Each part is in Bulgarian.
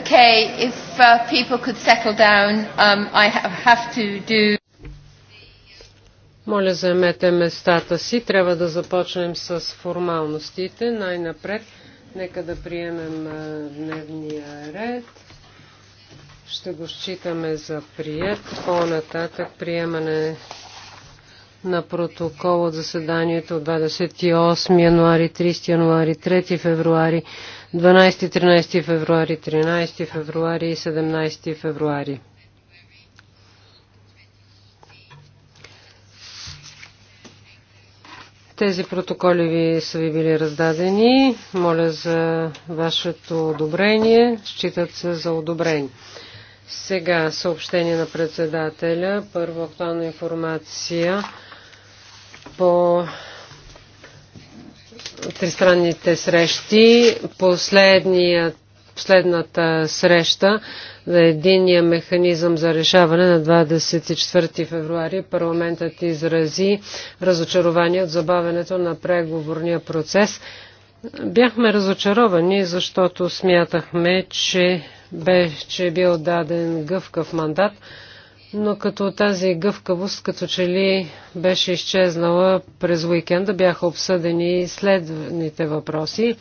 Okay, if uh, people could settle down, um, I have to do... Моля, заемете местата си. Трябва да започнем с формалностите. Най-напред, нека да приемем дневния ред. Ще го считаме за прият. По-нататък приемане на протокол от заседанието от 28 януари, 30 януари, 3 февруари 12-13 февруари, 13 февруари и 17 февруари. Тези протоколи ви са ви били раздадени. Моля за вашето одобрение. Считат се за одобрени. Сега съобщение на председателя. Първо актуална информация по тристранните срещи. Последният последната среща за единия механизъм за решаване на 24 февруари парламентът изрази разочарование от забавенето на преговорния процес. Бяхме разочаровани, защото смятахме, че бе, че е бил даден гъвкав мандат но като тази гъвкавост, като че ли беше изчезнала през уикенда, бяха обсъдени следните въпроси.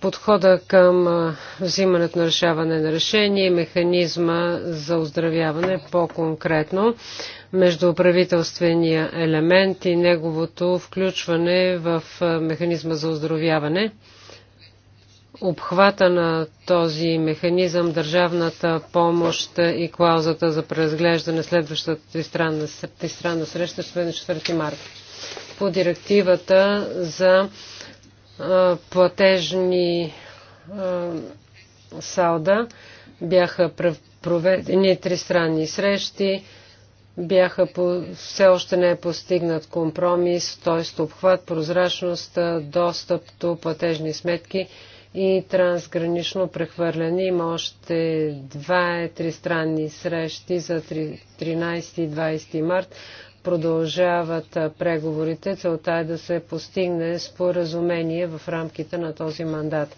Подхода към взимането на решаване на решение и механизма за оздравяване по-конкретно между правителствения елемент и неговото включване в механизма за оздравяване – обхвата на този механизъм, държавната помощ и клаузата за преразглеждане следващата тристранна, тристранна среща ще на 4 марта. По директивата за а, платежни а, салда бяха проведени тристранни срещи, бяха по, все още не е постигнат компромис, т.е. обхват, прозрачност, достъп до платежни сметки – и трансгранично прехвърляне. Има още два тристранни срещи за 13 и 20 март. Продължават преговорите. Целта е да се постигне споразумение в рамките на този мандат.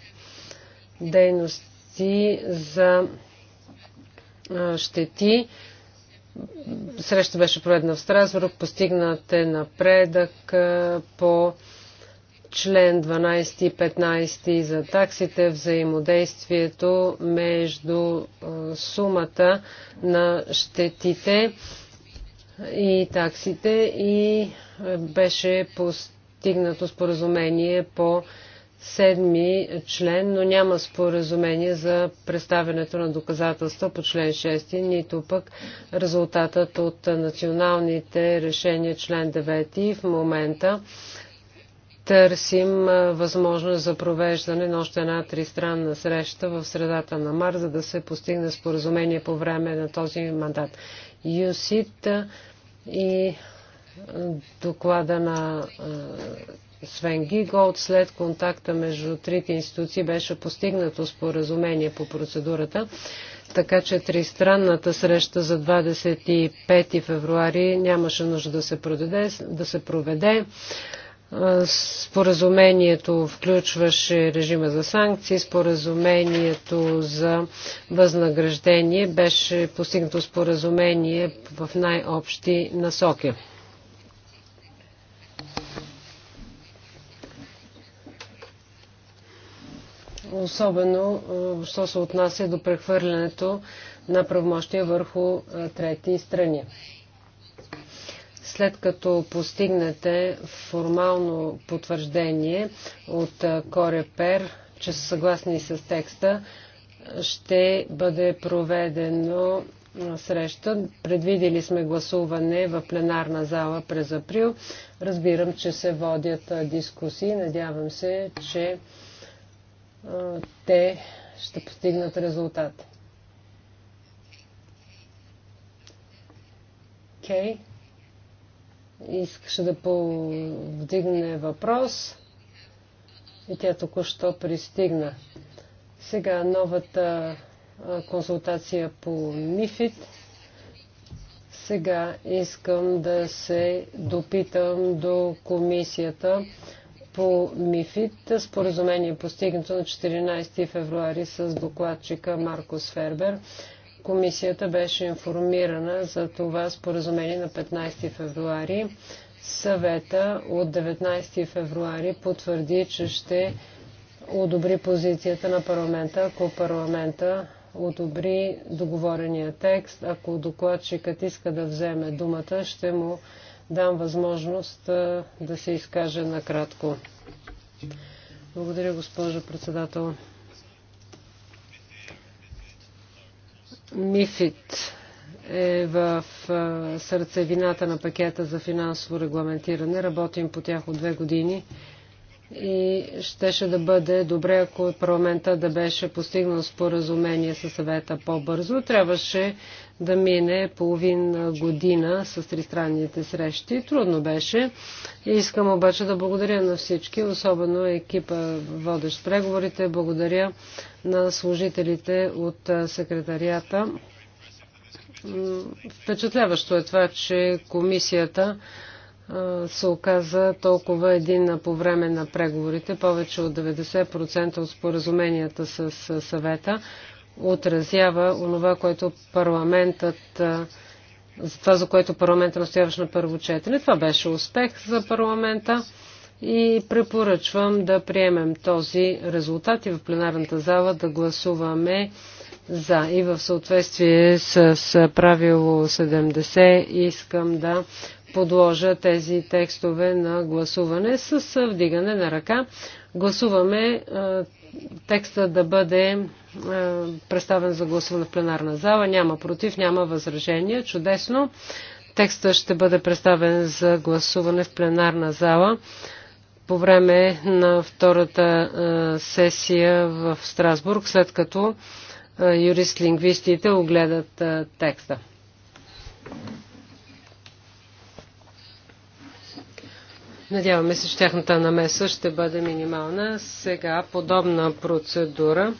Дейности за щети. Среща беше проведена в Страсбург. Постигнат е напредък по член 12 и 15 за таксите, взаимодействието между сумата на щетите и таксите и беше постигнато споразумение по седми член, но няма споразумение за представянето на доказателства по член 6, нито пък резултатът от националните решения член 9 в момента търсим възможност за провеждане на още една тристранна среща в средата на мар, за да се постигне споразумение по време на този мандат. ЮСИТ и доклада на Свен Гиголд след контакта между трите институции беше постигнато споразумение по процедурата, така че тристранната среща за 25 февруари нямаше нужда да се проведе. Да се проведе. Споразумението включваше режима за санкции, споразумението за възнаграждение беше постигнато споразумение в най-общи насоки. Особено, що се отнася до прехвърлянето на правомощия върху трети страни. След като постигнете формално потвърждение от Корепер, че са съгласни с текста, ще бъде проведено среща. Предвидели сме гласуване в пленарна зала през април. Разбирам, че се водят дискусии. Надявам се, че те ще постигнат резултат. Кей? Okay искаше да повдигне въпрос и тя току-що пристигна. Сега новата консултация по МИФИД. Сега искам да се допитам до комисията по МИФИД. Споразумение постигнато на 14 февруари с докладчика Маркос Фербер. Комисията беше информирана за това споразумение на 15 февруари. Съвета от 19 февруари потвърди, че ще одобри позицията на парламента, ако парламента одобри договорения текст. Ако докладчикът иска да вземе думата, ще му дам възможност да се изкаже накратко. Благодаря, госпожо председател. Мифит е в сърцевината на пакета за финансово регламентиране. Работим по тях от две години и щеше да бъде добре, ако парламента да беше постигнал споразумение със съвета по-бързо. Трябваше да мине половин година с тристранните срещи. Трудно беше. Искам обаче да благодаря на всички, особено екипа водещ преговорите. Благодаря на служителите от секретарията. Впечатляващо е това, че комисията се оказа толкова един по време на преговорите. Повече от 90% от споразуменията с съвета отразява онова, което парламентът за това, за което парламента настояваше на първо четене. Това беше успех за парламента и препоръчвам да приемем този резултат и в пленарната зала да гласуваме за. И в съответствие с правило 70 искам да подложа тези текстове на гласуване с вдигане на ръка. Гласуваме текста да бъде представен за гласуване в пленарна зала. Няма против, няма възражения. Чудесно. Текстът ще бъде представен за гласуване в пленарна зала по време на втората сесия в Страсбург, след като юрист-лингвистите огледат текста. Надяваме се, че тяхната намеса ще бъде минимална. Сега подобна процедура.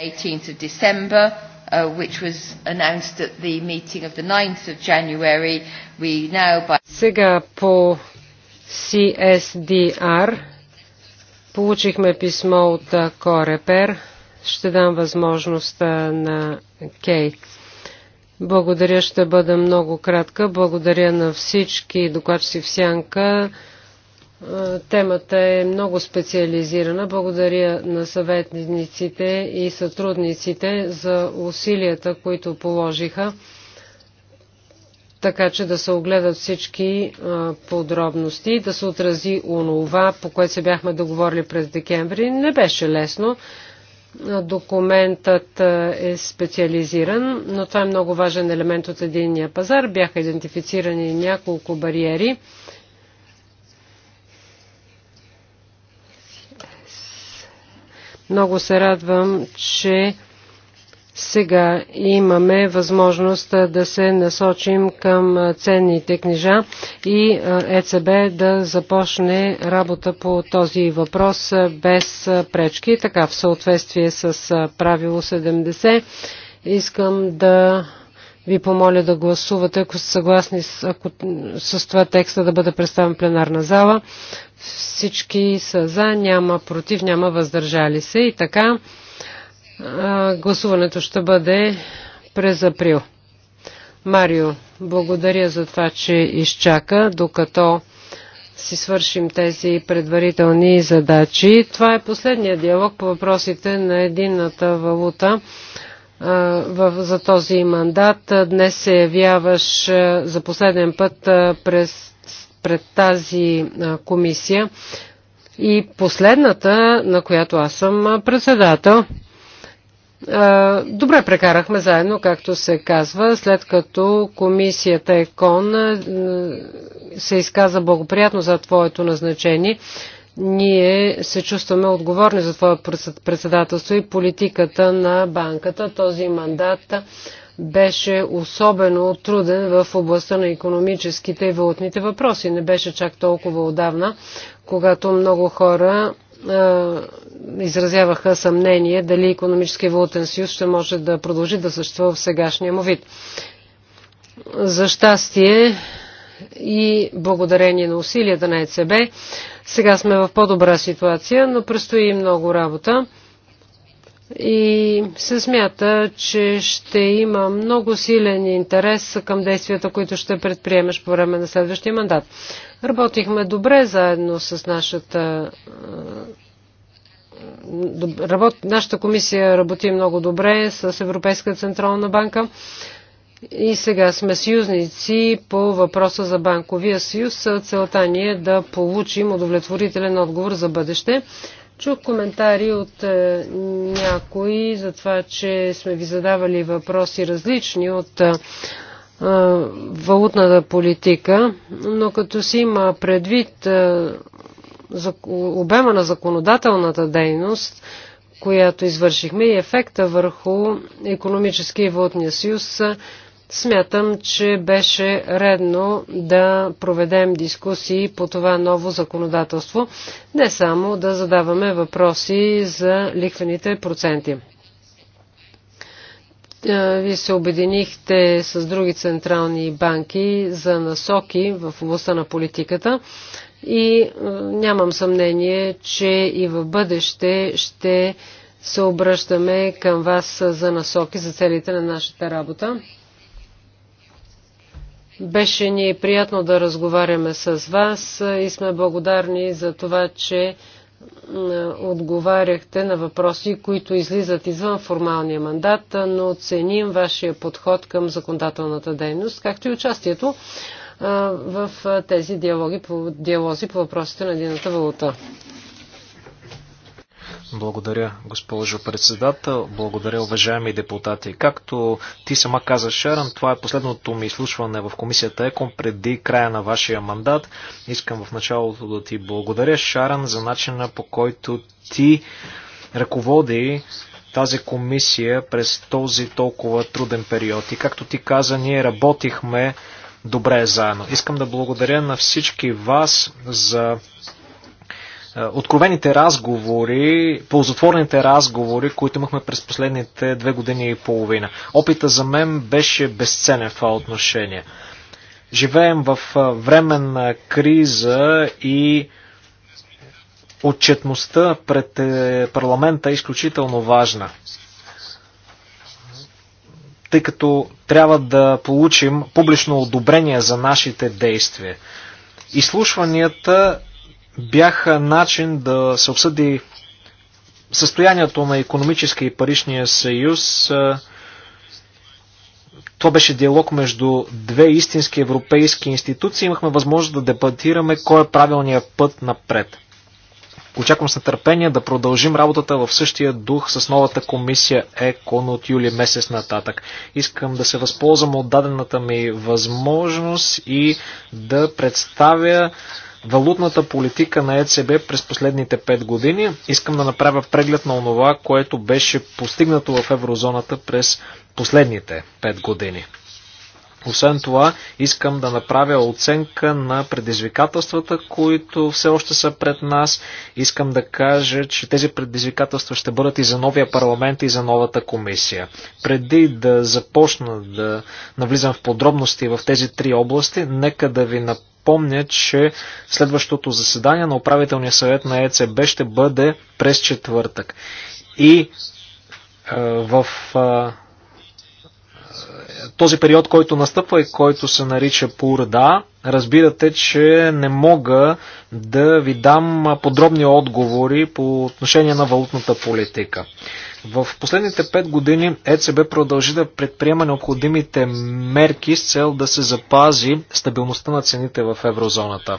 18th of December, uh, which was announced at the meeting of the 9th of January. We now by... Сега по CSDR получихме писмо от uh, Корепер. Ще дам възможността uh, на Кейт благодаря, ще бъда много кратка. Благодаря на всички докладчици в Сянка. Темата е много специализирана. Благодаря на съветниците и сътрудниците за усилията, които положиха, така че да се огледат всички подробности, да се отрази онова, по което се бяхме договорили през декември. Не беше лесно. Документът е, е специализиран, но това е много важен елемент от единния пазар. Бяха идентифицирани няколко бариери. Много се радвам, че сега имаме възможност да се насочим към ценните книжа и ЕЦБ да започне работа по този въпрос без пречки, така в съответствие с правило 70. Искам да ви помоля да гласувате, ако сте съгласни с, ако, с това текста да бъде представен пленарна зала. Всички са за, няма против, няма въздържали се и така. Гласуването ще бъде през април. Марио, благодаря за това, че изчака, докато си свършим тези предварителни задачи. Това е последният диалог по въпросите на единната валута за този мандат. Днес се явяваш за последен път през, пред тази комисия и последната, на която аз съм председател. Е, добре прекарахме заедно, както се казва, след като комисията ЕКОН е, се изказа благоприятно за твоето назначение. Ние се чувстваме отговорни за твое председателство и политиката на банката. Този мандат беше особено труден в областта на економическите и валутните въпроси. Не беше чак толкова отдавна, когато много хора изразяваха съмнение дали економически валутен съюз ще може да продължи да съществува в сегашния му вид. За щастие и благодарение на усилията на ЕЦБ, сега сме в по-добра ситуация, но предстои много работа и се смята, че ще има много силен интерес към действията, които ще предприемеш по време на следващия мандат. Работихме добре заедно с нашата работ, нашата комисия работи много добре с Европейска централна банка и сега сме съюзници по въпроса за банковия съюз. Целта ни е да получим удовлетворителен отговор за бъдеще. Чух коментари от е, някои за това, че сме ви задавали въпроси различни от е, е, валутната политика, но като си има предвид обема на законодателната дейност, която извършихме и ефекта върху економически и валутния съюз, Смятам, че беше редно да проведем дискусии по това ново законодателство, не само да задаваме въпроси за ликвените проценти. Е, Вие се обединихте с други централни банки за насоки в областта на политиката и е, нямам съмнение, че и в бъдеще ще се обръщаме към вас за насоки за целите на нашата работа. Беше ни приятно да разговаряме с вас и сме благодарни за това, че е, отговаряхте на въпроси, които излизат извън формалния мандат, но ценим вашия подход към законодателната дейност, както и участието в тези диалоги, диалози по въпросите на едината валута. Благодаря, госпожо председател. Благодаря, уважаеми депутати. Както ти сама каза, Шаран, това е последното ми изслушване в комисията ЕКОМ преди края на вашия мандат. Искам в началото да ти благодаря, Шаран, за начина по който ти ръководи тази комисия през този толкова труден период. И както ти каза, ние работихме добре заедно. Искам да благодаря на всички вас за е, откровените разговори, ползотворните разговори, които имахме през последните две години и половина. Опита за мен беше безценен в това отношение. Живеем в е, временна криза и отчетността пред е, парламента е изключително важна. Тъй като трябва да получим публично одобрение за нашите действия. Изслушванията бяха начин да се обсъди състоянието на економическия и паричния съюз. Е, това беше диалог между две истински европейски институции. Имахме възможност да дебатираме кой е правилният път напред. Очаквам с нетърпение да продължим работата в същия дух с новата комисия ЕКОН от юли месец нататък. Искам да се възползвам от дадената ми възможност и да представя валутната политика на ЕЦБ през последните 5 години. Искам да направя преглед на онова, което беше постигнато в еврозоната през последните 5 години. Освен това, искам да направя оценка на предизвикателствата, които все още са пред нас. Искам да кажа, че тези предизвикателства ще бъдат и за новия парламент, и за новата комисия. Преди да започна да навлизам в подробности в тези три области, нека да ви напомня припомня, че следващото заседание на управителния съвет на ЕЦБ ще бъде през четвъртък. И е, в е, този период, който настъпва и който се нарича Пурда, разбирате, че не мога да ви дам подробни отговори по отношение на валутната политика. В последните пет години ЕЦБ продължи да предприема необходимите мерки с цел да се запази стабилността на цените в еврозоната.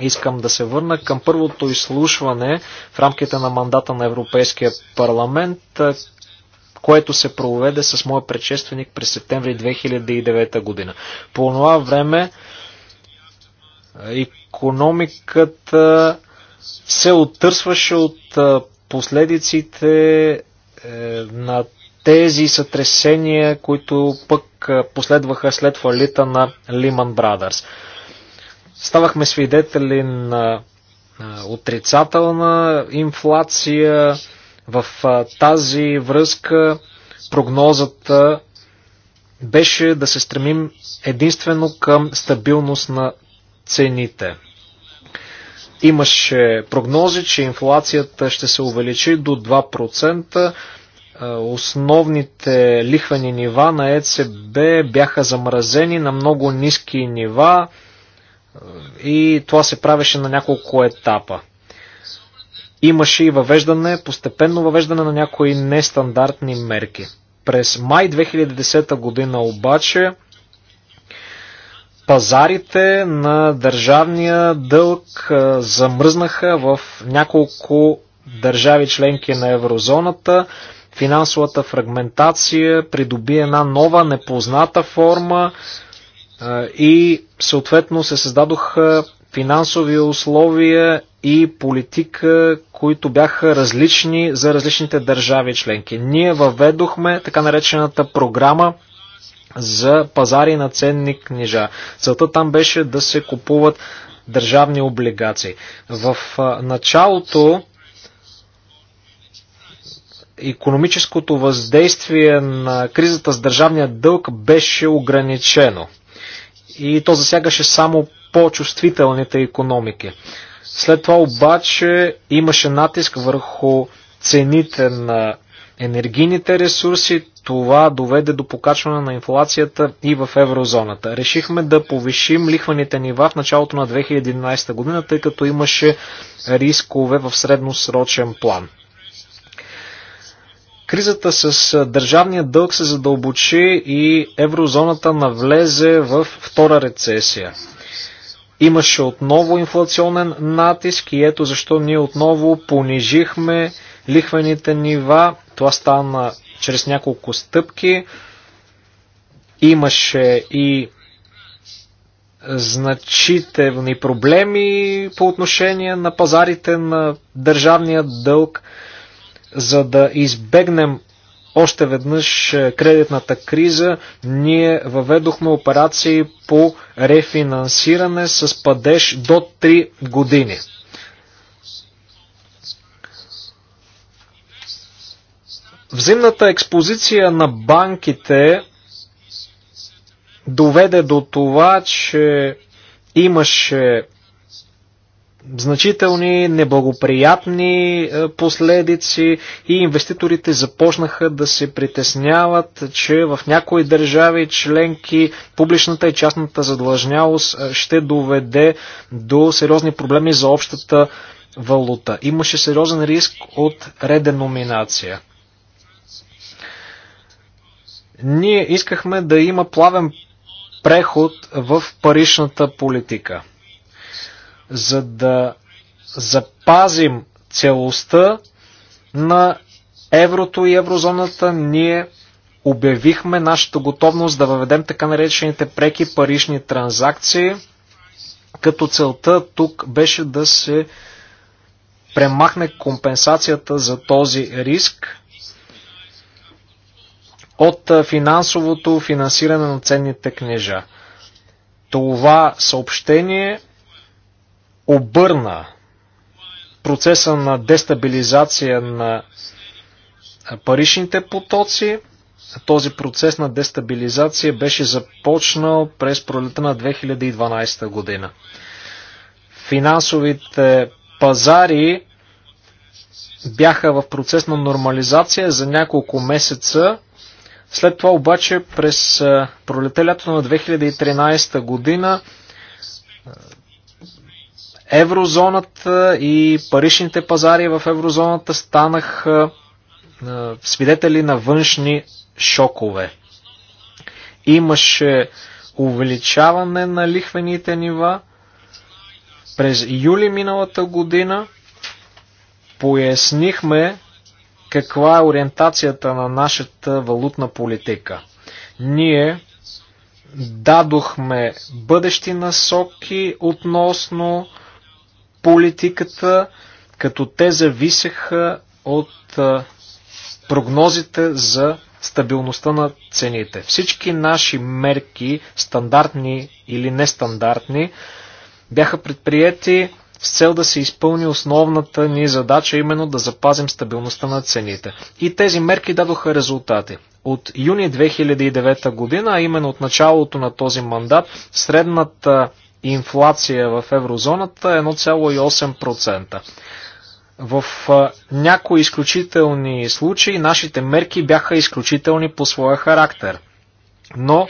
Искам да се върна към първото изслушване в рамките на мандата на Европейския парламент, което се проведе с моя предшественик през септември 2009 година. По това време економиката се оттърсваше от последиците е, на тези сътресения, които пък е, последваха след фалита на Lehman Brothers. Ставахме свидетели на е, отрицателна инфлация. В тази връзка прогнозата беше да се стремим единствено към стабилност на цените. Имаше прогнози, че инфлацията ще се увеличи до 2%. Е, основните лихвени нива на ЕЦБ бяха замразени на много ниски нива е, и това се правеше на няколко етапа. Имаше и въвеждане, постепенно въвеждане на някои нестандартни мерки. През май 2010 година обаче пазарите на държавния дълг замръзнаха в няколко държави членки на еврозоната. Финансовата фрагментация придоби една нова, непозната форма и съответно се създадоха финансови условия и политика, които бяха различни за различните държави членки. Ние въведохме така наречената програма за пазари на ценни книжа. Целта там беше да се купуват държавни облигации. В началото економическото въздействие на кризата с държавния дълг беше ограничено. И то засягаше само по-чувствителните економики. След това обаче имаше натиск върху цените на енергийните ресурси, това доведе до покачване на инфлацията и в еврозоната. Решихме да повишим лихваните нива в началото на 2011 година, тъй като имаше рискове в средносрочен план. Кризата с държавния дълг се задълбочи и еврозоната навлезе в втора рецесия. Имаше отново инфлационен натиск и ето защо ние отново понижихме лихвените нива. Това стана чрез няколко стъпки. Имаше и значителни проблеми по отношение на пазарите на държавния дълг, за да избегнем още веднъж е, кредитната криза, ние въведохме операции по рефинансиране с падеж до 3 години. Взимната експозиция на банките доведе до това, че имаше значителни неблагоприятни е, последици и инвеститорите започнаха да се притесняват, че в някои държави членки публичната и частната задлъжнялост е, ще доведе до сериозни проблеми за общата валута. Имаше сериозен риск от реденоминация. Ние искахме да има плавен преход в паричната политика. За да запазим целостта на еврото и еврозоната, ние обявихме нашата готовност да въведем така наречените преки парични транзакции, като целта тук беше да се премахне компенсацията за този риск от финансовото финансиране на ценните книжа. Това съобщение обърна процеса на дестабилизация на паричните потоци. Този процес на дестабилизация беше започнал през пролета на 2012 година. Финансовите пазари бяха в процес на нормализация за няколко месеца след това обаче през пролетелято на 2013 година еврозоната и паричните пазари в еврозоната станаха свидетели на външни шокове. Имаше увеличаване на лихвените нива. През юли миналата година пояснихме каква е ориентацията на нашата валутна политика. Ние дадохме бъдещи насоки относно политиката, като те зависеха от прогнозите за стабилността на цените. Всички наши мерки, стандартни или нестандартни, бяха предприяти с цел да се изпълни основната ни задача, именно да запазим стабилността на цените. И тези мерки дадоха резултати. От юни 2009 година, а именно от началото на този мандат, средната инфлация в еврозоната е 1,8%. В някои изключителни случаи нашите мерки бяха изключителни по своя характер. Но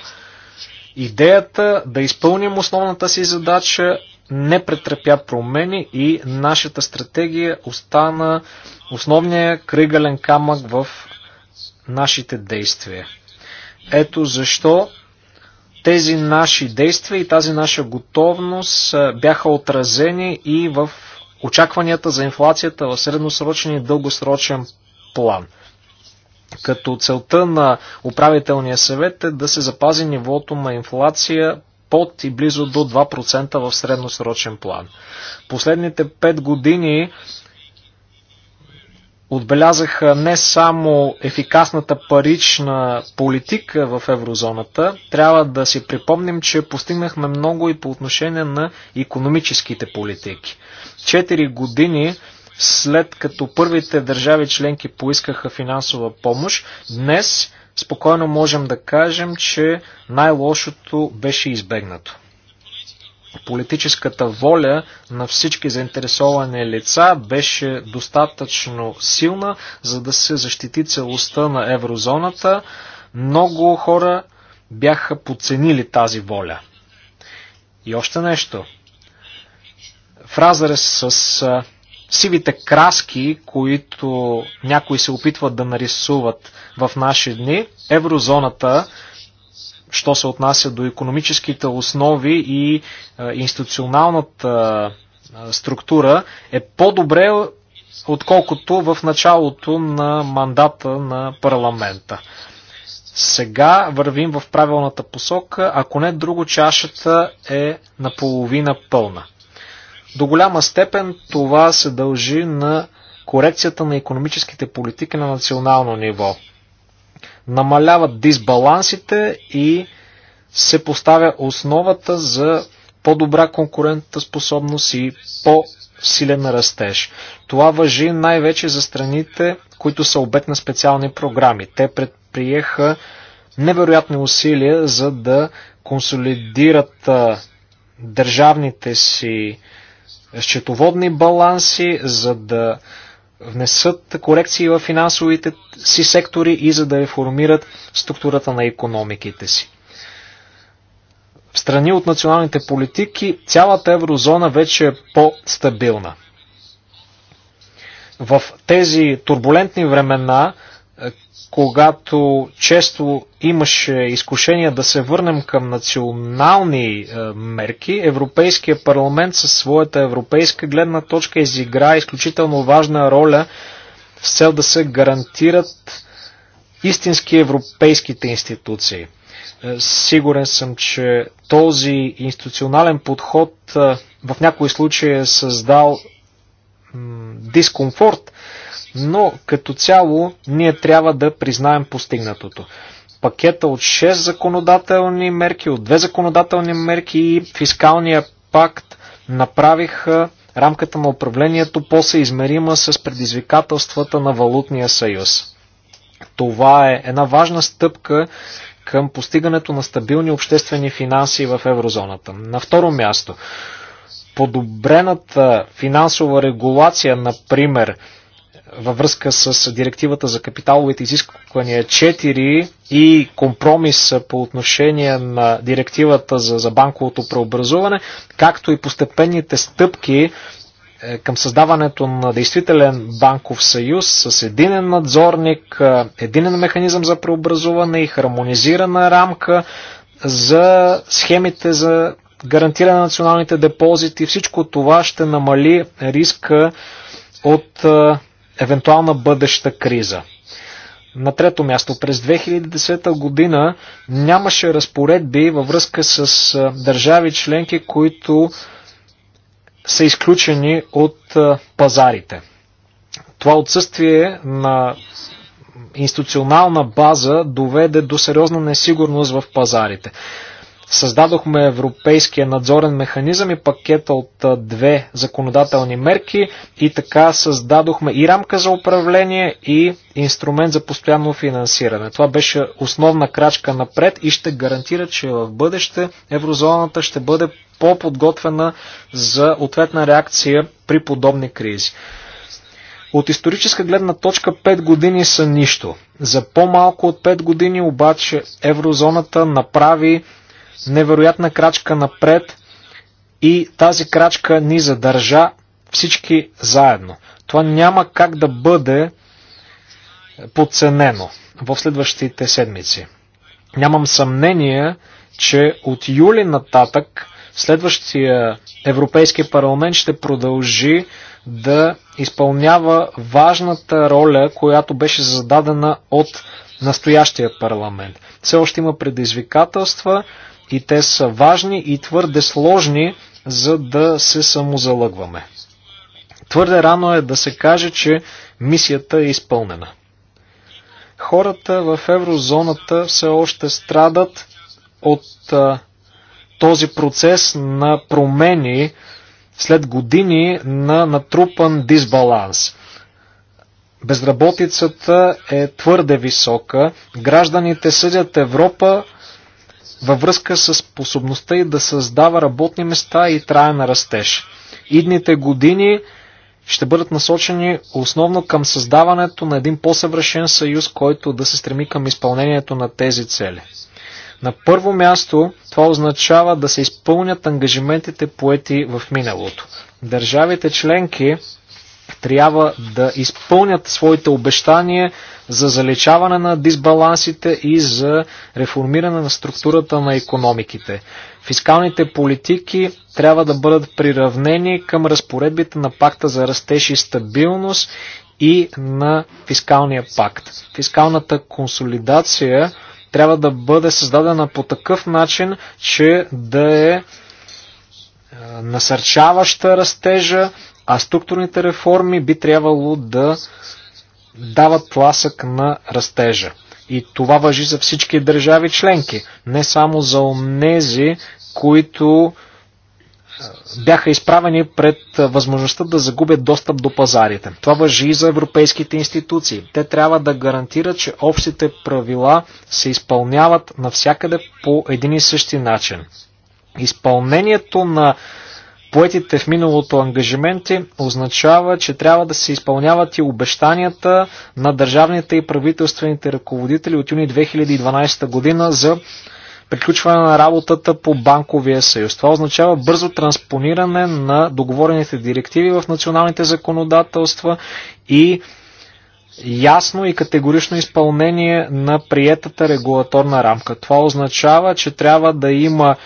идеята да изпълним основната си задача не претърпя промени и нашата стратегия остана основния кръгален камък в нашите действия. Ето защо тези наши действия и тази наша готовност бяха отразени и в очакванията за инфлацията в средносрочен и дългосрочен план. Като целта на управителния съвет е да се запази нивото на инфлация под и близо до 2% в средносрочен план. Последните 5 години отбелязаха не само ефикасната парична политика в еврозоната, трябва да си припомним, че постигнахме много и по отношение на економическите политики. Четири години след като първите държави членки поискаха финансова помощ, днес спокойно можем да кажем, че най-лошото беше избегнато. Политическата воля на всички заинтересовани лица беше достатъчно силна, за да се защити целостта на еврозоната. Много хора бяха подценили тази воля. И още нещо. В с сивите краски, които някои се опитват да нарисуват в наши дни, еврозоната, що се отнася до економическите основи и е, институционалната е, структура, е по-добре отколкото в началото на мандата на парламента. Сега вървим в правилната посока, ако не друго чашата е наполовина пълна. До голяма степен това се дължи на корекцията на економическите политики на национално ниво. Намаляват дисбалансите и се поставя основата за по-добра конкурентна способност и по-силен растеж. Това въжи най-вече за страните, които са обект на специални програми. Те предприеха невероятни усилия за да консолидират държавните си счетоводни баланси, за да внесат корекции в финансовите си сектори и за да реформират структурата на економиките си. В страни от националните политики цялата еврозона вече е по-стабилна. В тези турбулентни времена когато често имаше изкушение да се върнем към национални е, мерки, Европейския парламент със своята европейска гледна точка изигра изключително важна роля с цел да се гарантират истински европейските институции. Е, сигурен съм, че този институционален подход е, в някои случаи е създал дискомфорт но като цяло ние трябва да признаем постигнатото. Пакета от 6 законодателни мерки, от 2 законодателни мерки и фискалния пакт направиха рамката на управлението по-съизмерима с предизвикателствата на валутния съюз. Това е една важна стъпка към постигането на стабилни обществени финанси в еврозоната. На второ място, подобрената финансова регулация, например, във връзка с директивата за капиталовите изисквания 4 и компромис по отношение на директивата за, за банковото преобразуване, както и постепенните стъпки е, към създаването на действителен банков съюз с единен надзорник, е, единен механизъм за преобразуване и хармонизирана рамка за схемите за гарантиране на националните депозити. Всичко това ще намали риска от е, евентуална бъдеща криза. На трето място, през 2010 година нямаше разпоредби във връзка с държави членки, които са изключени от пазарите. Това отсъствие на институционална база доведе до сериозна несигурност в пазарите. Създадохме европейския надзорен механизъм и пакета от две законодателни мерки и така създадохме и рамка за управление и инструмент за постоянно финансиране. Това беше основна крачка напред и ще гарантира, че в бъдеще еврозоната ще бъде по-подготвена за ответна реакция при подобни кризи. От историческа гледна точка 5 години са нищо. За по-малко от 5 години обаче еврозоната направи невероятна крачка напред и тази крачка ни задържа всички заедно. Това няма как да бъде подценено в следващите седмици. Нямам съмнение, че от юли нататък следващия Европейски парламент ще продължи да изпълнява важната роля, която беше зададена от настоящия парламент. Все още има предизвикателства, и те са важни и твърде сложни, за да се самозалъгваме. Твърде рано е да се каже, че мисията е изпълнена. Хората в еврозоната все още страдат от а, този процес на промени след години на натрупан дисбаланс. Безработицата е твърде висока, гражданите съдят Европа във връзка с способността и да създава работни места и трая на растеж. Идните години ще бъдат насочени основно към създаването на един по-съвършен съюз, който да се стреми към изпълнението на тези цели. На първо място това означава да се изпълнят ангажиментите поети в миналото. Държавите членки трябва да изпълнят своите обещания за залечаване на дисбалансите и за реформиране на структурата на економиките. Фискалните политики трябва да бъдат приравнени към разпоредбите на пакта за растеж и стабилност и на фискалния пакт. Фискалната консолидация трябва да бъде създадена по такъв начин, че да е насърчаваща растежа, а структурните реформи би трябвало да дават тласък на растежа. И това въжи за всички държави членки, не само за онези, които бяха изправени пред възможността да загубят достъп до пазарите. Това въжи и за европейските институции. Те трябва да гарантират, че общите правила се изпълняват навсякъде по един и същи начин. Изпълнението на поетите в миналото ангажименти означава, че трябва да се изпълняват и обещанията на държавните и правителствените ръководители от юни 2012 година за приключване на работата по банковия съюз. Това означава бързо транспониране на договорените директиви в националните законодателства и ясно и категорично изпълнение на приетата регулаторна рамка. Това означава, че трябва да има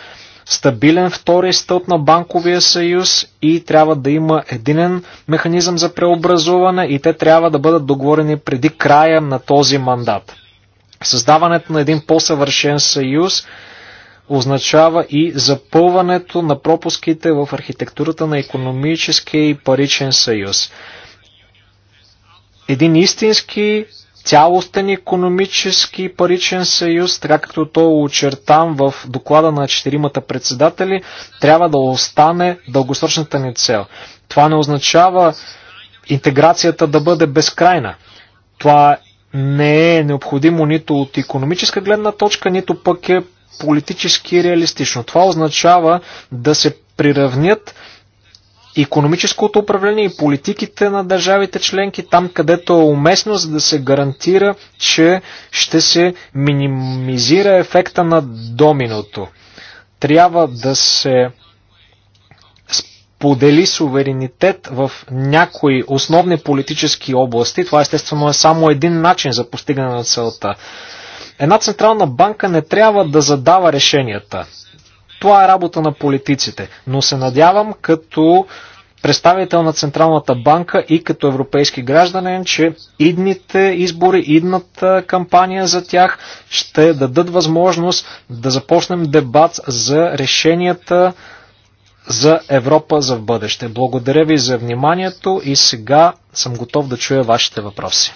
стабилен втори стълб на банковия съюз и трябва да има единен механизъм за преобразуване и те трябва да бъдат договорени преди края на този мандат. Създаването на един по-съвършен съюз означава и запълването на пропуските в архитектурата на економическия и паричен съюз. Един истински цялостен економически паричен съюз, така както то е очертан в доклада на четиримата председатели, трябва да остане дългосрочната ни цел. Това не означава интеграцията да бъде безкрайна. Това не е необходимо нито от економическа гледна точка, нито пък е политически реалистично. Това означава да се приравнят економическото управление и политиките на държавите членки, там където е уместно, за да се гарантира, че ще се минимизира ефекта на доминото. Трябва да се сподели суверенитет в някои основни политически области. Това естествено е само един начин за постигане на целта. Една централна банка не трябва да задава решенията. Това е работа на политиците. Но се надявам като представител на Централната банка и като европейски гражданин, че идните избори, идната кампания за тях ще дадат възможност да започнем дебат за решенията за Европа за в бъдеще. Благодаря ви за вниманието и сега съм готов да чуя вашите въпроси.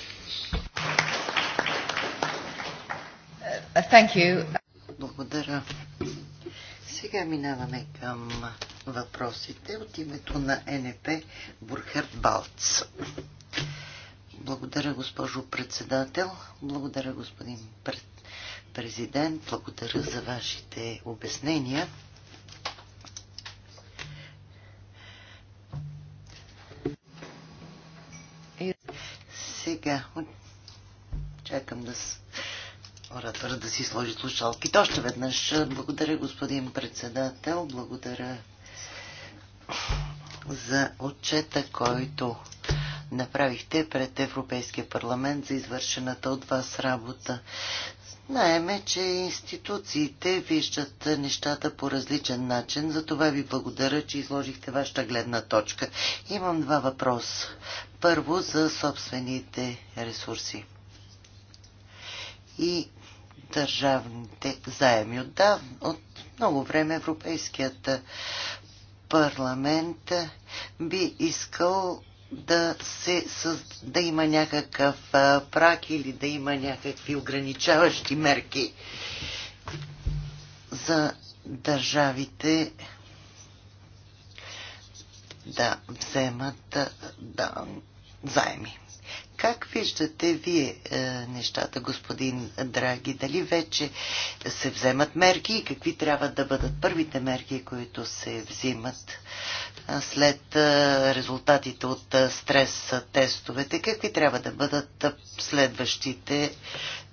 Благодаря. Сега минаваме към въпросите от името на НП Бурхард Балц. Благодаря, госпожо председател. Благодаря, господин президент. Благодаря за вашите обяснения. Сега чакам да оратора да си сложи слушалките. Още веднъж е, благодаря, господин председател. Благодаря за отчета, който направихте пред Европейския парламент за извършената от вас работа. Знаеме, че институциите виждат нещата по различен начин, За това ви благодаря, че изложихте вашата гледна точка. Имам два въпроса. Първо за собствените ресурси. И държавните заеми. Отдав, от много време Европейският парламент би искал да, се, да има някакъв прак или да има някакви ограничаващи мерки за държавите да вземат да, заеми. Как виждате вие е, нещата, господин Драги? Дали вече се вземат мерки и какви трябва да бъдат първите мерки, които се взимат е, след е, резултатите от е, стрес тестовете? Какви трябва да бъдат е, следващите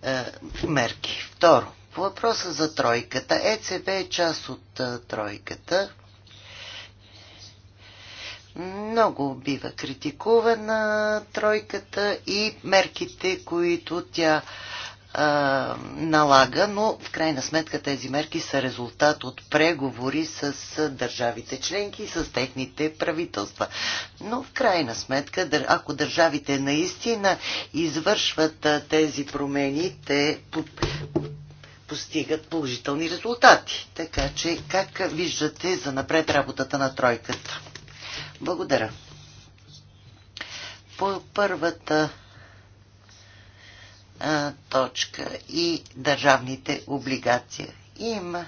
е, мерки? Второ, по въпроса за тройката. ЕЦБ е част от е, тройката много бива критикувана тройката и мерките, които тя а, налага, но в крайна сметка тези мерки са резултат от преговори с държавите членки и с техните правителства. Но в крайна сметка, ако държавите наистина извършват тези промени, те постигат положителни резултати. Така че как виждате за напред работата на тройката? Благодаря. По първата а, точка и държавните облигации. Има.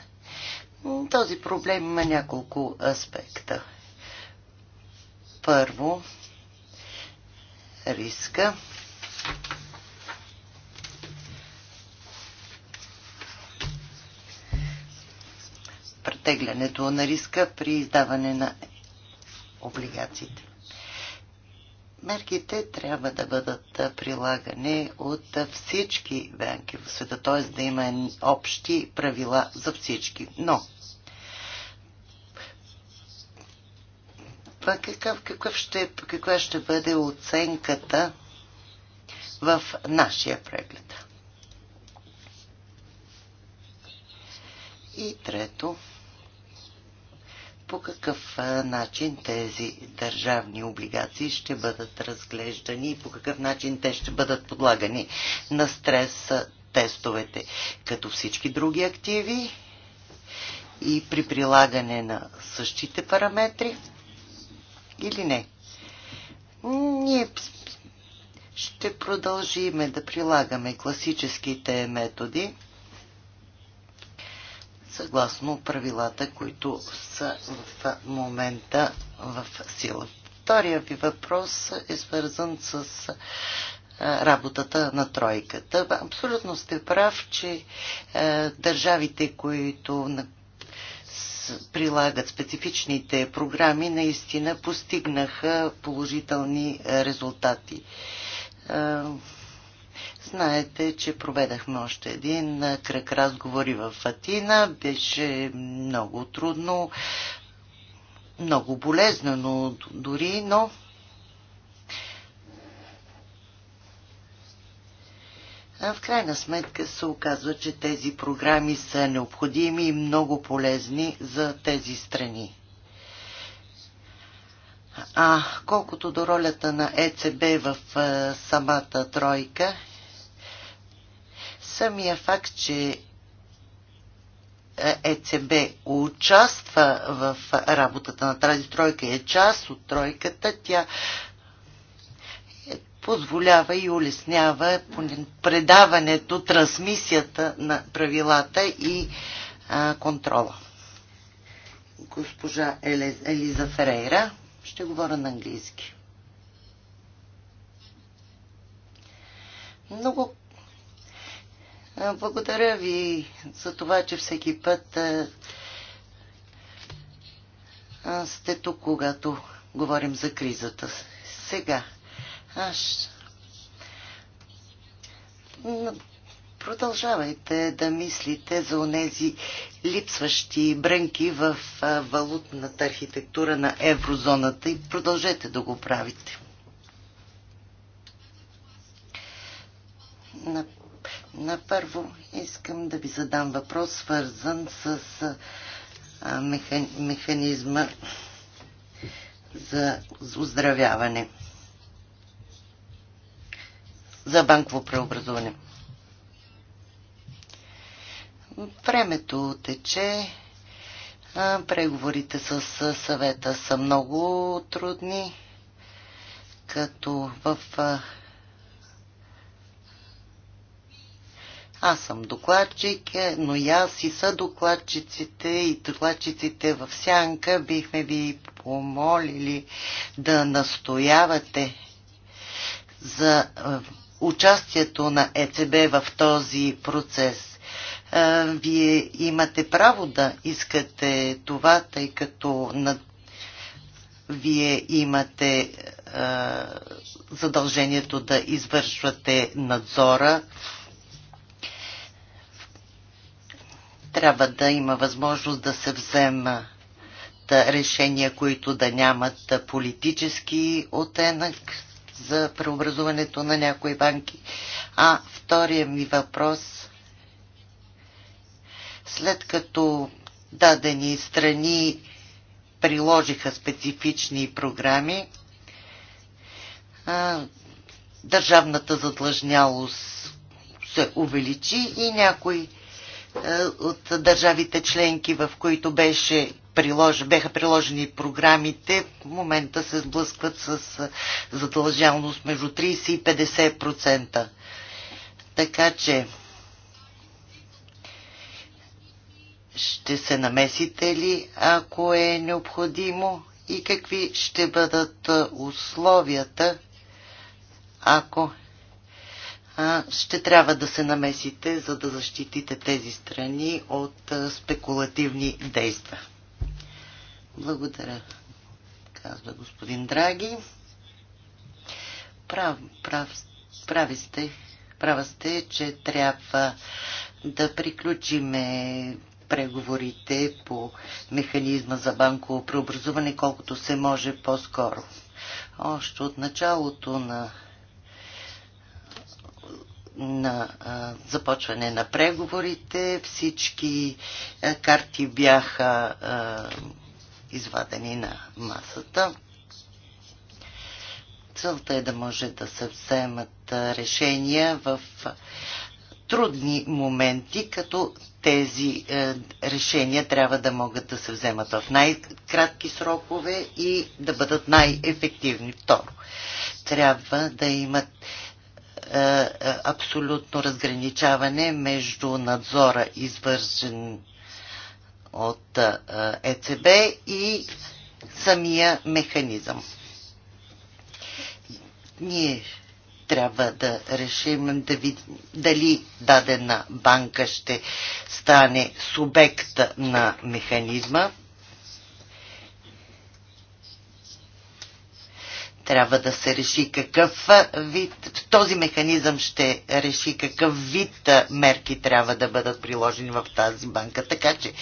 Този проблем има няколко аспекта. Първо, риска. Претеглянето на риска при издаване на облигациите. Мерките трябва да бъдат прилагани от всички банки в света, т.е. да има общи правила за всички. Но какъв, какъв ще, каква ще бъде оценката в нашия преглед? И трето, по какъв начин тези държавни облигации ще бъдат разглеждани и по какъв начин те ще бъдат подлагани на стрес тестовете, като всички други активи и при прилагане на същите параметри или не. Ние ще продължиме да прилагаме класическите методи съгласно правилата, които са в момента в сила. Втория ви въпрос е свързан с работата на тройката. Абсолютно сте прав, че държавите, които прилагат специфичните програми, наистина постигнаха положителни резултати Знаете, че проведахме още един кръг разговори в Атина. Беше много трудно, много болезнено дори, но В крайна сметка се оказва, че тези програми са необходими и много полезни за тези страни. А колкото до ролята на ЕЦБ в самата тройка, Самия факт, че ЕЦБ е участва в работата на тази тройка и е част от тройката, тя позволява и улеснява предаването, трансмисията на правилата и а, контрола. Госпожа Елиза Ферейра, ще говоря на английски. Много благодаря ви за това, че всеки път сте тук, когато говорим за кризата. Сега. Аз... Продължавайте да мислите за онези липсващи брънки в валутната архитектура на еврозоната и продължете да го правите. На първо искам да ви задам въпрос, свързан с механизма за оздравяване, за банково преобразуване. Времето тече, преговорите с съвета са много трудни, като в Аз съм докладчик, е, но и аз и са докладчиците и докладчиците в сянка бихме ви помолили да настоявате за е, участието на ЕЦБ в този процес. Е, вие имате право да искате това, тъй като на... вие имате задължението да извършвате надзора трябва да има възможност да се взема решения, които да нямат политически оттенък за преобразуването на някои банки. А втория ми въпрос, след като дадени страни приложиха специфични програми, държавната задлъжнялост се увеличи и някои е, от държавите членки, в които беше прилож, беха приложени програмите, в момента се сблъскват с е, задължалност между 30 и 50%. Така че ще се намесите ли, ако е необходимо и какви ще бъдат е, условията, ако ще трябва да се намесите, за да защитите тези страни от спекулативни действия. Благодаря, казва господин Драги. Прав, прав, прави сте, права сте, че трябва да приключиме преговорите по механизма за банково преобразуване колкото се може по-скоро. Още от началото на на а, започване на преговорите. Всички а, карти бяха а, извадени на масата. Целта е да може да се вземат решения в трудни моменти, като тези е, решения трябва да могат да се вземат в най-кратки срокове и да бъдат най-ефективни. Второ, трябва да имат е, е, е, абсолютно разграничаване между надзора, извършен от е, ЕЦБ и самия механизъм. Ние трябва да решим да видим дали дадена банка ще стане субект на механизма, Трябва да се реши какъв вид, този механизъм ще реши какъв вид мерки трябва да бъдат приложени в тази банка. Така че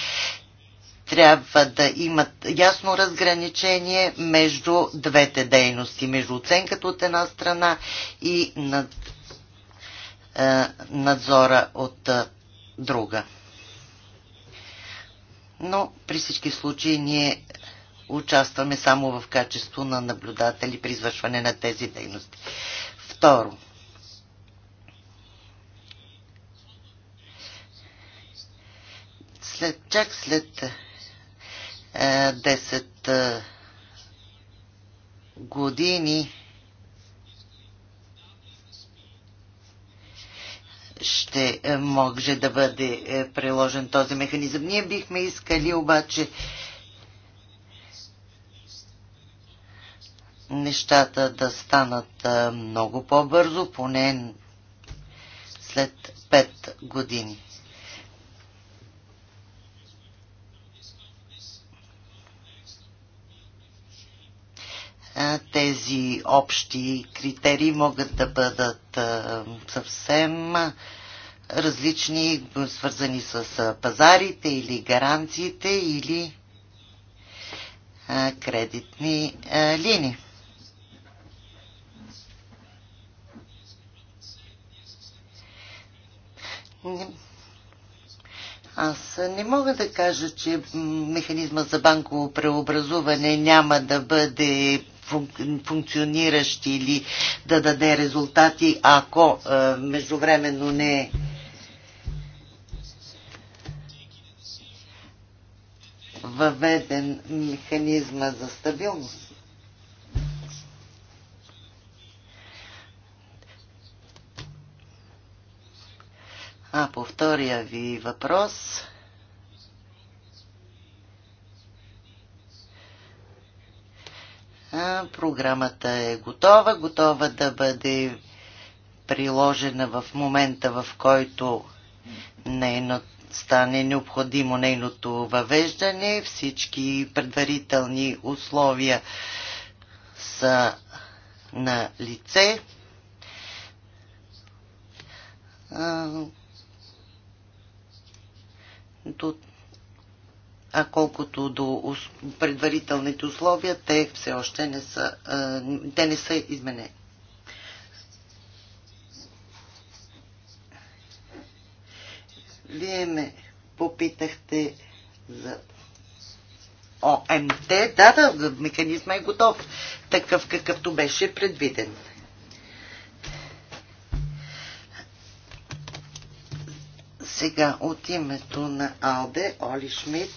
трябва да имат ясно разграничение между двете дейности, между оценката от една страна и над, е, надзора от е, друга. Но при всички случаи ние участваме само в качество на наблюдатели при извършване на тези дейности. Второ, след, чак след е, 10 е, години ще е, може да бъде е, приложен този механизъм. Ние бихме искали обаче нещата да станат много по-бързо, поне след 5 години. Тези общи критерии могат да бъдат съвсем различни, свързани с пазарите или гаранциите или кредитни линии. Не мога да кажа, че механизма за банково преобразуване няма да бъде функциониращ или да даде резултати, ако е, междувременно не е въведен механизма за стабилност. А по втория ви въпрос. програмата е готова, готова да бъде приложена в момента, в който нейно, стане необходимо нейното въвеждане. Всички предварителни условия са на лице. До а колкото до предварителните условия, те все още не са, те не са изменени. Вие ме попитахте за ОМТ. Да, да, механизма е готов, такъв какъвто беше предвиден. Сега от името на Алде Оли Шмидт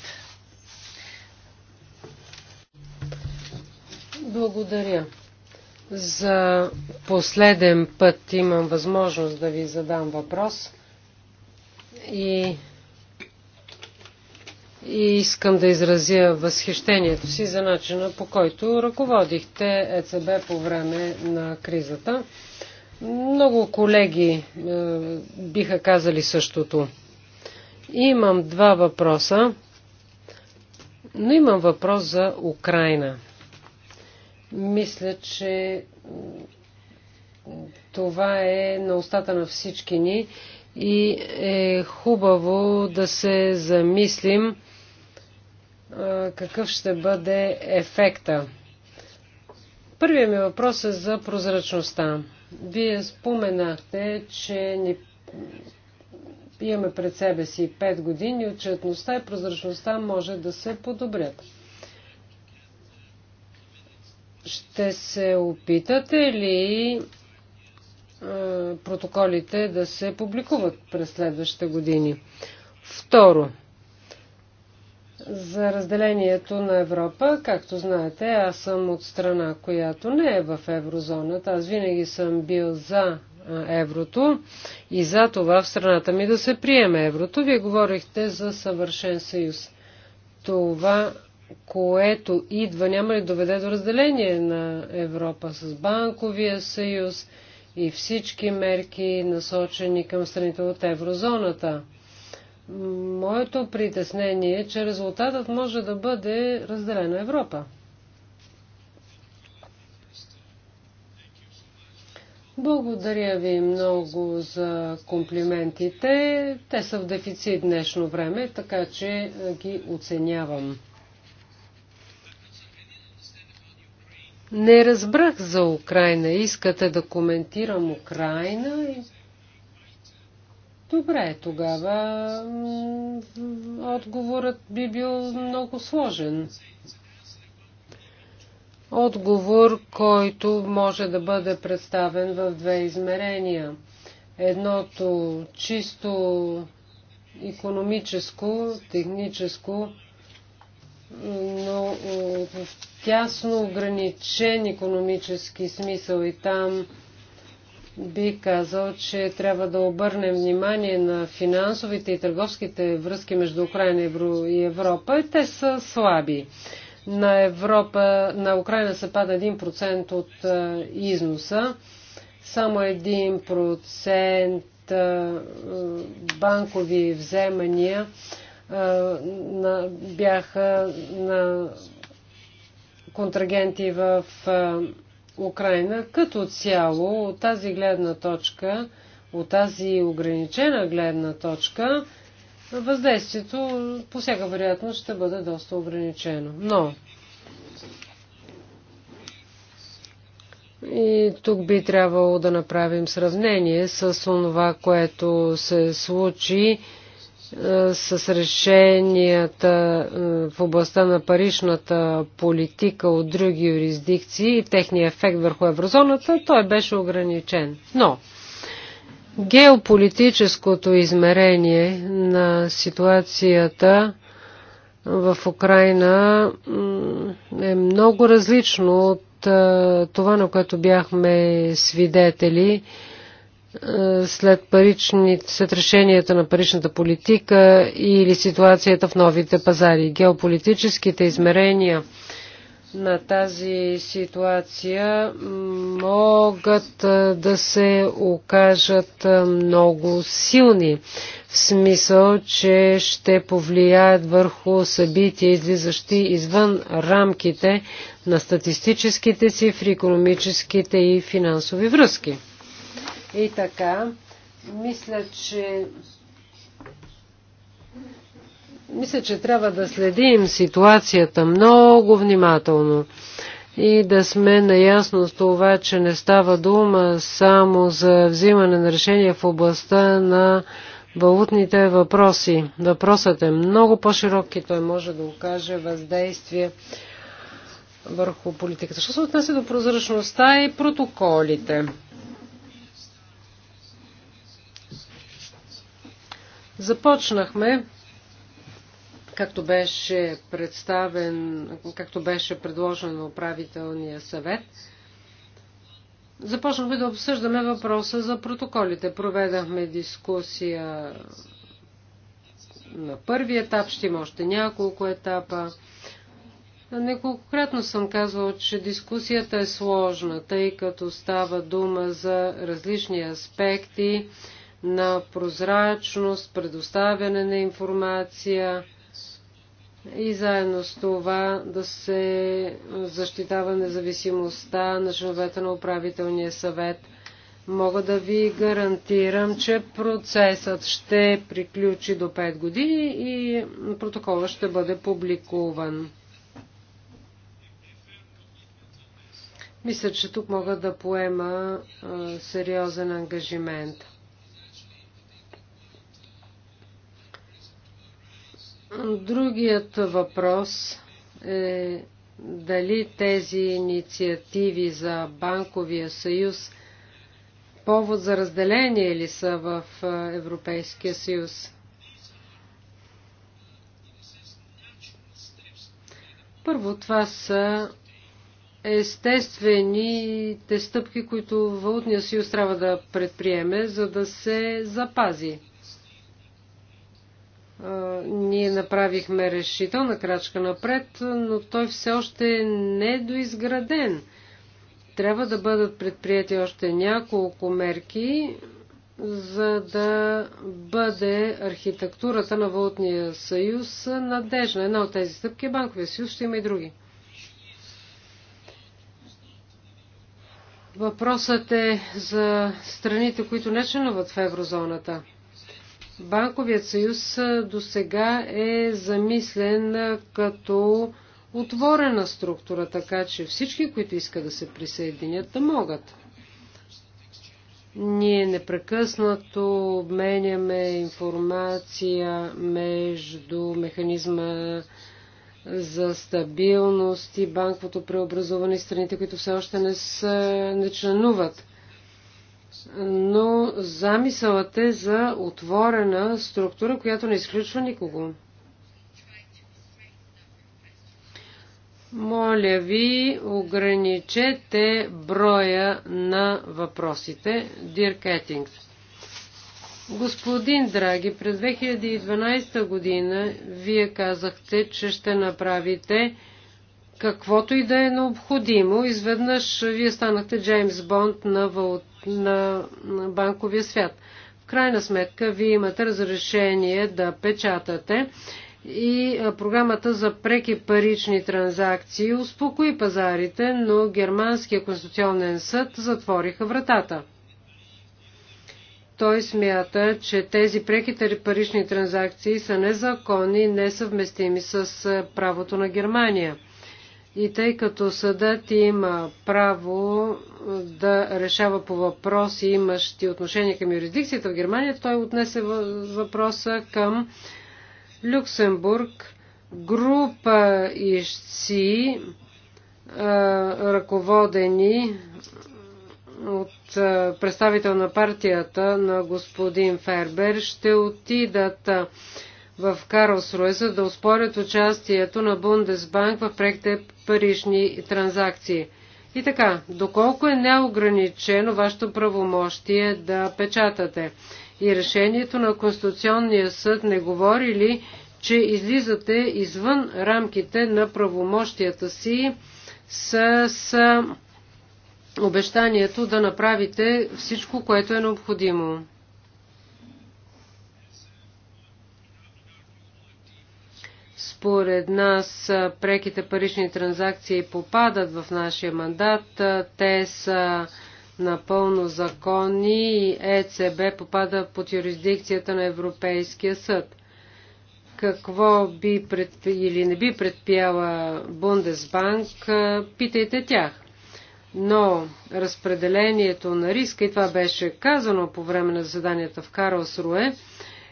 Благодаря. За последен път имам възможност да ви задам въпрос и, и искам да изразя възхищението си за начина по който ръководихте ЕЦБ по време на кризата. Много колеги е, биха казали същото. Имам два въпроса, но имам въпрос за Украина. Мисля, че това е на устата на всички ни и е хубаво да се замислим какъв ще бъде ефекта. Първият ми въпрос е за прозрачността. Вие споменахте, че ни имаме пред себе си 5 години, отчетността и прозрачността може да се подобрят. Ще се опитате ли протоколите да се публикуват през следващите години? Второ, за разделението на Европа, както знаете, аз съм от страна, която не е в еврозоната. Аз винаги съм бил за еврото и за това в страната ми да се приеме еврото. Вие говорихте за съвършен съюз. Това което идва, няма ли доведе до разделение на Европа с банковия съюз и всички мерки насочени към страните от еврозоната? Моето притеснение е, че резултатът може да бъде разделена Европа. Благодаря ви много за комплиментите. Те са в дефицит днешно време, така че ги оценявам. Не разбрах за Украина. Искате да коментирам Украина? Добре, тогава отговорът би бил много сложен. Отговор, който може да бъде представен в две измерения. Едното чисто економическо, техническо, но в тясно ограничен економически смисъл и там би казал, че трябва да обърнем внимание на финансовите и търговските връзки между Украина и Европа. Те са слаби. На, Европа, на Украина се пада 1% от износа, само 1% банкови вземания на, бяха на контрагенти в Украина. Като цяло, от тази гледна точка, от тази ограничена гледна точка, въздействието по всяка вероятност ще бъде доста ограничено. Но И тук би трябвало да направим сравнение с това, което се случи е, с решенията е, в областта на паричната политика от други юрисдикции и техния ефект върху еврозоната, той беше ограничен. Но геополитическото измерение на ситуацията в Украина е много различно от е, това, на което бяхме свидетели е, след, парични, след решенията на паричната политика или ситуацията в новите пазари. Геополитическите измерения на тази ситуация могат е, да се окажат е, много силни, в смисъл, че ще повлияят върху събития, излизащи извън рамките на статистическите цифри, економическите и финансови връзки. И така, мисля, че мисля, че трябва да следим ситуацията много внимателно и да сме наясно с това, че не става дума само за взимане на решения в областта на валутните въпроси. Въпросът е много по-широк и той може да окаже въздействие върху политиката. Що се отнася до прозрачността и протоколите? Започнахме, както беше представен, както беше предложен на управителния съвет, започнахме да обсъждаме въпроса за протоколите. Проведахме дискусия на първи етап, ще има още няколко етапа. Неколкократно съм казвал, че дискусията е сложна, тъй като става дума за различни аспекти на прозрачност, предоставяне на информация и заедно с това да се защитава независимостта на членовете на управителния съвет. Мога да ви гарантирам, че процесът ще приключи до 5 години и протокола ще бъде публикуван. Мисля, че тук мога да поема а, сериозен ангажимент. Другият въпрос е дали тези инициативи за банковия съюз повод за разделение ли са в Европейския съюз? Първо, това са естествените стъпки, които Валутния съюз трябва да предприеме, за да се запази ние направихме решителна крачка напред, но той все още не е недоизграден. Трябва да бъдат предприяти още няколко мерки, за да бъде архитектурата на Валутния съюз надежна. Една от тези стъпки е банковия съюз, ще има и други. Въпросът е за страните, които не членуват в еврозоната – Банковият съюз до сега е замислен като отворена структура, така че всички, които искат да се присъединят, да могат. Ние непрекъснато обменяме информация между механизма за стабилност и банковото преобразуване и страните, които все още не, са, не членуват но замисълът е за отворена структура, която не изключва никого. Моля ви, ограничете броя на въпросите. Дир Кетингс. Господин Драги, през 2012 година вие казахте, че ще направите каквото и да е необходимо. Изведнъж вие станахте Джеймс Бонд на, вал... на банковия свят. В крайна сметка, вие имате разрешение да печатате и програмата за преки парични транзакции успокои пазарите, но Германския конституционен съд затвориха вратата. Той смята, че тези преки парични транзакции са незаконни и несъвместими с правото на Германия. И тъй като съдът има право да решава по въпроси, имащи отношение към юрисдикцията в Германия, той отнесе въпроса към Люксембург. Група ищци, ръководени от представител на партията на господин Фербер, ще отидат в Карлсруе, за да успорят участието на Бундесбанк в проекта парични транзакции. И така, доколко е неограничено вашето правомощие да печатате? И решението на Конституционния съд не говори ли, че излизате извън рамките на правомощията си с, с обещанието да направите всичко, което е необходимо? Според нас преките парични транзакции попадат в нашия мандат. Те са напълно законни и ЕЦБ попада под юрисдикцията на Европейския съд. Какво би предп... или не би предпияла Бундесбанк, питайте тях. Но разпределението на риска, и това беше казано по време на заседанията в Карлсруе, Руе,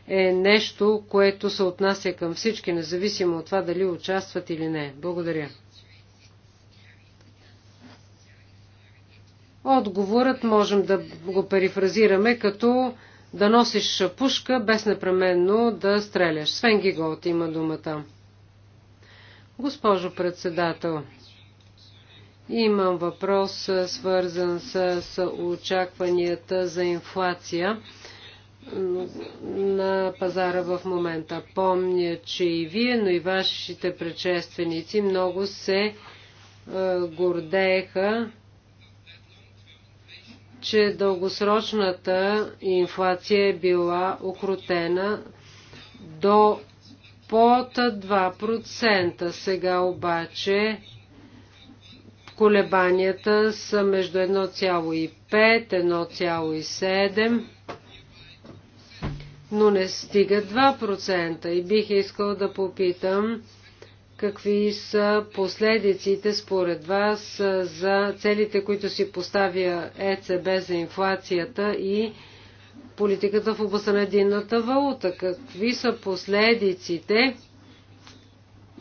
е нещо, което се отнася към всички, независимо от това дали участват или не. Благодаря. Отговорът можем да го перифразираме като да носиш пушка, без непременно да стреляш. Свен Гиголт има думата. Госпожо председател, имам въпрос, свързан с очакванията за инфлация на пазара в момента. Помня, че и вие, но и вашите предшественици много се е, гордееха, че дългосрочната инфлация е била окрутена до под 2%. Сега обаче колебанията са между 1,5 1,7 но не стига 2%. И бих искал да попитам какви са последиците според вас за целите, които си поставя ЕЦБ за инфлацията и политиката в областта на единната валута. Какви са последиците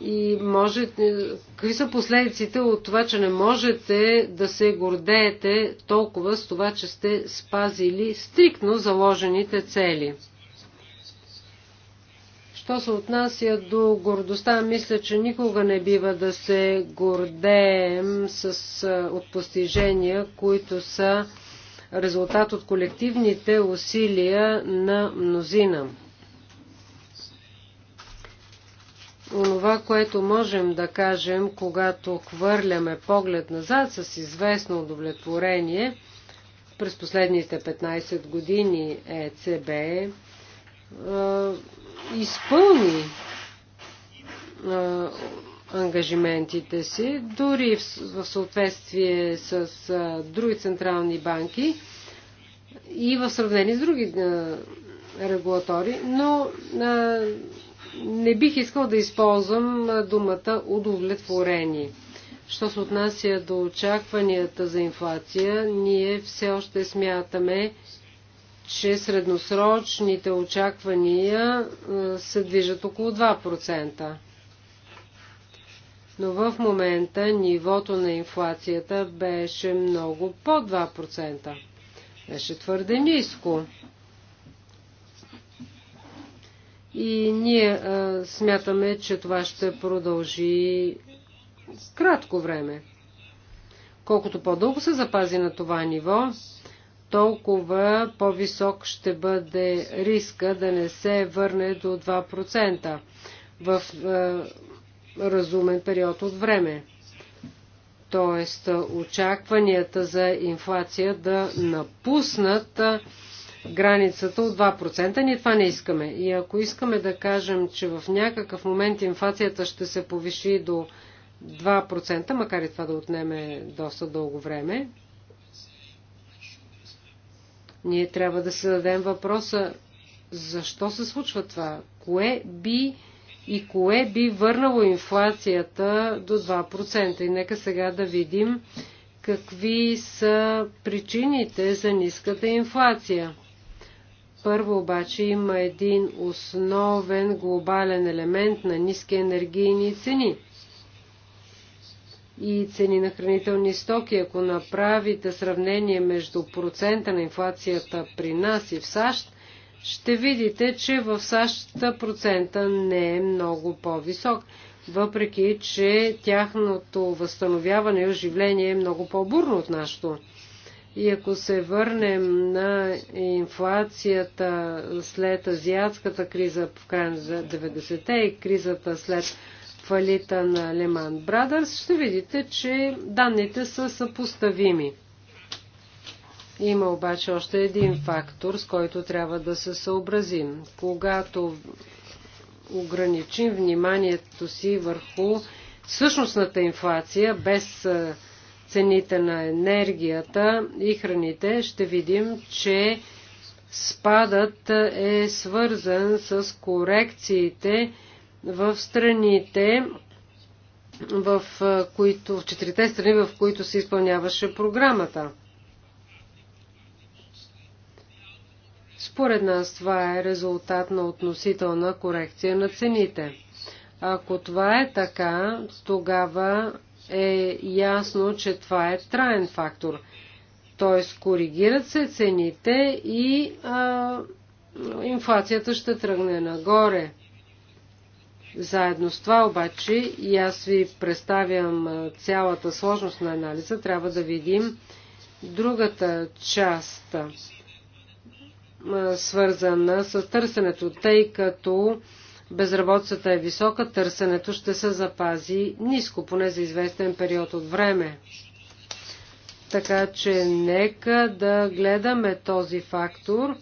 и може, какви са последиците от това, че не можете да се гордеете толкова с това, че сте спазили стриктно заложените цели? Що се отнася до гордостта, мисля, че никога не бива да се гордеем с, от постижения, които са резултат от колективните усилия на мнозина. Онова, което можем да кажем, когато хвърляме поглед назад с известно удовлетворение, през последните 15 години ЕЦБ изпълни а, ангажиментите си, дори в, в съответствие с а, други централни банки и в сравнение с други а, регулатори, но а, не бих искал да използвам думата удовлетворени. Що се отнася до очакванията за инфлация, ние все още смятаме, че средносрочните очаквания се движат около 2%. Но в момента нивото на инфлацията беше много по 2%. Беше твърде ниско. И ние а, смятаме, че това ще продължи кратко време. Колкото по-дълго се запази на това ниво, толкова по-висок ще бъде риска да не се върне до 2% в е, разумен период от време. Тоест очакванията за инфлация да напуснат е, границата от 2%. Ние това не искаме. И ако искаме да кажем, че в някакъв момент инфлацията ще се повиши до 2%, макар и това да отнеме доста дълго време, ние трябва да се дадем въпроса, защо се случва това? Кое би и кое би върнало инфлацията до 2%? И нека сега да видим какви са причините за ниската инфлация. Първо обаче има един основен глобален елемент на ниски енергийни цени и цени на хранителни стоки. Ако направите сравнение между процента на инфлацията при нас и в САЩ, ще видите, че в САЩ процента не е много по-висок, въпреки че тяхното възстановяване и оживление е много по-бурно от нашото. И ако се върнем на инфлацията след азиатската криза в края на 90-те и кризата след фалита на Леман Брадърс, ще видите, че данните са съпоставими. Има обаче още един фактор, с който трябва да се съобразим. Когато ограничим вниманието си върху същностната инфлация, без цените на енергията и храните, ще видим, че спадът е свързан с корекциите в страните, в, които, в четирите страни, в които се изпълняваше програмата. Според нас това е резултат на относителна корекция на цените. Ако това е така, тогава е ясно, че това е траен фактор. Т.е. коригират се цените и а, инфлацията ще тръгне нагоре. Заедно с това обаче и аз ви представям цялата сложност на анализа, трябва да видим другата част, свързана с търсенето, тъй като безработицата е висока, търсенето ще се запази ниско, поне за известен период от време. Така че нека да гледаме този фактор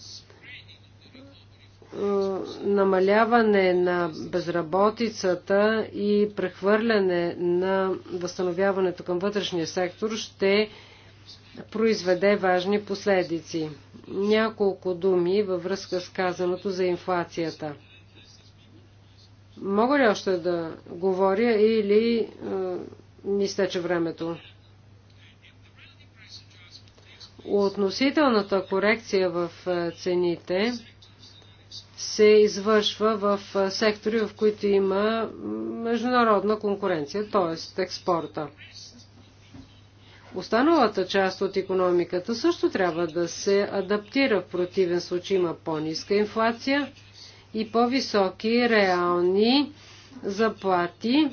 намаляване на безработицата и прехвърляне на възстановяването към вътрешния сектор ще произведе важни последици. Няколко думи във връзка с казаното за инфлацията. Мога ли още да говоря или е, ми стече времето? Относителната корекция в е, цените се извършва в сектори, в които има международна конкуренция, т.е. експорта. Останалата част от економиката също трябва да се адаптира. В противен случай има по-ниска инфлация и по-високи реални заплати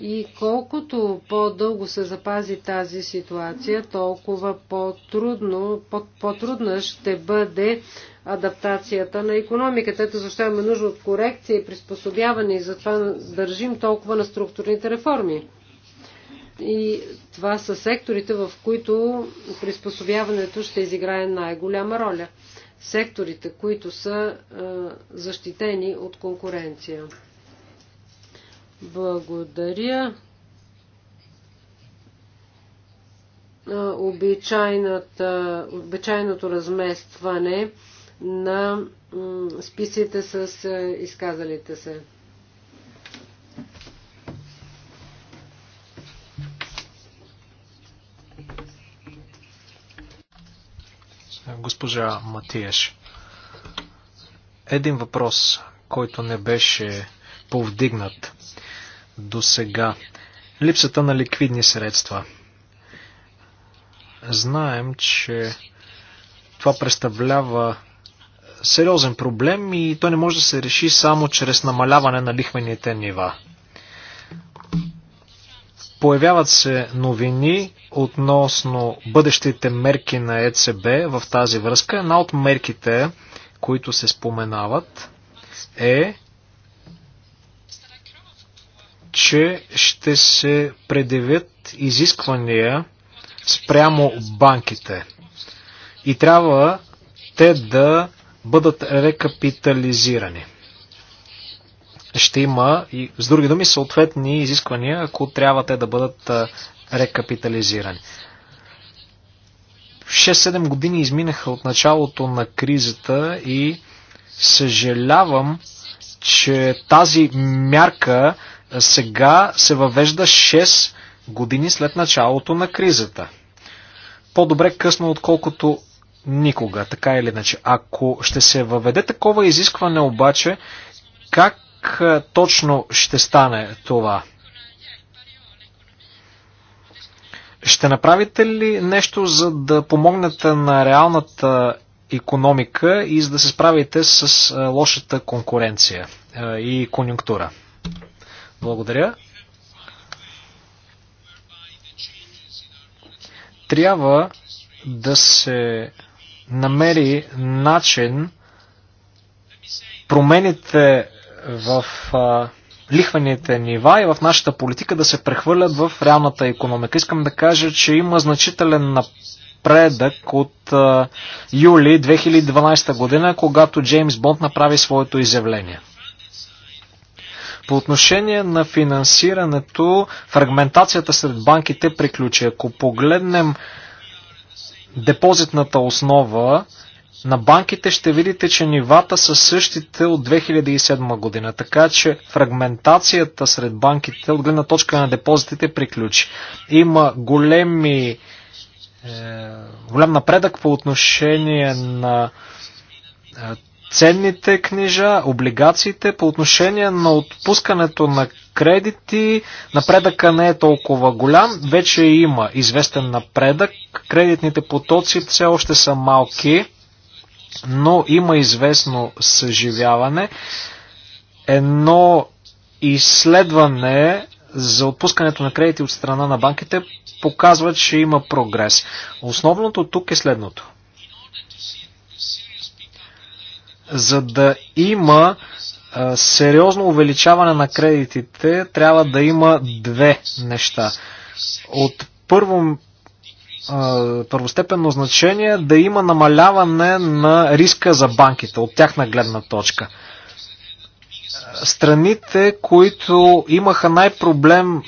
и колкото по-дълго се запази тази ситуация, толкова по-трудно, по-трудна ще бъде адаптацията на економиката. Ето защо имаме нужда от корекция и приспособяване и затова държим толкова на структурните реформи. И това са секторите, в които приспособяването ще изиграе най-голяма роля. Секторите, които са защитени от конкуренция. Благодаря. обичайното разместване на списите с изказалите се. Госпожа Матиеш, един въпрос, който не беше повдигнат до сега. Липсата на ликвидни средства. Знаем, че това представлява сериозен проблем и то не може да се реши само чрез намаляване на лихвените нива. Появяват се новини относно бъдещите мерки на ЕЦБ в тази връзка. Една от мерките, които се споменават, е че ще се предявят изисквания спрямо банките. И трябва те да бъдат рекапитализирани. Ще има и с други думи съответни изисквания, ако трябва те да бъдат рекапитализирани. 6-7 години изминаха от началото на кризата и съжалявам, че тази мярка е, сега се въвежда 6 години след началото на кризата. По-добре късно, отколкото никога, така или иначе. Ако ще се въведе такова изискване обаче, как е, точно ще стане това? Ще направите ли нещо, за да помогнете на реалната економика и за да се справите с е, лошата конкуренция и конюнктура? Благодаря. Трябва да се намери начин промените в а, лихвените нива и в нашата политика да се прехвърлят в реалната економика. Искам да кажа, че има значителен напредък от а, юли 2012 година, когато Джеймс Бонд направи своето изявление. По отношение на финансирането, фрагментацията сред банките приключи. Ако погледнем депозитната основа на банките, ще видите, че нивата са същите от 2007 година. Така че фрагментацията сред банките от гледна точка на депозитите приключи. Има големи, е, голям напредък по отношение на е, ценните книжа, облигациите. По отношение на отпускането на кредити, напредъка не е толкова голям. Вече има известен напредък. Кредитните потоци все още са малки, но има известно съживяване. Едно изследване за отпускането на кредити от страна на банките показва, че има прогрес. Основното тук е следното. За да има сериозно увеличаване на кредитите, трябва да има две неща. От първо първостепенно значение е да има намаляване на риска за банките от тяхна гледна точка. Страните, които имаха най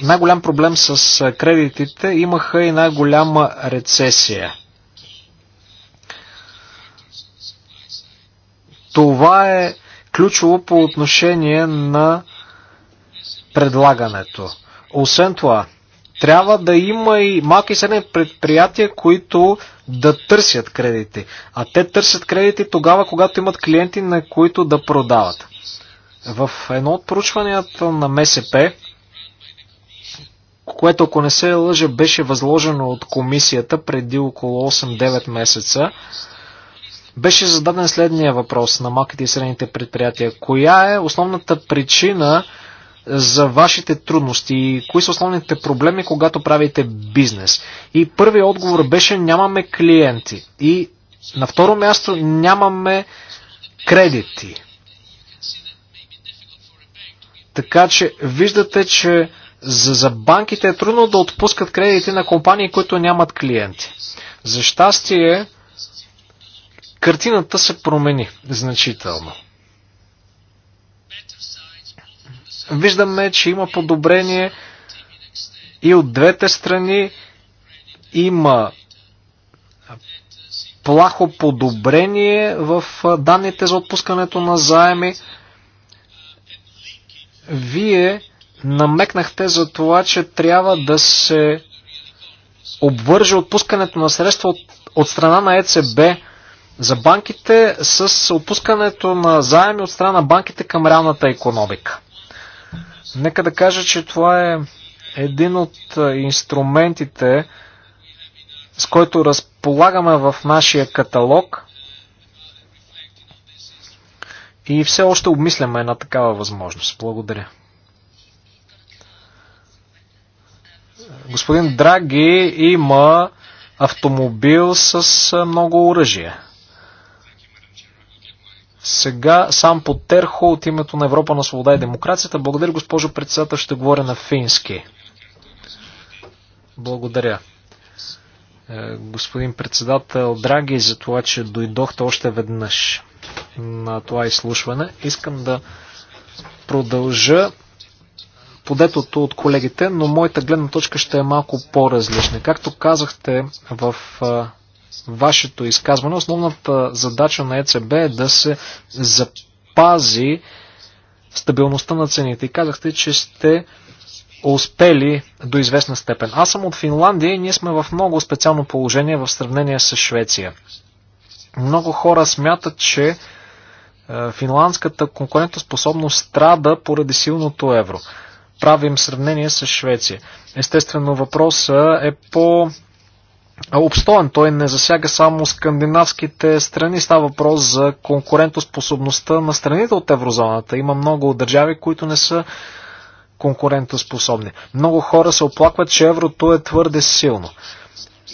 най-голям проблем с кредитите, имаха и най-голяма рецесия. Това е ключово по отношение на предлагането. Освен това, трябва да има и малки и средни предприятия, които да търсят кредити. А те търсят кредити тогава, когато имат клиенти, на които да продават. В едно от проучванията на МСП, което ако не се лъжа беше възложено от комисията преди около 8-9 месеца, беше зададен следния въпрос на малките и средните предприятия. Коя е основната причина за вашите трудности и кои са основните проблеми, когато правите бизнес? И първият отговор беше нямаме клиенти. И на второ място нямаме кредити. Така че виждате, че за, за банките е трудно да отпускат кредити на компании, които нямат клиенти. За щастие, Картината се промени значително. Виждаме, че има подобрение и от двете страни има плахо подобрение в данните за отпускането на заеми. Вие намекнахте за това, че трябва да се обвърже отпускането на средства от, от страна на ЕЦБ за банките с опускането на заеми от страна на банките към реалната економика. Нека да кажа, че това е един от е, инструментите, с който разполагаме в нашия каталог и все още обмисляме една такава възможност. Благодаря. Господин Драги има автомобил с е, много оръжие. Сега сам по Терхо от името на Европа на свобода и демокрацията. Благодаря, госпожо председател, ще говоря на фински. Благодаря. Е, господин председател, драги, за това, че дойдохте още веднъж на това изслушване. Искам да продължа подетото от колегите, но моята гледна точка ще е малко по-различна. Както казахте в е, вашето изказване. Основната задача на ЕЦБ е да се запази стабилността на цените. И казахте, че сте успели до известна степен. Аз съм от Финландия и ние сме в много специално положение в сравнение с Швеция. Много хора смятат, че е, финландската конкурентоспособност страда поради силното евро. Правим сравнение с Швеция. Естествено, въпросът е по обстоен. Той не засяга само скандинавските страни. Става въпрос за конкурентоспособността на страните от еврозоната. Има много държави, които не са конкурентоспособни. Много хора се оплакват, че еврото е твърде силно.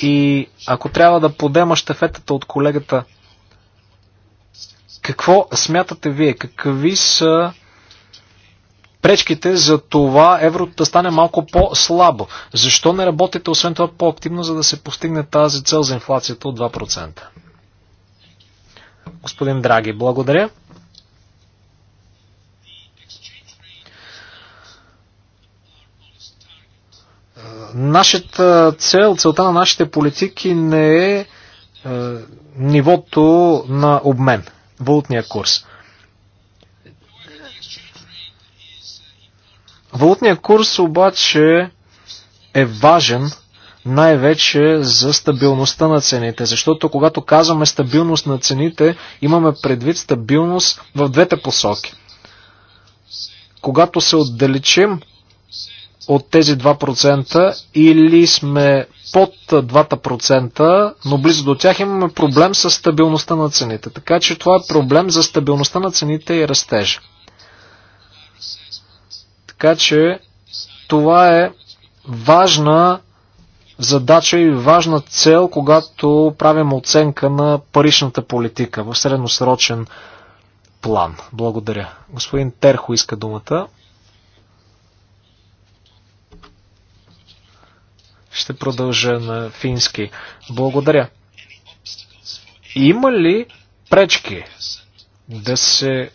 И ако трябва да подема щафетата от колегата, какво смятате вие? Какви са пречките за това еврото да стане малко по-слабо? Защо не работите освен това по-активно, за да се постигне тази цел за инфлацията от 2%? Господин Драги, благодаря. Нашата цел, целта на нашите политики не е, е нивото на обмен, валутния курс. Валутният курс обаче е важен най-вече за стабилността на цените, защото когато казваме стабилност на цените, имаме предвид стабилност в двете посоки. Когато се отдалечим от тези 2% или сме под 2%, но близо до тях имаме проблем с стабилността на цените. Така че това е проблем за стабилността на цените и растежа. Така че това е важна задача и важна цел, когато правим оценка на паричната политика в средносрочен план. Благодаря. Господин Терхо иска думата. Ще продължа на фински. Благодаря. Има ли пречки да се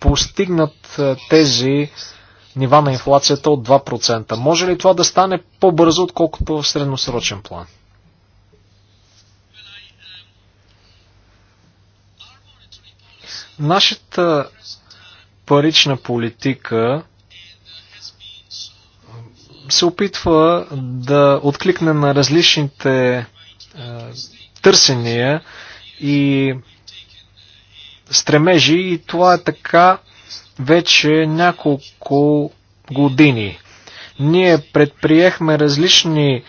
постигнат тези нива на инфлацията от 2%. Може ли това да стане по-бързо, отколкото в средносрочен план? Нашата парична политика се опитва да откликне на различните е, търсения и стремежи и това е така вече няколко години. Ние предприехме различни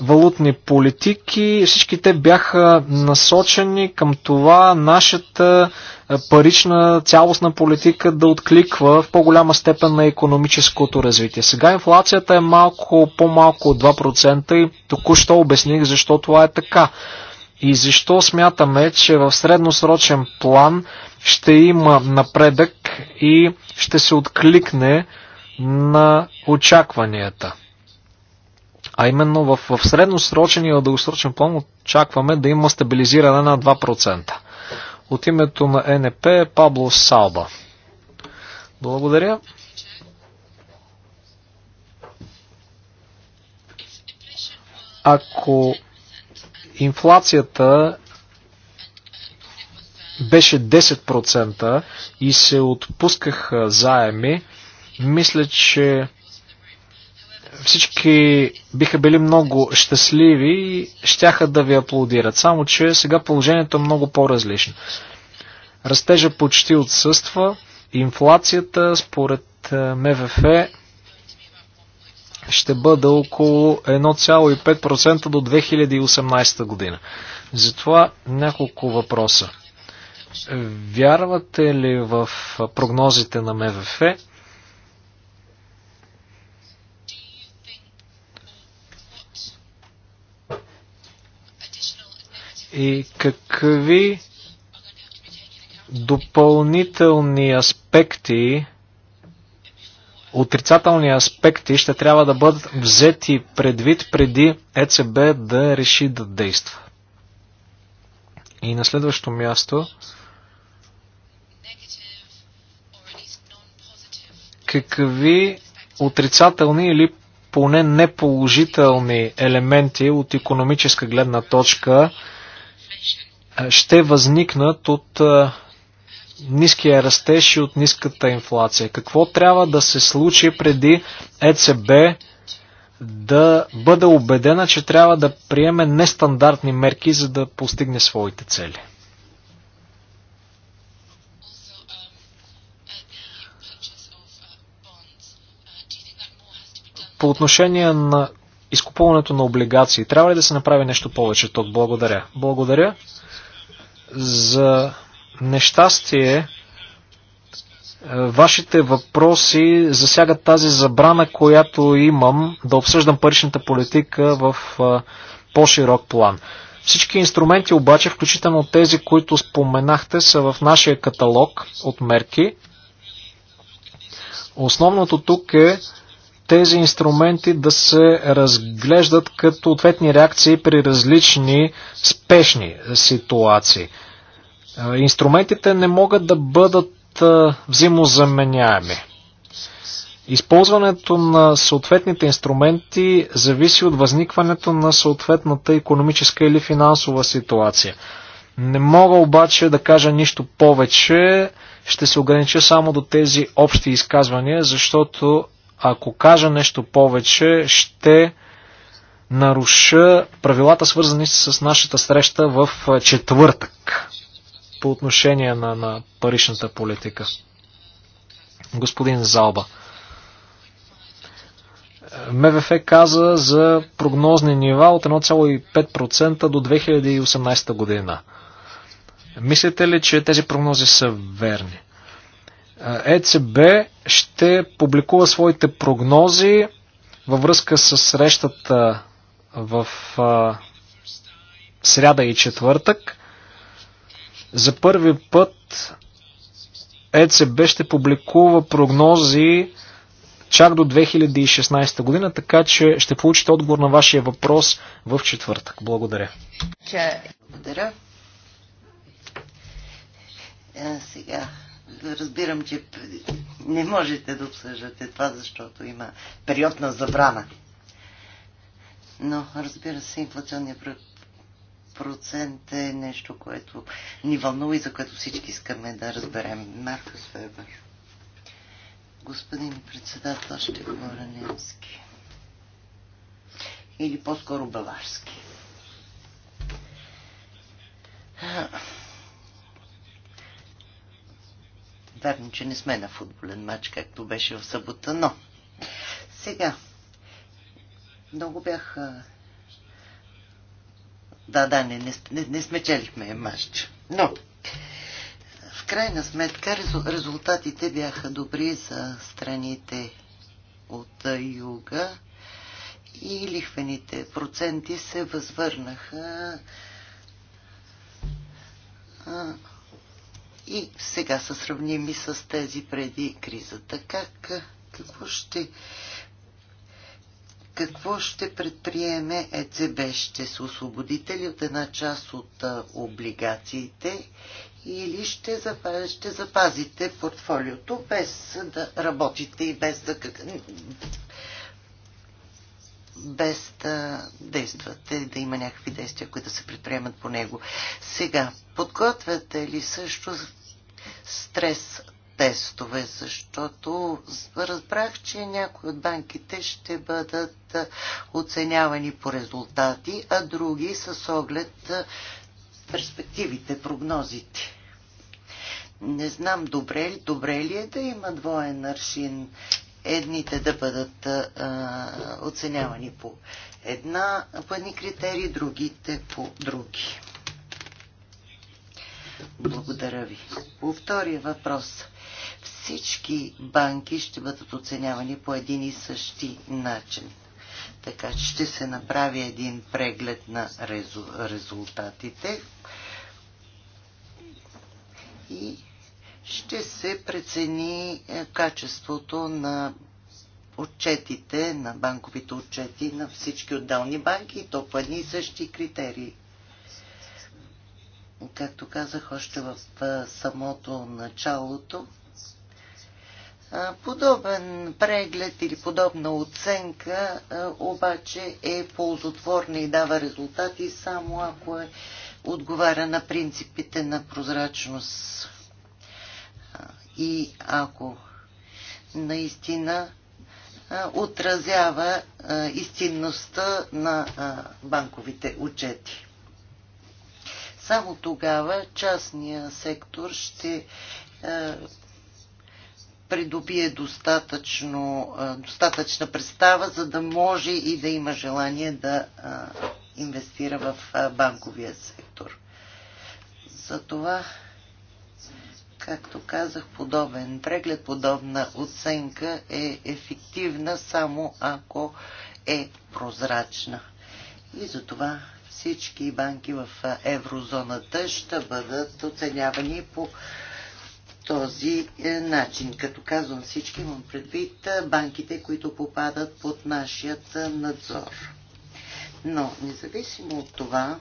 валутни политики, всички те бяха насочени към това нашата парична цялостна политика да откликва в по-голяма степен на економическото развитие. Сега инфлацията е малко по-малко от 2% и току-що обясних защо това е така. И защо смятаме, че в средносрочен план ще има напредък и ще се откликне на очакванията. А именно в, в средносрочен и дългосрочен план очакваме да има стабилизиране на 2%. От името на НП Пабло Салба. Благодаря. Ако инфлацията беше 10% и се отпускаха заеми, мисля, че всички биха били много щастливи и щяха да ви аплодират. Само, че сега положението е много по-различно. Растежа почти отсъства, инфлацията според е, МВФ ще бъде около 1,5% до 2018 година. Затова няколко въпроса. Вярвате ли в прогнозите на МВФ? И какви допълнителни аспекти, отрицателни аспекти ще трябва да бъдат взети предвид преди ЕЦБ да реши да действа? И на следващо място, какви отрицателни или поне неположителни елементи от економическа гледна точка ще възникнат от ниския растеж и от ниската инфлация. Какво трябва да се случи преди ЕЦБ да бъде убедена, че трябва да приеме нестандартни мерки, за да постигне своите цели? По отношение на изкупуването на облигации, трябва ли да се направи нещо повече тук? Благодаря. Благодаря за нещастие. Вашите въпроси засягат тази забрана, която имам да обсъждам паричната политика в по-широк план. Всички инструменти обаче, включително тези, които споменахте, са в нашия каталог от мерки. Основното тук е тези инструменти да се разглеждат като ответни реакции при различни спешни ситуации. Инструментите не могат да бъдат взаимозаменяеми. Използването на съответните инструменти зависи от възникването на съответната економическа или финансова ситуация. Не мога обаче да кажа нищо повече, ще се огранича само до тези общи изказвания, защото ако кажа нещо повече, ще наруша правилата, свързани с нашата среща в е, четвъртък по отношение на, на паричната политика. Господин Залба. МВФ каза за прогнозни нива от 1,5% до 2018 година. Мислите ли, че тези прогнози са верни? Е, ЕЦБ ще публикува своите прогнози във връзка с срещата в а, сряда и четвъртък. За първи път ЕЦБ ще публикува прогнози чак до 2016 година, така че ще получите отговор на вашия въпрос в четвъртък. Благодаря. Благодаря. Е, сега разбирам, че не можете да обсъждате това, защото има период на забрана. Но, разбира се, инфлационният процент е нещо, което ни вълнува и за което всички искаме да разберем. Маркус Фебър. Господин председател, ще говоря немски. Или по-скоро баварски. Верно, че не сме на футболен матч, както беше в събота, но сега много бях... Да, да, не, не, не, не смечелихме матч. Но в крайна сметка резултатите бяха добри за страните от юга и лихвените проценти се възвърнаха и сега са сравними с тези преди кризата. Как, какво ще какво ще предприеме ЕЦБ? Ще се освободите ли от една част от а, облигациите или ще, запаз, ще запазите портфолиото без да работите и без да, без да действате, да има някакви действия, които да се предприемат по него. Сега, подготвяте ли също стрес тестове, защото разбрах, че някои от банките ще бъдат оценявани по резултати, а други с оглед перспективите, прогнозите. Не знам добре, ли, добре ли е да има двоен аршин, едните да бъдат а, оценявани по една, по едни критерии, другите по други. Благодаря ви. По втория въпрос. Всички банки ще бъдат оценявани по един и същи начин. Така че ще се направи един преглед на резу, резултатите и ще се прецени е, качеството на отчетите, на банковите отчети на всички отдални банки и то по едни и същи критерии както казах още в самото началото, Подобен преглед или подобна оценка обаче е ползотворна и дава резултати само ако е отговаря на принципите на прозрачност. И ако наистина отразява истинността на банковите отчети. Само тогава частния сектор ще е, придобие достатъчно, е, достатъчна представа, за да може и да има желание да е, инвестира в банковия сектор. Затова, както казах, подобен преглед, подобна оценка е ефективна само ако е прозрачна. И затова всички банки в еврозоната ще бъдат оценявани по този е, начин. Като казвам всички, имам предвид банките, които попадат под нашият надзор. Но, независимо от това,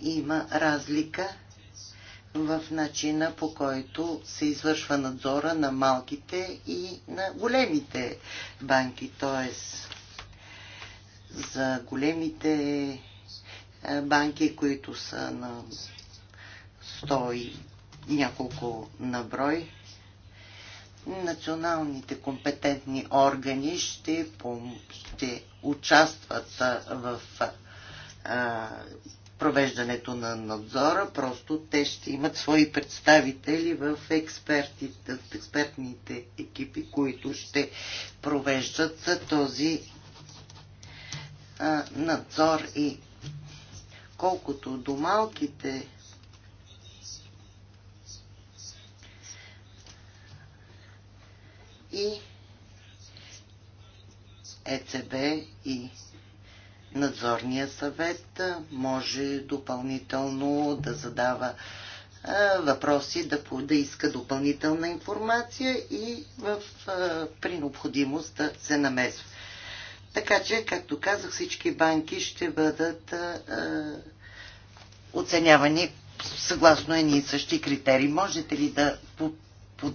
има разлика в начина по който се извършва надзора на малките и на големите банки. Тоест, за големите е, банки, които са на 100 и няколко наброй. Националните компетентни органи ще, ще участват в а, провеждането на надзора, просто те ще имат свои представители в, експерти, в експертните екипи, които ще провеждат този надзор и колкото до малките и ЕЦБ и надзорния съвет може допълнително да задава въпроси, да, да иска допълнителна информация и в, при необходимост да се намесва. Така че, както казах, всички банки ще бъдат а, а, оценявани съгласно едни и същи критерии. Можете ли да по, по,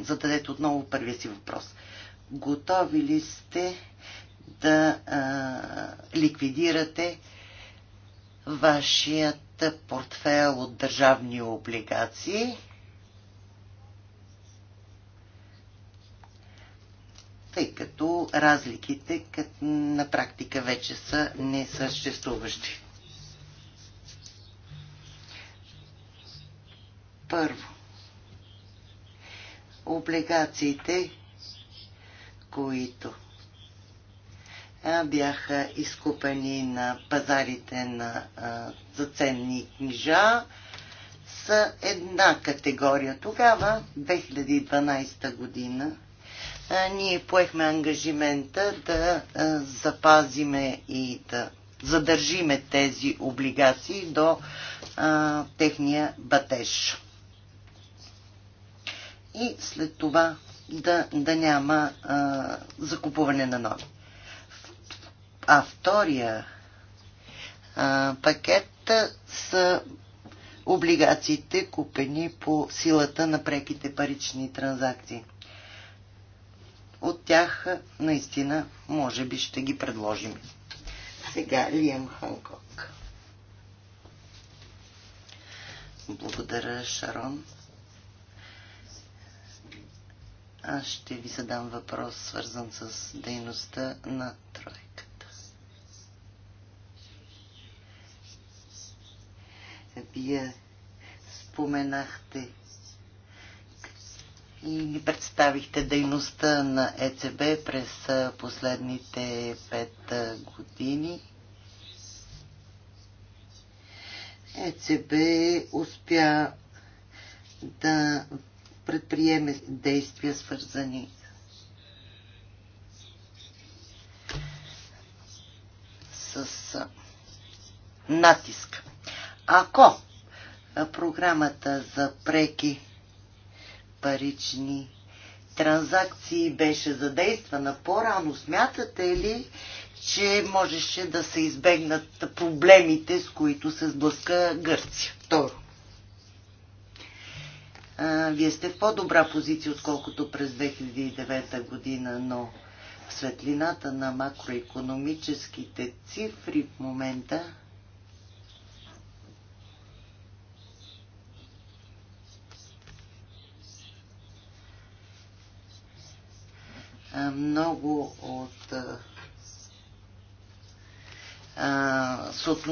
зададете отново първия си въпрос? Готови ли сте да а, ликвидирате вашият портфел от държавни облигации? тъй като разликите като на практика вече са несъществуващи. Първо, облигациите, които бяха изкупени на пазарите на заценни книжа, са една категория. Тогава, 2012 година, ние поехме ангажимента да запазиме и да задържиме тези облигации до техния батеж. И след това да, да няма а, закупуване на нови. А втория а, пакет са облигациите, купени по силата на преките парични транзакции от тях наистина може би ще ги предложим. Сега Лиам Ханкок. Благодаря, Шарон. Аз ще ви задам въпрос, свързан с дейността на тройката. Вие споменахте и ни представихте дейността на ЕЦБ през последните пет години. ЕЦБ успя да предприеме действия свързани с натиск. Ако програмата за преки парични транзакции беше задействана по-рано, смятате ли, че можеше да се избегнат проблемите, с които се сблъска Гърция? Второ. вие сте в по-добра позиция, отколкото през 2009 година, но в светлината на макроекономическите цифри в момента много от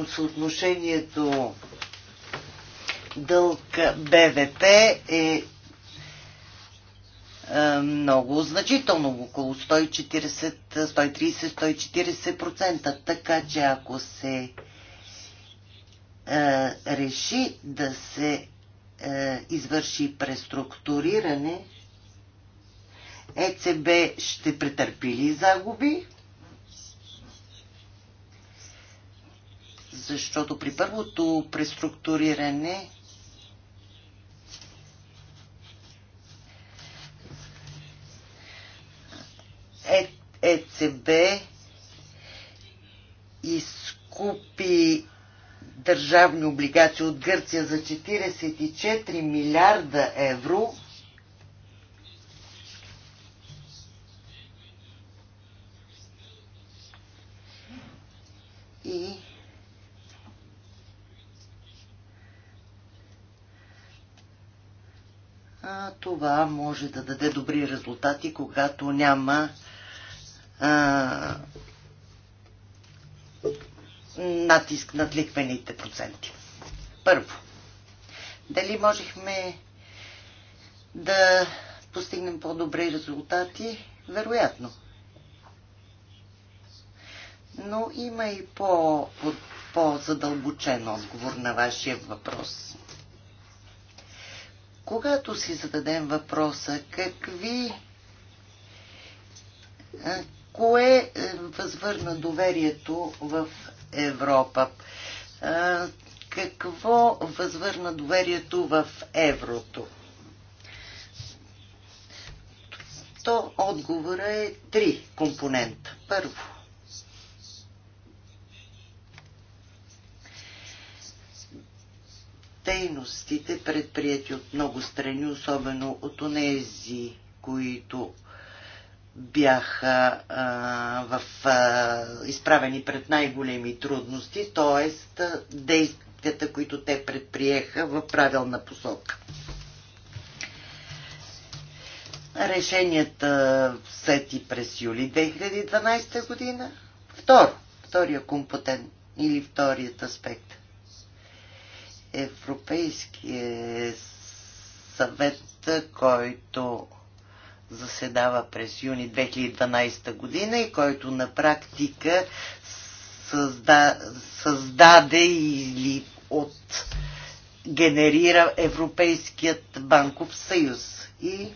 съотношението дълг БВП е много значително, около 140-130-140%. Така че ако се реши да се извърши преструктуриране, ЕЦБ ще претърпи ли загуби? Защото при първото преструктуриране е, ЕЦБ изкупи държавни облигации от Гърция за 44 милиарда евро – това може да даде добри резултати, когато няма а, натиск над ликвените проценти. Първо, дали можехме да постигнем по-добри резултати? Вероятно. Но има и по-задълбочен по отговор на вашия въпрос. Когато си зададем въпроса какви кое е, възвърна доверието в Европа? Какво възвърна доверието в еврото? То отговора е три компонента. Първо, дейностите, предприяти от много страни, особено от онези, които бяха а, в, а, изправени пред най-големи трудности, т.е. действията, които те предприеха в правилна посока. Решенията сети през юли 2012 година. Второ, втория компетент или вторият аспект – Европейския съвет, който заседава през юни 2012 година и който на практика създа, създаде или от генерира Европейският банков съюз. И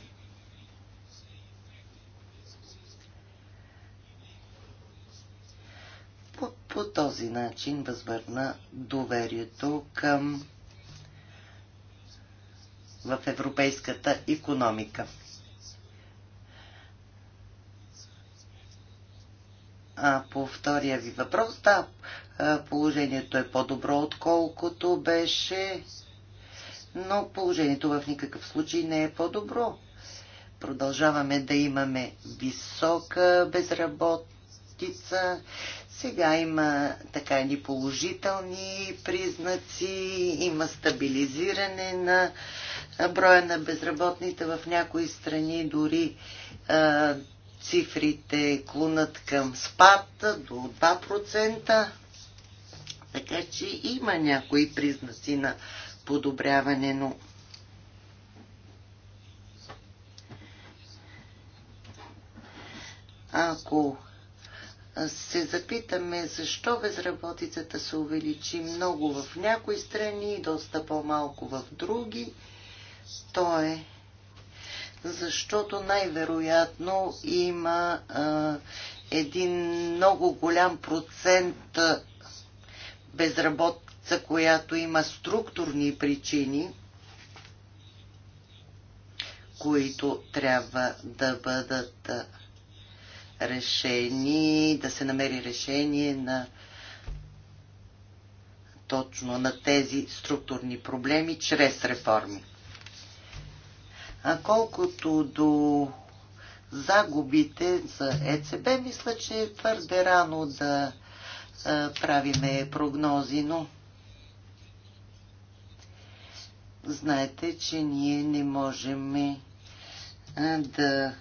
по този начин възвърна доверието към в европейската економика. А по втория ви въпрос, да, положението е по-добро, отколкото беше, но положението в никакъв случай не е по-добро. Продължаваме да имаме висока безработ, частица. Сега има така ни положителни признаци, има стабилизиране на броя на безработните в някои страни, дори а, цифрите клонат към спад до 2%. Така че има някои признаци на подобряване, но ако се запитаме защо безработицата се увеличи много в някои страни и доста по-малко в други, то е защото най-вероятно има а, един много голям процент безработица, която има структурни причини, които трябва да бъдат решени, да се намери решение на точно на тези структурни проблеми чрез реформи. А колкото до загубите за ЕЦБ, мисля, че е твърде рано да а, правиме прогнози, но знаете, че ние не можем да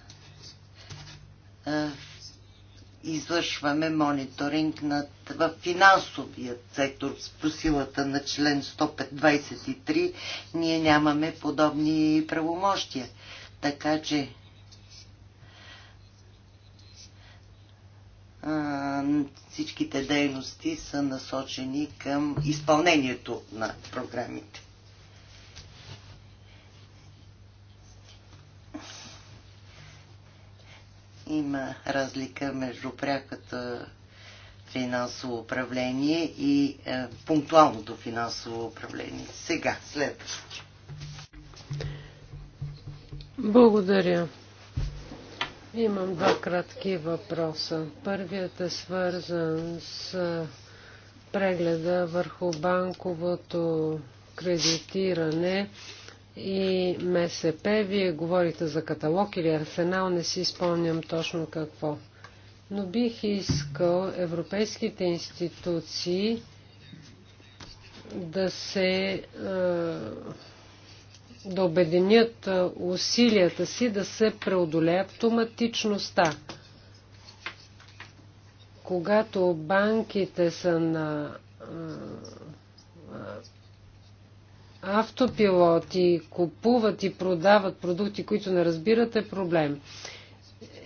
извършваме мониторинг над, в финансовият сектор по силата на член 123. Ние нямаме подобни правомощия. Така че всичките дейности са насочени към изпълнението на програмите. Има разлика между пряката финансово управление и е, пунктуалното финансово управление. Сега, следващо. Благодаря. Имам два кратки въпроса. Първият е свързан с е, прегледа върху банковото кредитиране и МСП. Вие говорите за каталог или арсенал, не си спомням точно какво. Но бих искал европейските институции да се да обединят усилията си да се преодолее автоматичността. Когато банките са на автопилоти купуват и продават продукти, които не разбират, е проблем.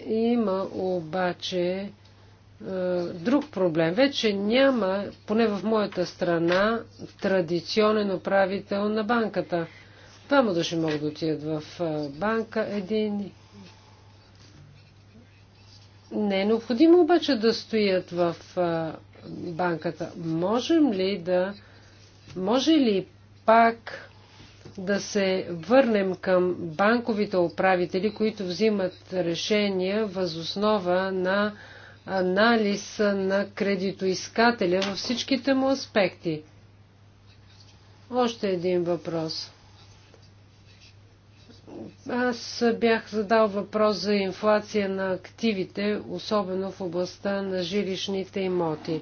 Има обаче е, друг проблем. Вече няма, поне в моята страна, традиционен управител на банката. Двама души могат да отидат в е, банка. Един не е необходимо обаче да стоят в е, банката. Можем ли да може ли пак да се върнем към банковите управители, които взимат решения възоснова на анализ на кредитоискателя във всичките му аспекти. Още един въпрос. Аз бях задал въпрос за инфлация на активите, особено в областта на жилищните имоти.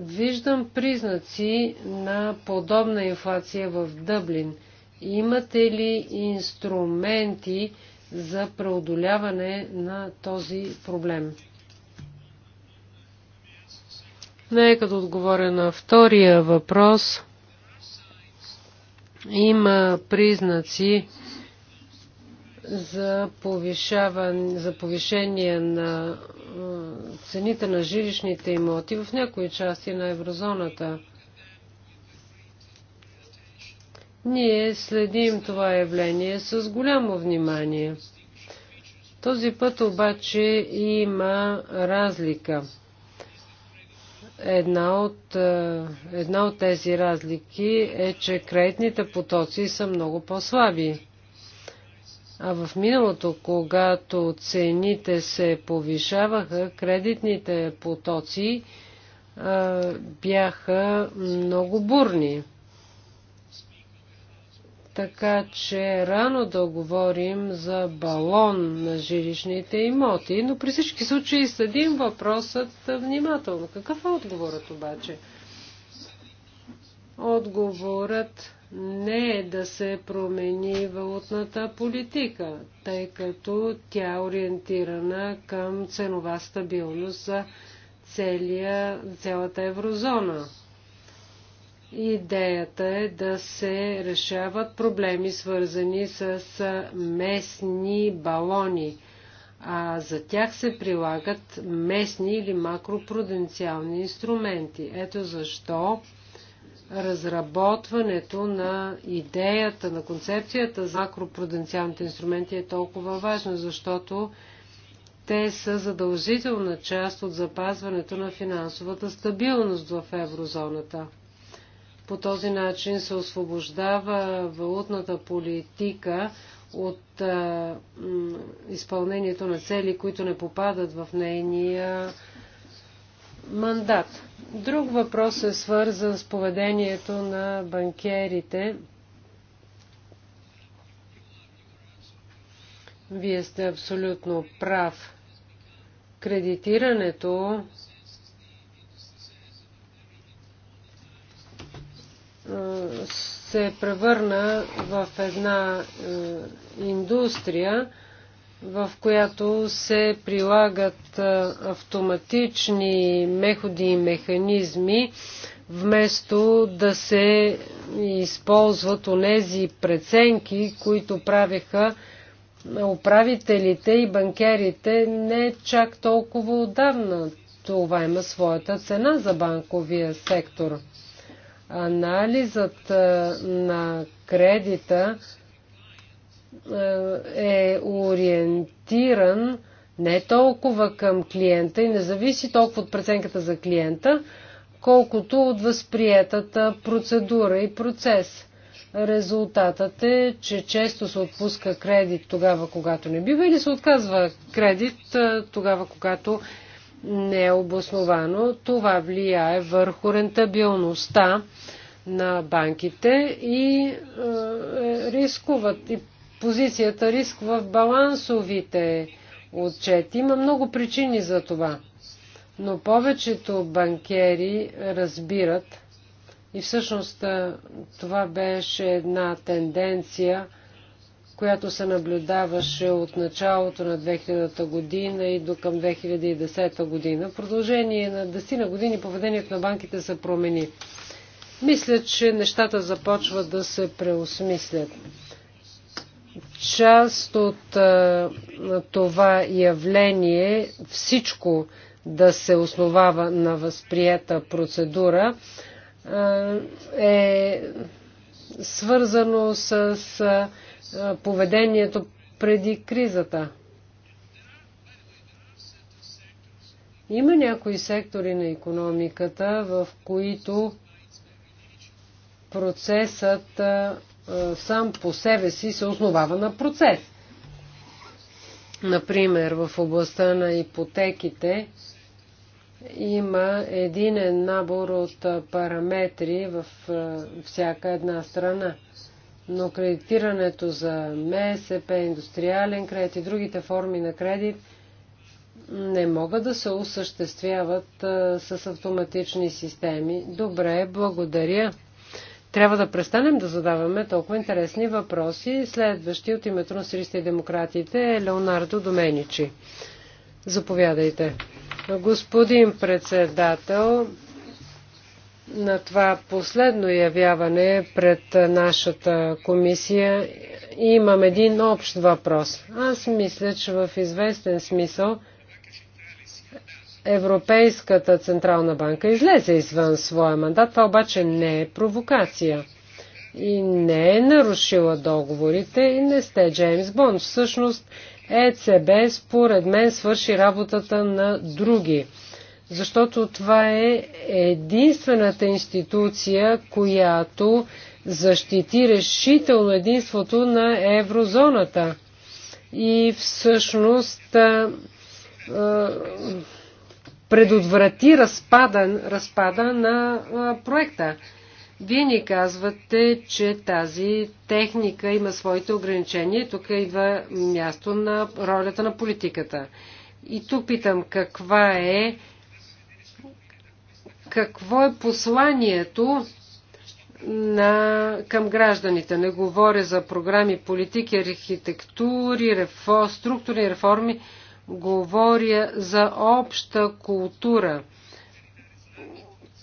Виждам признаци на подобна инфлация в Дъблин. Имате ли инструменти за преодоляване на този проблем? Нека да отговоря на втория въпрос. Има признаци за, повишаване, за повишение на цените на жилищните имоти в някои части на еврозоната. Ние следим това явление с голямо внимание. Този път обаче има разлика. Една от, е, една от тези разлики е, че кредитните потоци са много по-слаби. А в миналото, когато цените се повишаваха, кредитните потоци а, бяха много бурни. Така че рано да говорим за балон на жилищните имоти, но при всички случаи следим въпросът внимателно. Какъв е отговорът обаче? Отговорът не е да се промени валутната политика, тъй като тя е ориентирана към ценова стабилност за целия, цялата еврозона. Идеята е да се решават проблеми, свързани с местни балони, а за тях се прилагат местни или макропруденциални инструменти. Ето защо разработването на идеята, на концепцията за макропруденциалните инструменти е толкова важно, защото те са задължителна част от запазването на финансовата стабилност в еврозоната. По този начин се освобождава валутната политика от а, изпълнението на цели, които не попадат в нейния мандат. Друг въпрос е свързан с поведението на банкерите. Вие сте абсолютно прав. Кредитирането се превърна в една е, индустрия, в която се прилагат автоматични методи и механизми, вместо да се използват онези преценки, които правиха управителите и банкерите не чак толкова отдавна. Това има своята цена за банковия сектор. Анализът на кредита е, е ориентиран не толкова към клиента и не зависи толкова от преценката за клиента, колкото от възприетата процедура и процес. Резултатът е, че често се отпуска кредит тогава, когато не бива или се отказва кредит тогава, когато не е обосновано. Това влияе върху рентабилността на банките и е, рискуват и позицията риск в балансовите отчети. Има много причини за това. Но повечето банкери разбират, и всъщност това беше една тенденция, която се наблюдаваше от началото на 2000-та година и до към 2010 година. В продължение на 10 на години поведението на банките се промени. Мисля, че нещата започват да се преосмислят част от а, това явление всичко да се основава на възприета процедура а, е свързано с а, поведението преди кризата. Има някои сектори на економиката, в които процесът е, сам по себе си се основава на процес. Например, в областта на ипотеките има един е, набор от е, параметри в всяка една страна. Но кредитирането за МСП, индустриален кредит и другите форми на кредит не могат да се осъществяват с автоматични системи. Добре, благодаря. Трябва да престанем да задаваме толкова интересни въпроси. Следващи от името на и демократите е Леонардо Доменичи. Заповядайте. Господин председател, на това последно явяване пред нашата комисия имам един общ въпрос. Аз мисля, че в известен смисъл – Европейската Централна банка излезе извън своя мандат. Това обаче не е провокация и не е нарушила договорите и не сте Джеймс Бонд. Всъщност ЕЦБ според мен свърши работата на други, защото това е единствената институция, която защити решително единството на еврозоната. И всъщност предотврати разпада, разпада на проекта. Вие ни казвате, че тази техника има своите ограничения. Тук идва място на ролята на политиката. И тук питам, каква е, какво е посланието на, към гражданите? Не говоря за програми, политики, архитектури, рефо, структурни реформи. Говоря за обща култура.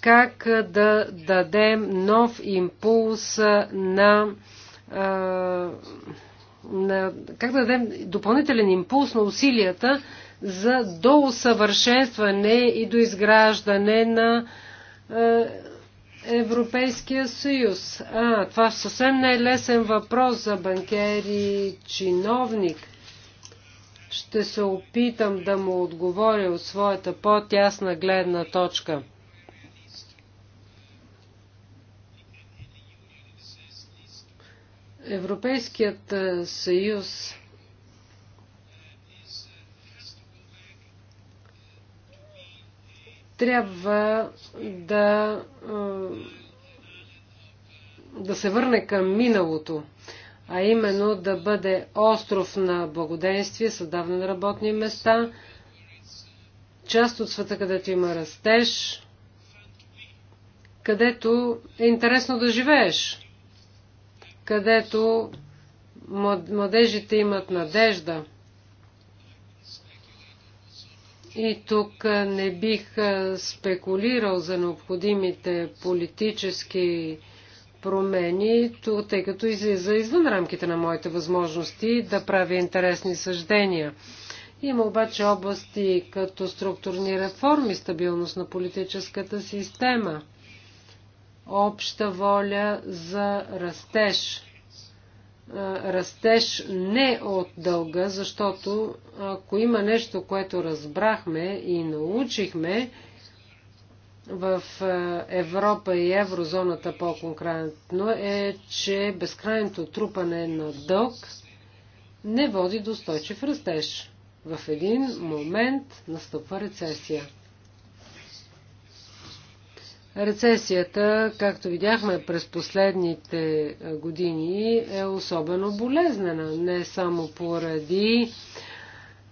Как да дадем нов импулс на, на как да дадем допълнителен импулс на усилията за доусъвършенстване и доизграждане на Европейския съюз? А, това съвсем не е лесен въпрос за банкер и чиновник. Ще се опитам да му отговоря от своята по-тясна гледна точка. Европейският е, съюз трябва да, е, да се върне към миналото, а именно да бъде остров на благоденствие, създаване на работни места, част от света, където има растеж, където е интересно да живееш, където младежите имат надежда. И тук не бих спекулирал за необходимите политически промени, тъй като излиза извън рамките на моите възможности да правя интересни съждения. Има обаче области като структурни реформи, стабилност на политическата система, обща воля за растеж. Растеж не от дълга, защото ако има нещо, което разбрахме и научихме, в е, Европа и еврозоната по-конкретно е, че безкрайното трупане на дълг не води до устойчив растеж. В един момент настъпва рецесия. Рецесията, както видяхме през последните е, години, е особено болезнена, не само поради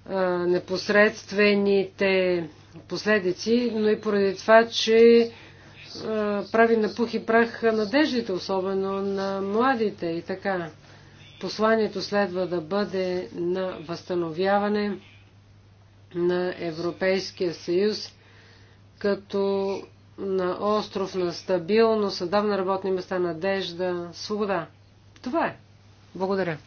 е, непосредствените последици, но и поради това, че прави на пух и прах надеждите, особено на младите и така. Посланието следва да бъде на възстановяване на Европейския съюз като на остров на стабилност, съдавна работни места, надежда, свобода. Това е. Благодаря.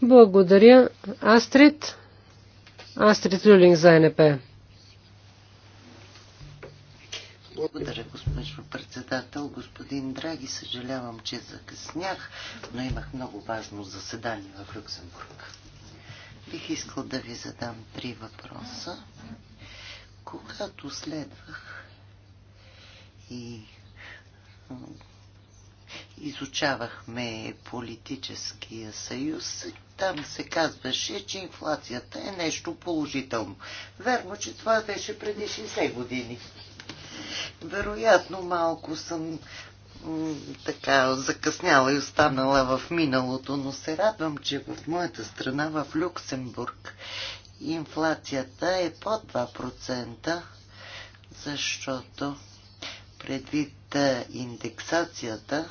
Благодаря. Астрид. Астрид Люлинг за НП. Благодаря, госпожо председател. Господин Драги, съжалявам, че закъснях, но имах много важно заседание в Люксембург. Бих искал да ви задам три въпроса. Когато следвах и изучавахме политическия съюз, там се казваше, че инфлацията е нещо положително. Верно, че това беше преди 60 години. Вероятно малко съм така закъсняла и останала в миналото, но се радвам, че в моята страна, в Люксембург, инфлацията е под 2%, защото предвид индексацията,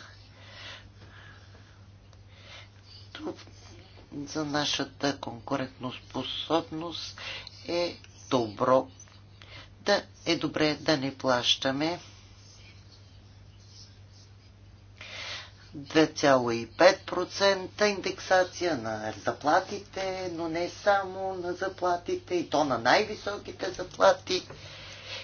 за нашата конкурентоспособност е добро. Да е добре да не плащаме 2,5% индексация на заплатите, но не само на заплатите, и то на най-високите заплати,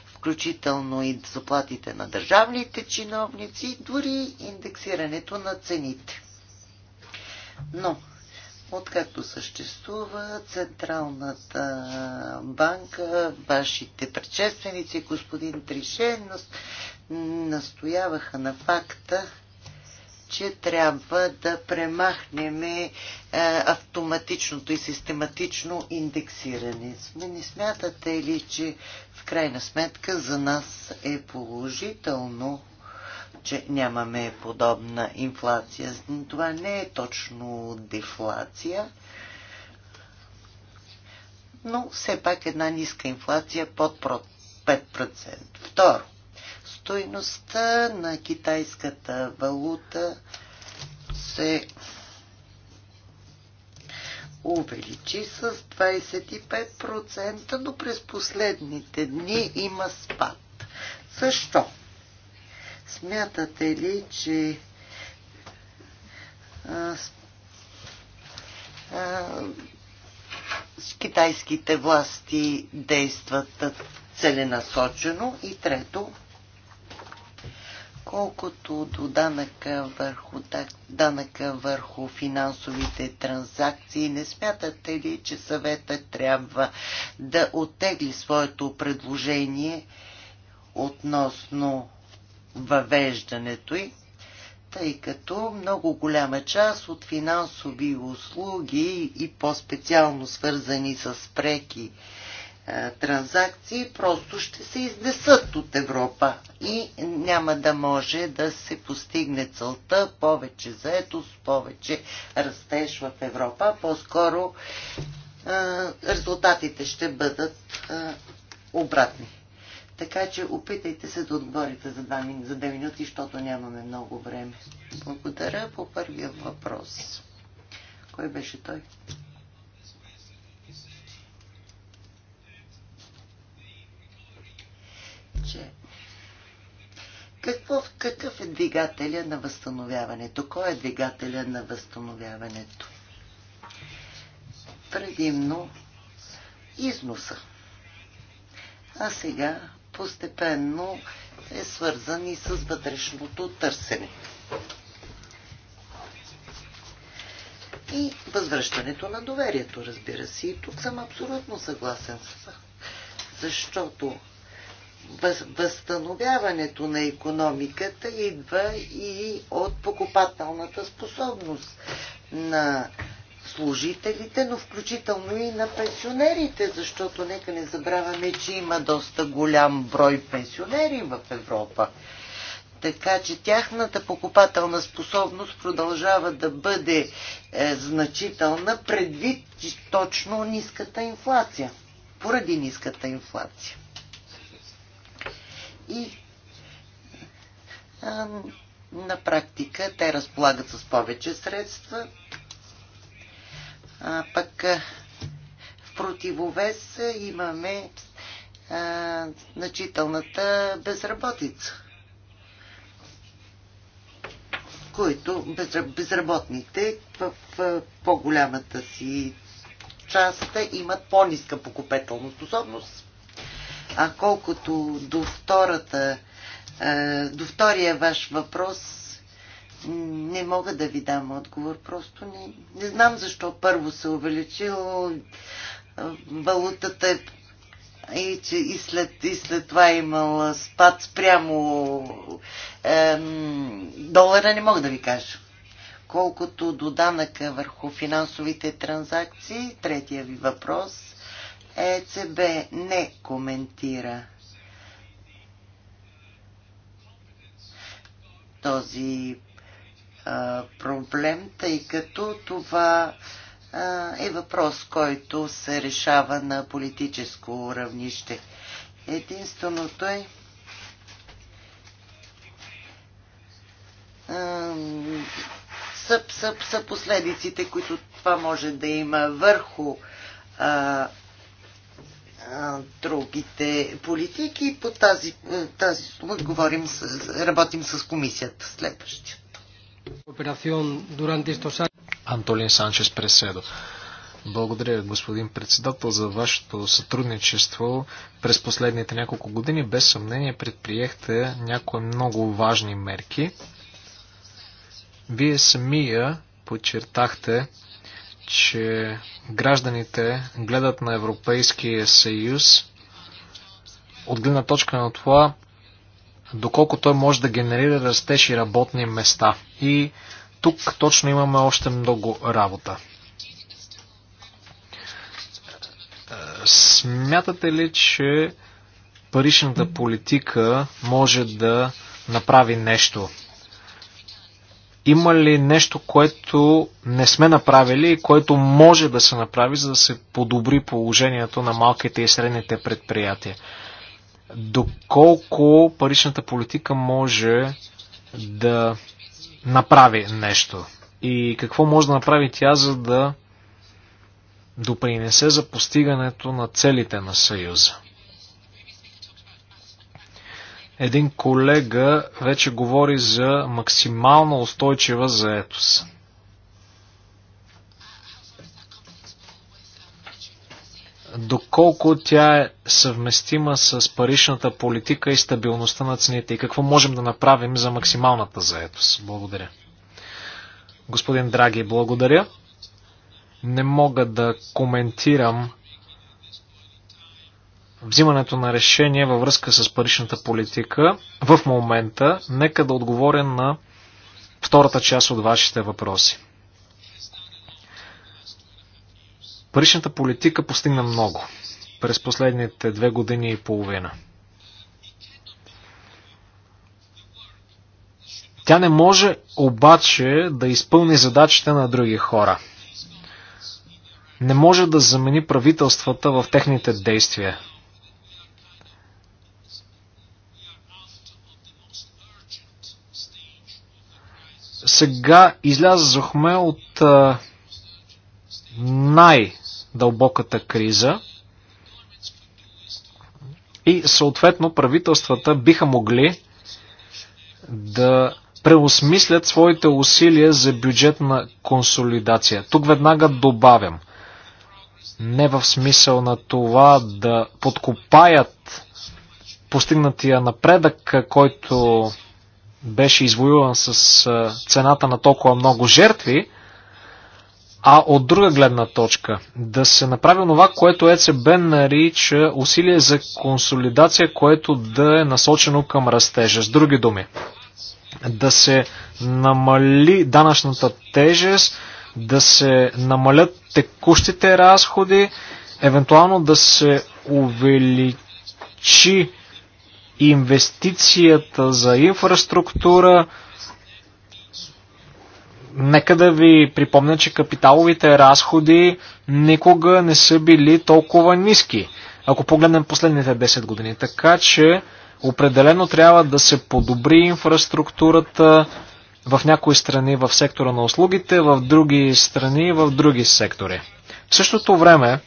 включително и заплатите на държавните чиновници, дори индексирането на цените. Но Откакто съществува Централната банка, вашите предшественици, господин Тришен, настояваха на факта, че трябва да премахнем е, автоматичното и систематично индексиране. Не смятате ли, че в крайна сметка за нас е положително че нямаме подобна инфлация. Това не е точно дефлация, но все пак една ниска инфлация под 5%. Второ, стойността на китайската валута се увеличи с 25%, но през последните дни има спад. Защо? Смятате ли, че а, а, китайските власти действат целенасочено? И трето, колкото до данъка върху, данъка върху финансовите транзакции, не смятате ли, че съветът трябва да оттегли своето предложение относно въвеждането й, тъй като много голяма част от финансови услуги и по-специално свързани с преки е, транзакции просто ще се изнесат от Европа и няма да може да се постигне целта повече заетост, повече растеж в Европа. По-скоро е, резултатите ще бъдат е, обратни. Така че опитайте се да отговорите за 2, мин... за 2 минути, защото нямаме много време. Благодаря по първия въпрос. Кой беше той? Че какво, какъв е двигателя на възстановяването? Кой е двигателя на възстановяването? Предимно износа. А сега постепенно е свързан и с вътрешното търсене. И възвръщането на доверието, разбира се. И тук съм абсолютно съгласен с това. Защото възстановяването на економиката идва и от покупателната способност на служителите, но включително и на пенсионерите, защото нека не забравяме, че има доста голям брой пенсионери в Европа. Така че тяхната покупателна способност продължава да бъде е, значителна предвид точно ниската инфлация. Поради ниската инфлация. И а, на практика те разполагат с повече средства, а, пък в противовес имаме а, значителната безработица, които безработните в по-голямата си част имат по-ниска покупателна способност. А колкото до втората до втория ваш въпрос не мога да ви дам отговор. Просто не, не знам защо първо се увеличило валутата е и, че и, след, и след това е имал спад спрямо е, долара, не мога да ви кажа. Колкото до данъка върху финансовите транзакции, третия ви въпрос, ЕЦБ не коментира този проблем, тъй като това е въпрос, който се решава на политическо равнище. Единственото е са, са, са последиците, които това може да има върху а, а, другите политики. По тази, тази говорим, с, работим с комисията следващия. Антолин Санчес Преседо. Благодаря, господин председател, за вашето сътрудничество. През последните няколко години, без съмнение, предприехте някои много важни мерки. Вие самия подчертахте, че гражданите гледат на Европейския съюз от гледна точка на това доколко той може да генерира растеж и работни места. И тук точно имаме още много работа. Смятате ли, че паричната политика може да направи нещо? Има ли нещо, което не сме направили и което може да се направи, за да се подобри положението на малките и средните предприятия? доколко паричната политика може да направи нещо и какво може да направи тя, за да допринесе за постигането на целите на Съюза. Един колега вече говори за максимално устойчива заетост. доколко тя е съвместима с паричната политика и стабилността на цените и какво можем да направим за максималната заетост. Благодаря. Господин Драги, благодаря. Не мога да коментирам взимането на решение във връзка с паричната политика в момента. Нека да отговоря на втората част от вашите въпроси. Паричната политика постигна много през последните две години и половина. Тя не може обаче да изпълни задачите на други хора. Не може да замени правителствата в техните действия. Сега излязохме от най- дълбоката криза. И съответно правителствата биха могли да преосмислят своите усилия за бюджетна консолидация. Тук веднага добавям. Не в смисъл на това да подкопаят постигнатия напредък, който беше извоюван с цената на толкова много жертви, а от друга гледна точка да се направи това, което ЕЦБ нарича усилие за консолидация, което да е насочено към растежа. С други думи, да се намали данъчната тежест, да се намалят текущите разходи, евентуално да се увеличи инвестицията за инфраструктура, Нека да ви припомня, че капиталовите разходи никога не са били толкова ниски, ако погледнем последните 10 години. Така че определено трябва да се подобри инфраструктурата в някои страни в сектора на услугите, в други страни в други сектори. В същото време,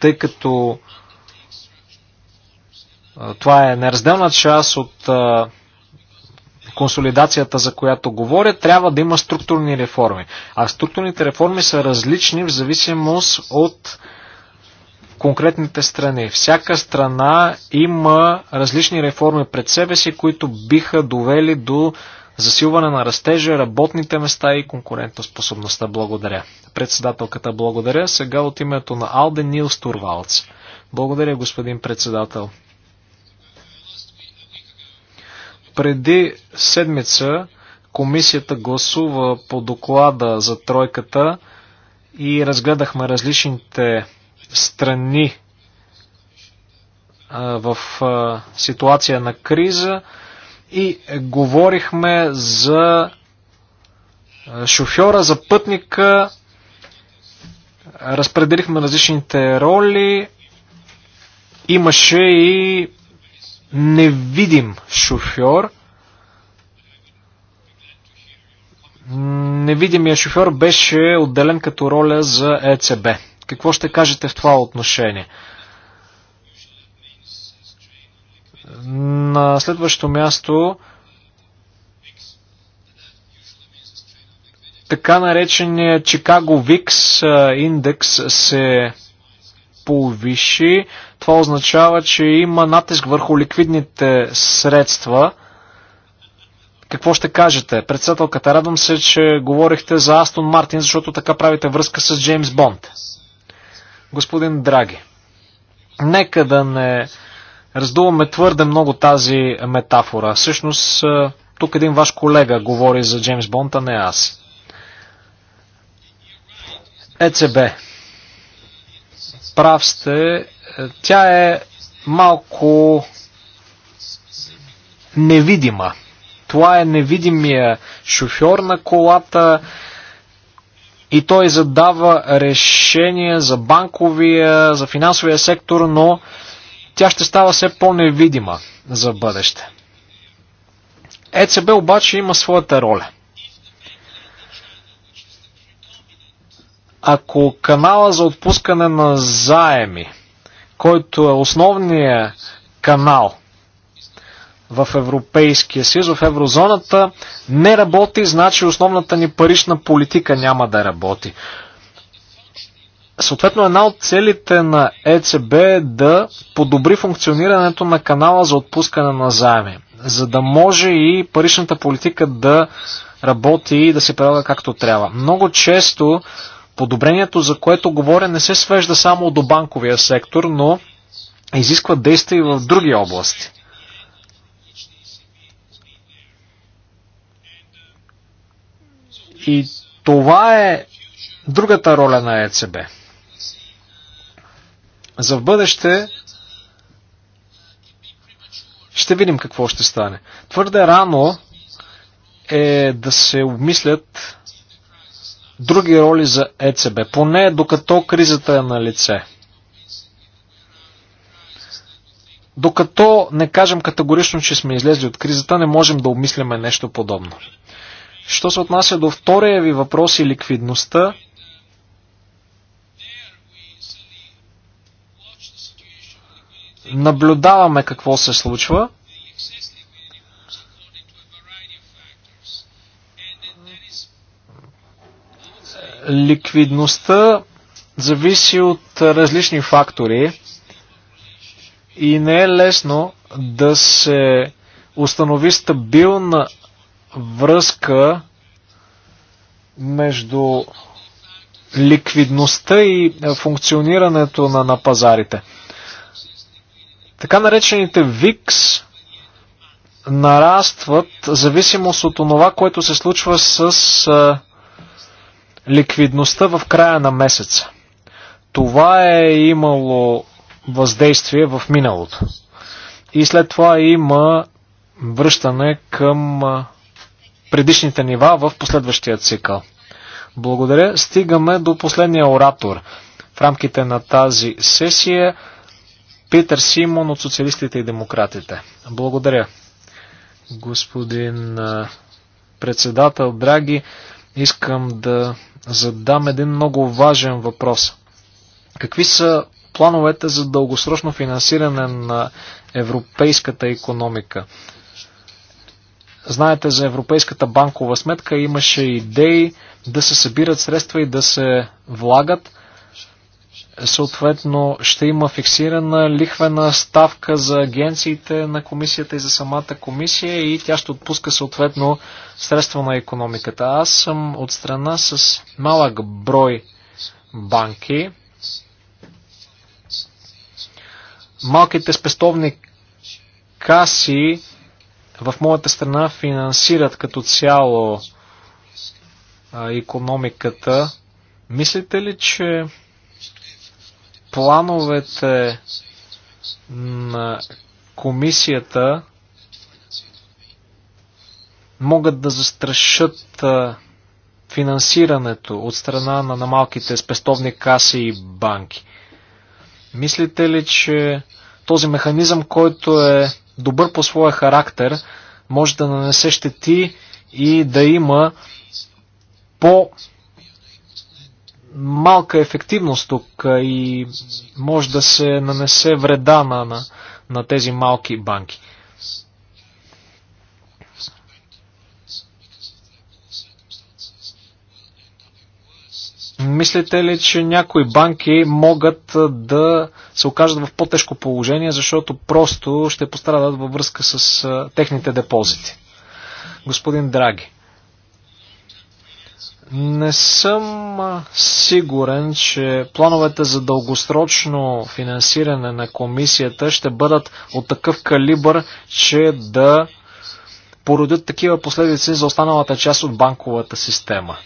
тъй като това е неразделна част от консолидацията, за която говоря, трябва да има структурни реформи. А структурните реформи са различни в зависимост от конкретните страни. Всяка страна има различни реформи пред себе си, които биха довели до засилване на растежа, работните места и конкурентоспособността. Благодаря. Председателката благодаря. Сега от името на Алден Нил Стурвалц. Благодаря, господин председател. Преди седмица комисията гласува по доклада за тройката и разгледахме различните страни в ситуация на криза и говорихме за шофьора, за пътника, разпределихме различните роли, имаше и невидим шофьор. Невидимия шофьор беше отделен като роля за ЕЦБ. Какво ще кажете в това отношение? На следващо място така наречения Чикаго Викс индекс се повиши това означава, че има натиск върху ликвидните средства. Какво ще кажете? Председателката, радвам се, че говорихте за Астон Мартин, защото така правите връзка с Джеймс Бонд. Господин Драги, нека да не раздуваме твърде много тази метафора. Всъщност, тук един ваш колега говори за Джеймс Бонд, а не аз. ЕЦБ. Прав сте, тя е малко невидима. Това е невидимия шофьор на колата и той задава решения за банковия, за финансовия сектор, но тя ще става все по-невидима за бъдеще. ЕЦБ обаче има своята роля. Ако канала за отпускане на заеми – който е основният канал в Европейския съюз, в еврозоната, не работи, значи основната ни парична политика няма да работи. Съответно, една от целите на ЕЦБ е да подобри функционирането на канала за отпускане на заеми, за да може и паричната политика да работи и да се прилага както трябва. Много често Подобрението, за което говоря, не се свежда само до банковия сектор, но изисква действия и в други области. И това е другата роля на ЕЦБ. За в бъдеще ще видим какво ще стане. Твърде рано е да се обмислят други роли за ЕЦБ, поне докато кризата е на лице. Докато не кажем категорично, че сме излезли от кризата, не можем да обмисляме нещо подобно. Що се отнася до втория ви въпрос и ликвидността, наблюдаваме какво се случва – Ликвидността зависи от различни фактори и не е лесно да се установи стабилна връзка между ликвидността и функционирането на, на пазарите. Така наречените ВИКС нарастват зависимост от това, което се случва с а, ликвидността в края на месеца. Това е имало въздействие в миналото. И след това има връщане към предишните нива в последващия цикъл. Благодаря. Стигаме до последния оратор. В рамките на тази сесия Питър Симон от Социалистите и Демократите. Благодаря. Господин председател, драги, искам да задам един много важен въпрос. Какви са плановете за дългосрочно финансиране на европейската економика? Знаете за Европейската банкова сметка имаше идеи да се събират средства и да се влагат. Съответно, ще има фиксирана лихвена ставка за агенциите на комисията и за самата комисия и тя ще отпуска съответно средства на економиката. Аз съм от страна с малък брой банки. Малките спестовни каси в моята страна финансират като цяло економиката. Мислите ли, че плановете на комисията могат да застрашат финансирането от страна на, на малките спестовни каси и банки. Мислите ли, че този механизъм, който е добър по своя характер, може да нанесе щети и да има по малка ефективност тук и може да се нанесе вреда на, на, на тези малки банки. Мислите ли, че някои банки могат да се окажат в по-тежко положение, защото просто ще пострадат във връзка с техните депозити? Господин Драги. Не съм сигурен, че плановете за дългосрочно финансиране на комисията ще бъдат от такъв калибър, че да породят такива последици за останалата част от банковата система.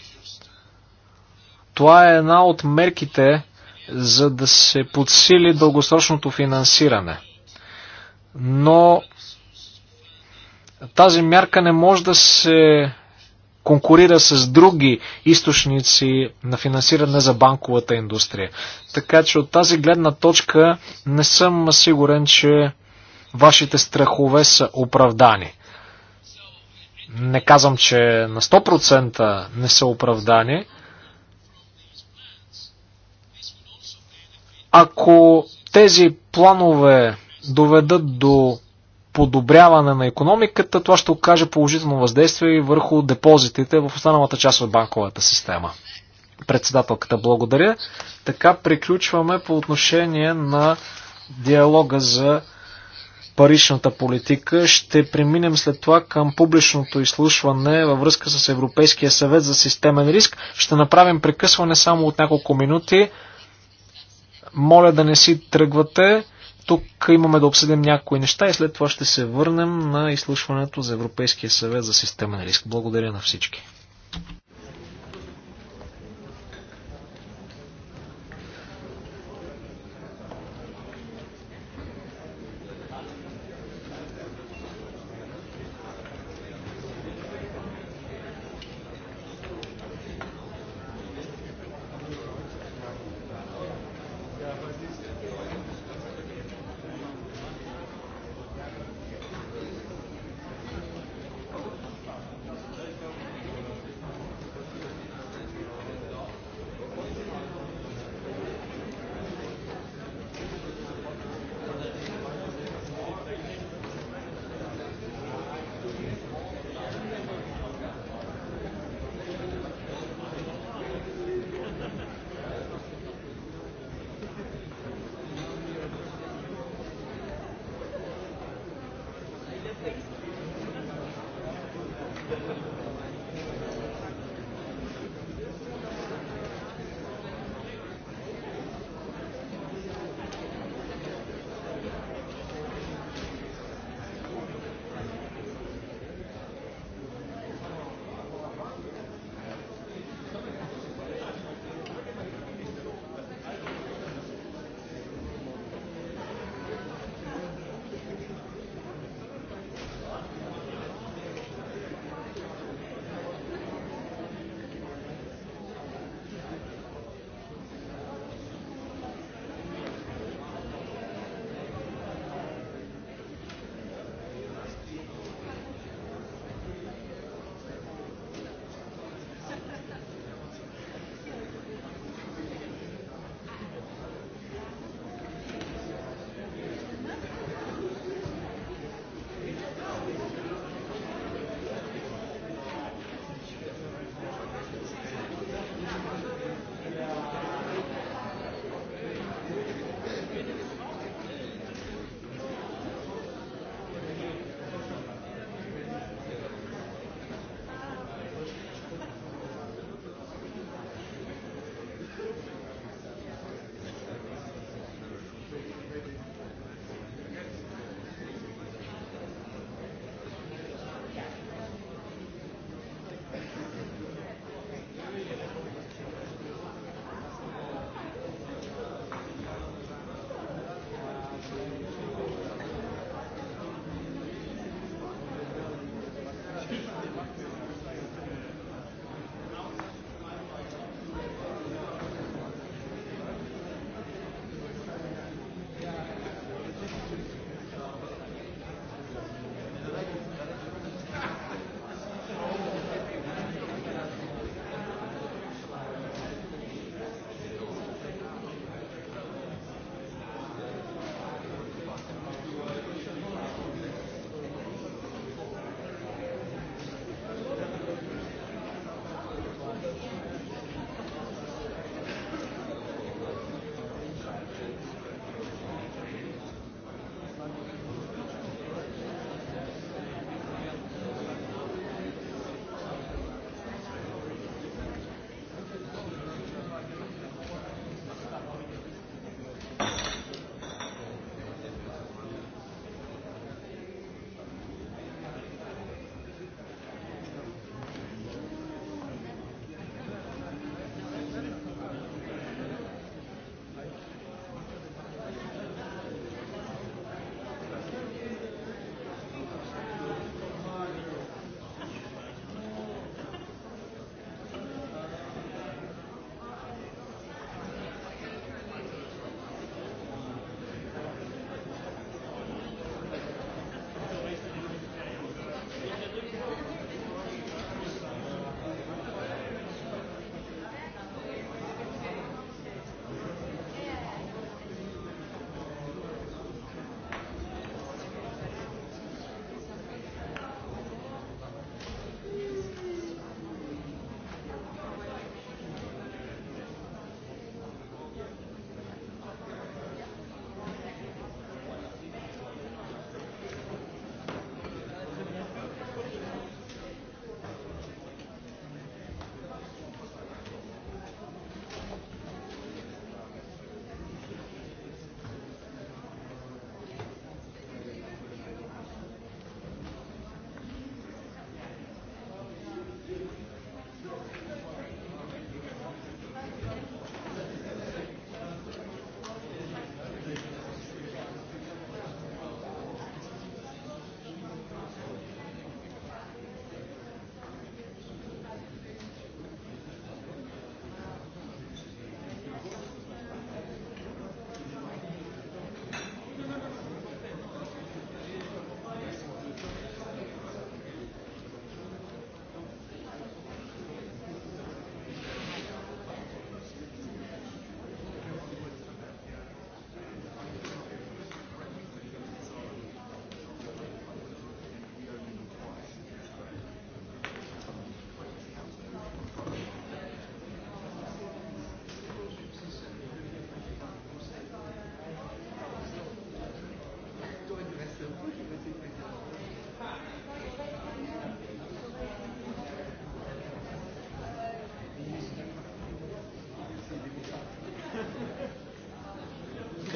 Това е една от мерките, за да се подсили дългосрочното финансиране. Но тази мярка не може да се конкурира с други източници на финансиране за банковата индустрия. Така че от тази гледна точка не съм сигурен, че вашите страхове са оправдани. Не казвам, че на 100% не са оправдани. Ако тези планове доведат до подобряване на економиката, това ще окаже положително въздействие и върху депозитите в останалата част от банковата система. Председателката, благодаря. Така приключваме по отношение на диалога за паричната политика. Ще преминем след това към публичното изслушване във връзка с Европейския съвет за системен риск. Ще направим прекъсване само от няколко минути. Моля да не си тръгвате. Тук имаме да обсъдим някои неща и след това ще се върнем на изслушването за Европейския съвет за системен риск. Благодаря на всички.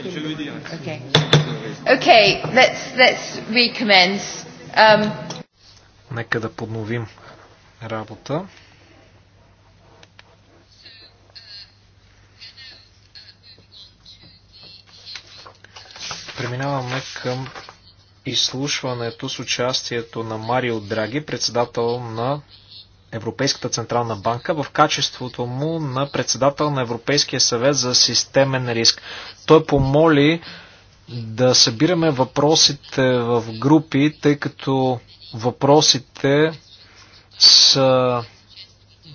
Okay. Okay, let's, let's recommence. Um... Нека да подновим работа. Преминаваме към изслушването с участието на Марио Драги, председател на Европейската Централна банка в качеството му на председател на Европейския съвет за системен риск. Той помоли да събираме въпросите в групи, тъй като въпросите са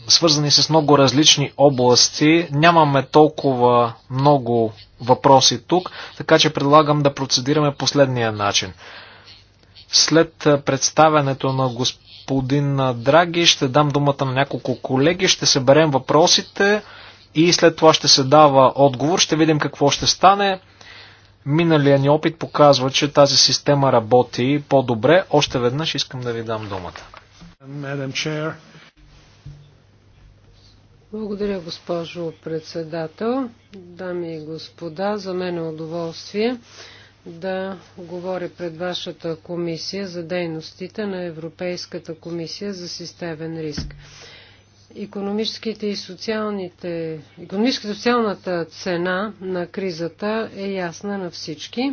свързани с много различни области. Нямаме толкова много въпроси тук, така че предлагам да процедираме последния начин. След представянето на господин господин Драги. Ще дам думата на няколко колеги, ще съберем въпросите и след това ще се дава отговор. Ще видим какво ще стане. Миналия ни опит показва, че тази система работи по-добре. Още веднъж искам да ви дам думата. Благодаря, госпожо председател. Дами и господа, за мен е удоволствие да говоря пред вашата комисия за дейностите на Европейската комисия за системен риск. Економическите и социалните, економическата и социалната цена на кризата е ясна на всички.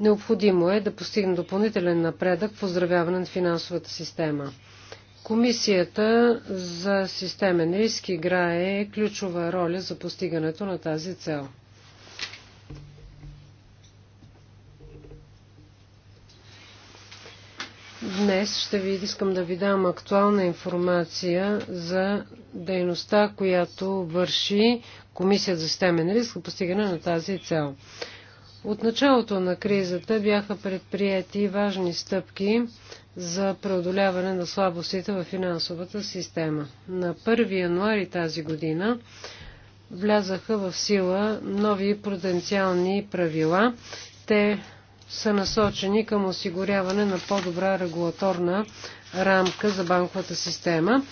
Необходимо е да постигне допълнителен напредък в оздравяване на финансовата система. Комисията за системен риск играе ключова роля за постигането на тази цел. Днес ще ви искам да ви дам актуална информация за дейността, която върши Комисията за системен риск за постигане на тази цел. От началото на кризата бяха предприяти важни стъпки за преодоляване на слабостите в финансовата система. На 1 януари тази година влязаха в сила нови потенциални правила. Те са насочени към осигуряване на по-добра регулаторна рамка за банковата система.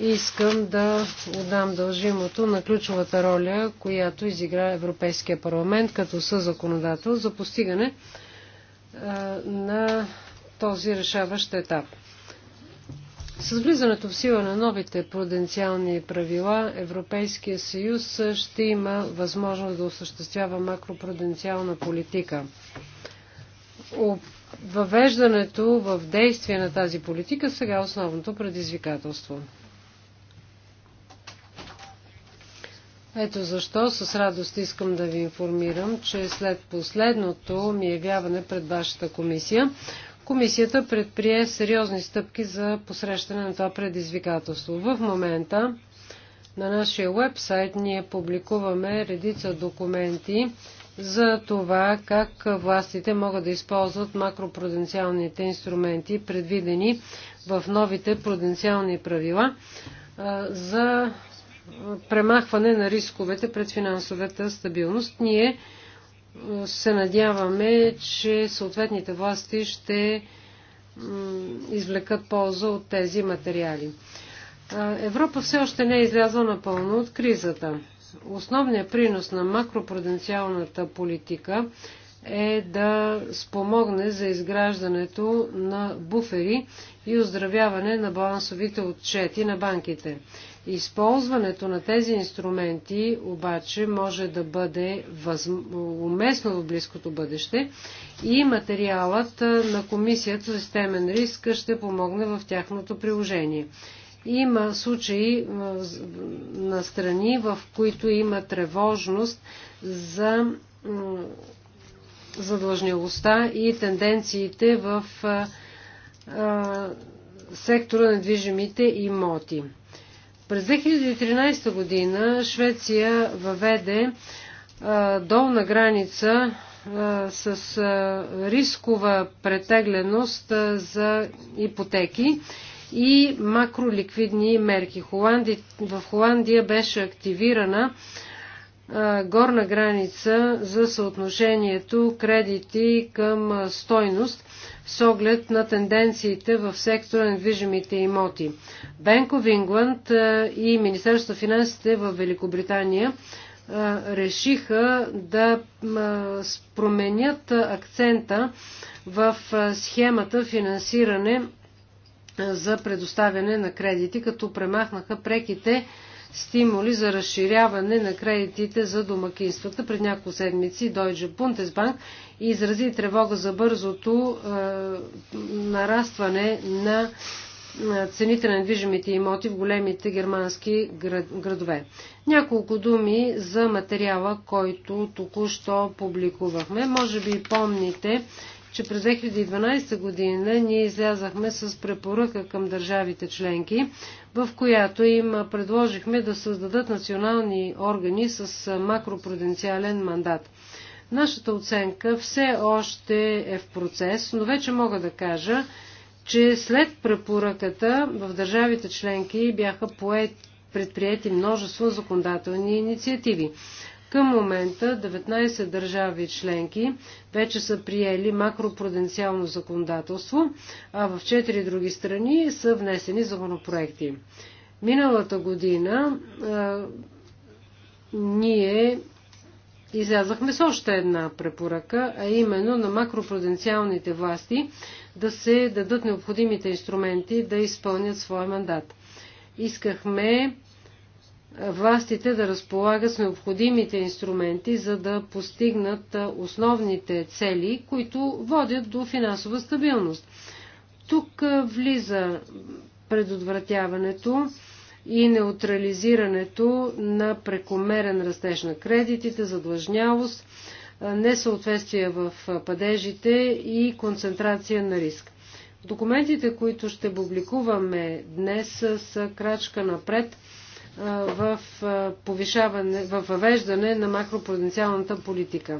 Искам да отдам дължимото на ключовата роля, която изигра Европейския парламент като съзаконодател за постигане на този решаващ етап. С влизането в сила на новите пруденциални правила, Европейския съюз ще има възможност да осъществява макропруденциална политика въвеждането в действие на тази политика сега е основното предизвикателство. Ето защо с радост искам да ви информирам, че след последното ми явяване пред вашата комисия, комисията предприе сериозни стъпки за посрещане на това предизвикателство. В момента на нашия вебсайт ние публикуваме редица документи, за това как властите могат да използват макропруденциалните инструменти, предвидени в новите пруденциални правила за премахване на рисковете пред финансовата стабилност. Ние се надяваме, че съответните власти ще извлекат полза от тези материали. Европа все още не е излязла напълно от кризата. Основният принос на макропруденциалната политика е да спомогне за изграждането на буфери и оздравяване на балансовите отчети на банките. Използването на тези инструменти обаче може да бъде уместно в близкото бъдеще и материалът на Комисията за системен риск ще помогне в тяхното приложение. Има случаи е, на страни, в които има тревожност за задлъжнялостта и тенденциите в е, е, сектора на движимите имоти. През 2013 година Швеция въведе долна граница с рискова претегленост за ипотеки и макроликвидни мерки. Холанди, в Холандия беше активирана а, горна граница за съотношението кредити към а, стойност с оглед на тенденциите в сектора на движимите имоти. Bank of England и Министерството на финансите в Великобритания решиха да променят акцента в схемата финансиране за предоставяне на кредити, като премахнаха преките стимули за разширяване на кредитите за домакинствата. Пред няколко седмици Deutsche Bundesbank изрази тревога за бързото е, нарастване на е, цените на недвижимите имоти в големите германски град, градове. Няколко думи за материала, който току-що публикувахме. Може би помните, че през 2012 година ние излязахме с препоръка към държавите членки, в която им предложихме да създадат национални органи с макропруденциален мандат. Нашата оценка все още е в процес, но вече мога да кажа, че след препоръката в държавите членки бяха поети предприяти множество законодателни инициативи. Към момента 19 държави членки вече са приели макропруденциално законодателство, а в 4 други страни са внесени законопроекти. Миналата година а, ние излязахме с още една препоръка, а именно на макропруденциалните власти да се дадат необходимите инструменти да изпълнят своя мандат. Искахме властите да разполагат с необходимите инструменти, за да постигнат основните цели, които водят до финансова стабилност. Тук влиза предотвратяването и неутрализирането на прекомерен растеж на кредитите, задлъжнявост, несъответствие в падежите и концентрация на риск. Документите, които ще публикуваме днес, са крачка напред – в повишаване, в въвеждане на макропруденциалната политика.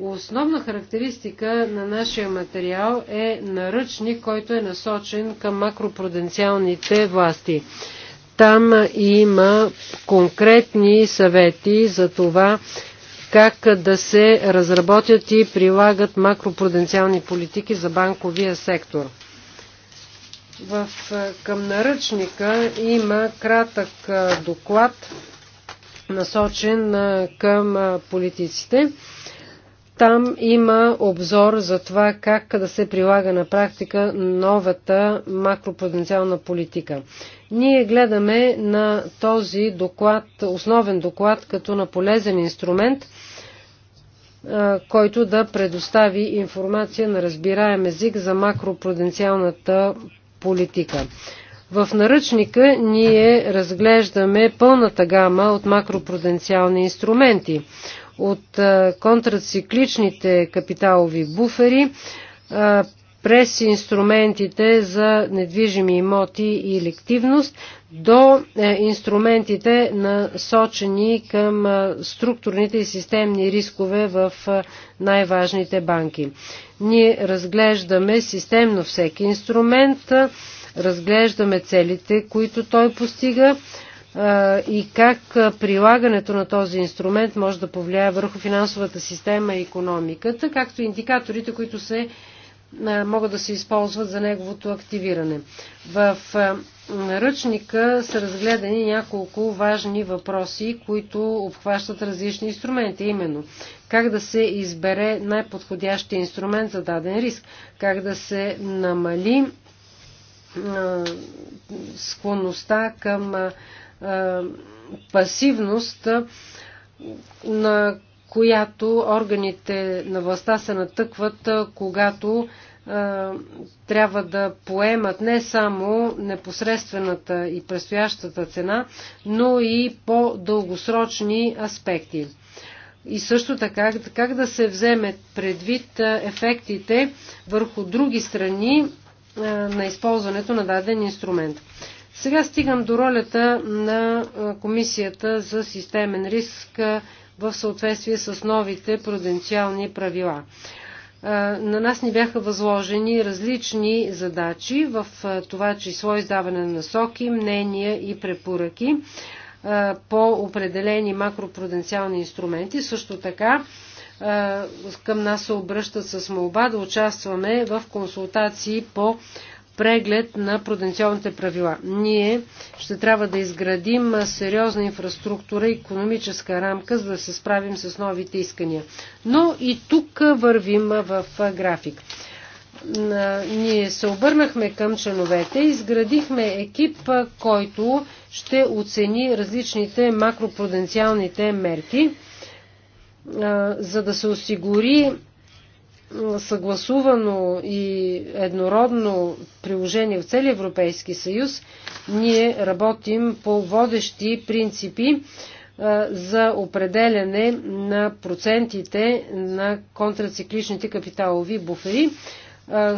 Основна характеристика на нашия материал е наръчник, който е насочен към макропруденциалните власти. Там има конкретни съвети за това как да се разработят и прилагат макропруденциални политики за банковия сектор. В, е, към наръчника има кратък е, доклад, насочен е, към политиците. Там има обзор за това как да се прилага на практика новата макропотенциална политика. Ние гледаме на този доклад, основен доклад, като на полезен инструмент, който да предостави информация на разбираем език за макропруденциалната политика. В наръчника ние разглеждаме пълната гама от макропруденциални инструменти, от контрацикличните капиталови буфери, през инструментите за недвижими имоти и лективност до е, инструментите насочени към е, структурните и системни рискове в е, най-важните банки. Ние разглеждаме системно всеки инструмент, разглеждаме целите, които той постига и как прилагането на този инструмент може да повлияе върху финансовата система и економиката, както и индикаторите, които се могат да се използват за неговото активиране. В наръчника са разгледани няколко важни въпроси, които обхващат различни инструменти, именно как да се избере най-подходящия инструмент за даден риск, как да се намали склонността към пасивност, на която органите на властта се натъкват, когато е, трябва да поемат не само непосредствената и предстоящата цена, но и по-дългосрочни аспекти. И също така как да се вземе предвид е, ефектите върху други страни е, на използването на даден инструмент. Сега стигам до ролята на Комисията за системен риск в съответствие с новите пруденциални правила на нас ни бяха възложени различни задачи, в това число издаване на насоки, мнения и препоръки по определени макропруденциални инструменти. Също така към нас се обръщат с молба да участваме в консултации по преглед на пруденциалните правила. Ние ще трябва да изградим сериозна инфраструктура и економическа рамка, за да се справим с новите искания. Но и тук вървим в график. Ние се обърнахме към членовете, изградихме екип, който ще оцени различните макропруденциалните мерки за да се осигури съгласувано и еднородно приложение в целия Европейски съюз, ние работим по водещи принципи за определене на процентите на контрацикличните капиталови буфери.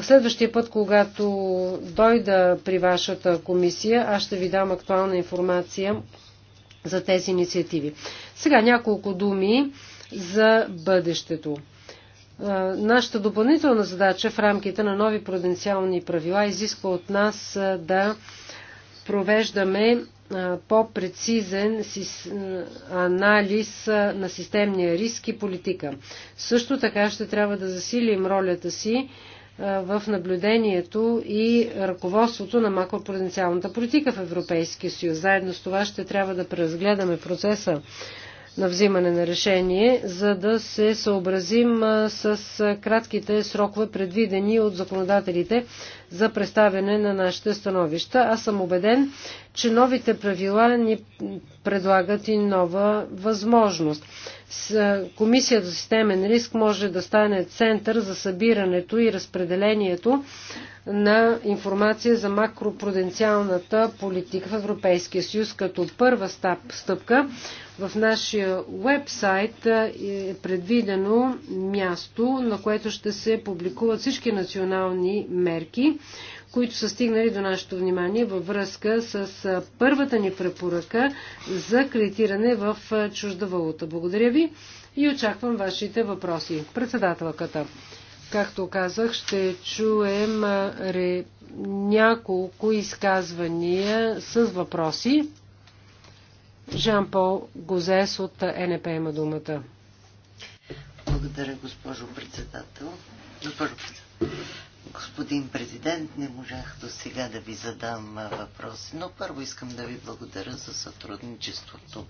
Следващия път, когато дойда при вашата комисия, аз ще ви дам актуална информация за тези инициативи. Сега няколко думи за бъдещето. Е, нашата допълнителна задача в рамките на нови пруденциални правила изисква от нас е, да провеждаме е, по-прецизен анализ на системния риск и политика. Също така ще трябва да засилим ролята си в наблюдението и ръководството на макропруденциалната политика в Европейския съюз. Заедно с това ще трябва да преразгледаме процеса на взимане на решение, за да се съобразим с кратките срокове, предвидени от законодателите за представяне на нашите становища. Аз съм убеден, че новите правила ни предлагат и нова възможност. Комисията за системен риск може да стане център за събирането и разпределението на информация за макропруденциалната политика в Европейския съюз като първа стъпка. В нашия вебсайт е предвидено място, на което ще се публикуват всички национални мерки които са стигнали до нашето внимание във връзка с първата ни препоръка за кредитиране в чужда валута. Благодаря ви и очаквам вашите въпроси. Председателката, както казах, ще чуем ре... няколко изказвания с въпроси. Жан-Пол Гозес от НП има думата. Благодаря, госпожо председател. Госпожо председател. Господин президент, не можах до сега да ви задам въпроси, но първо искам да ви благодаря за сътрудничеството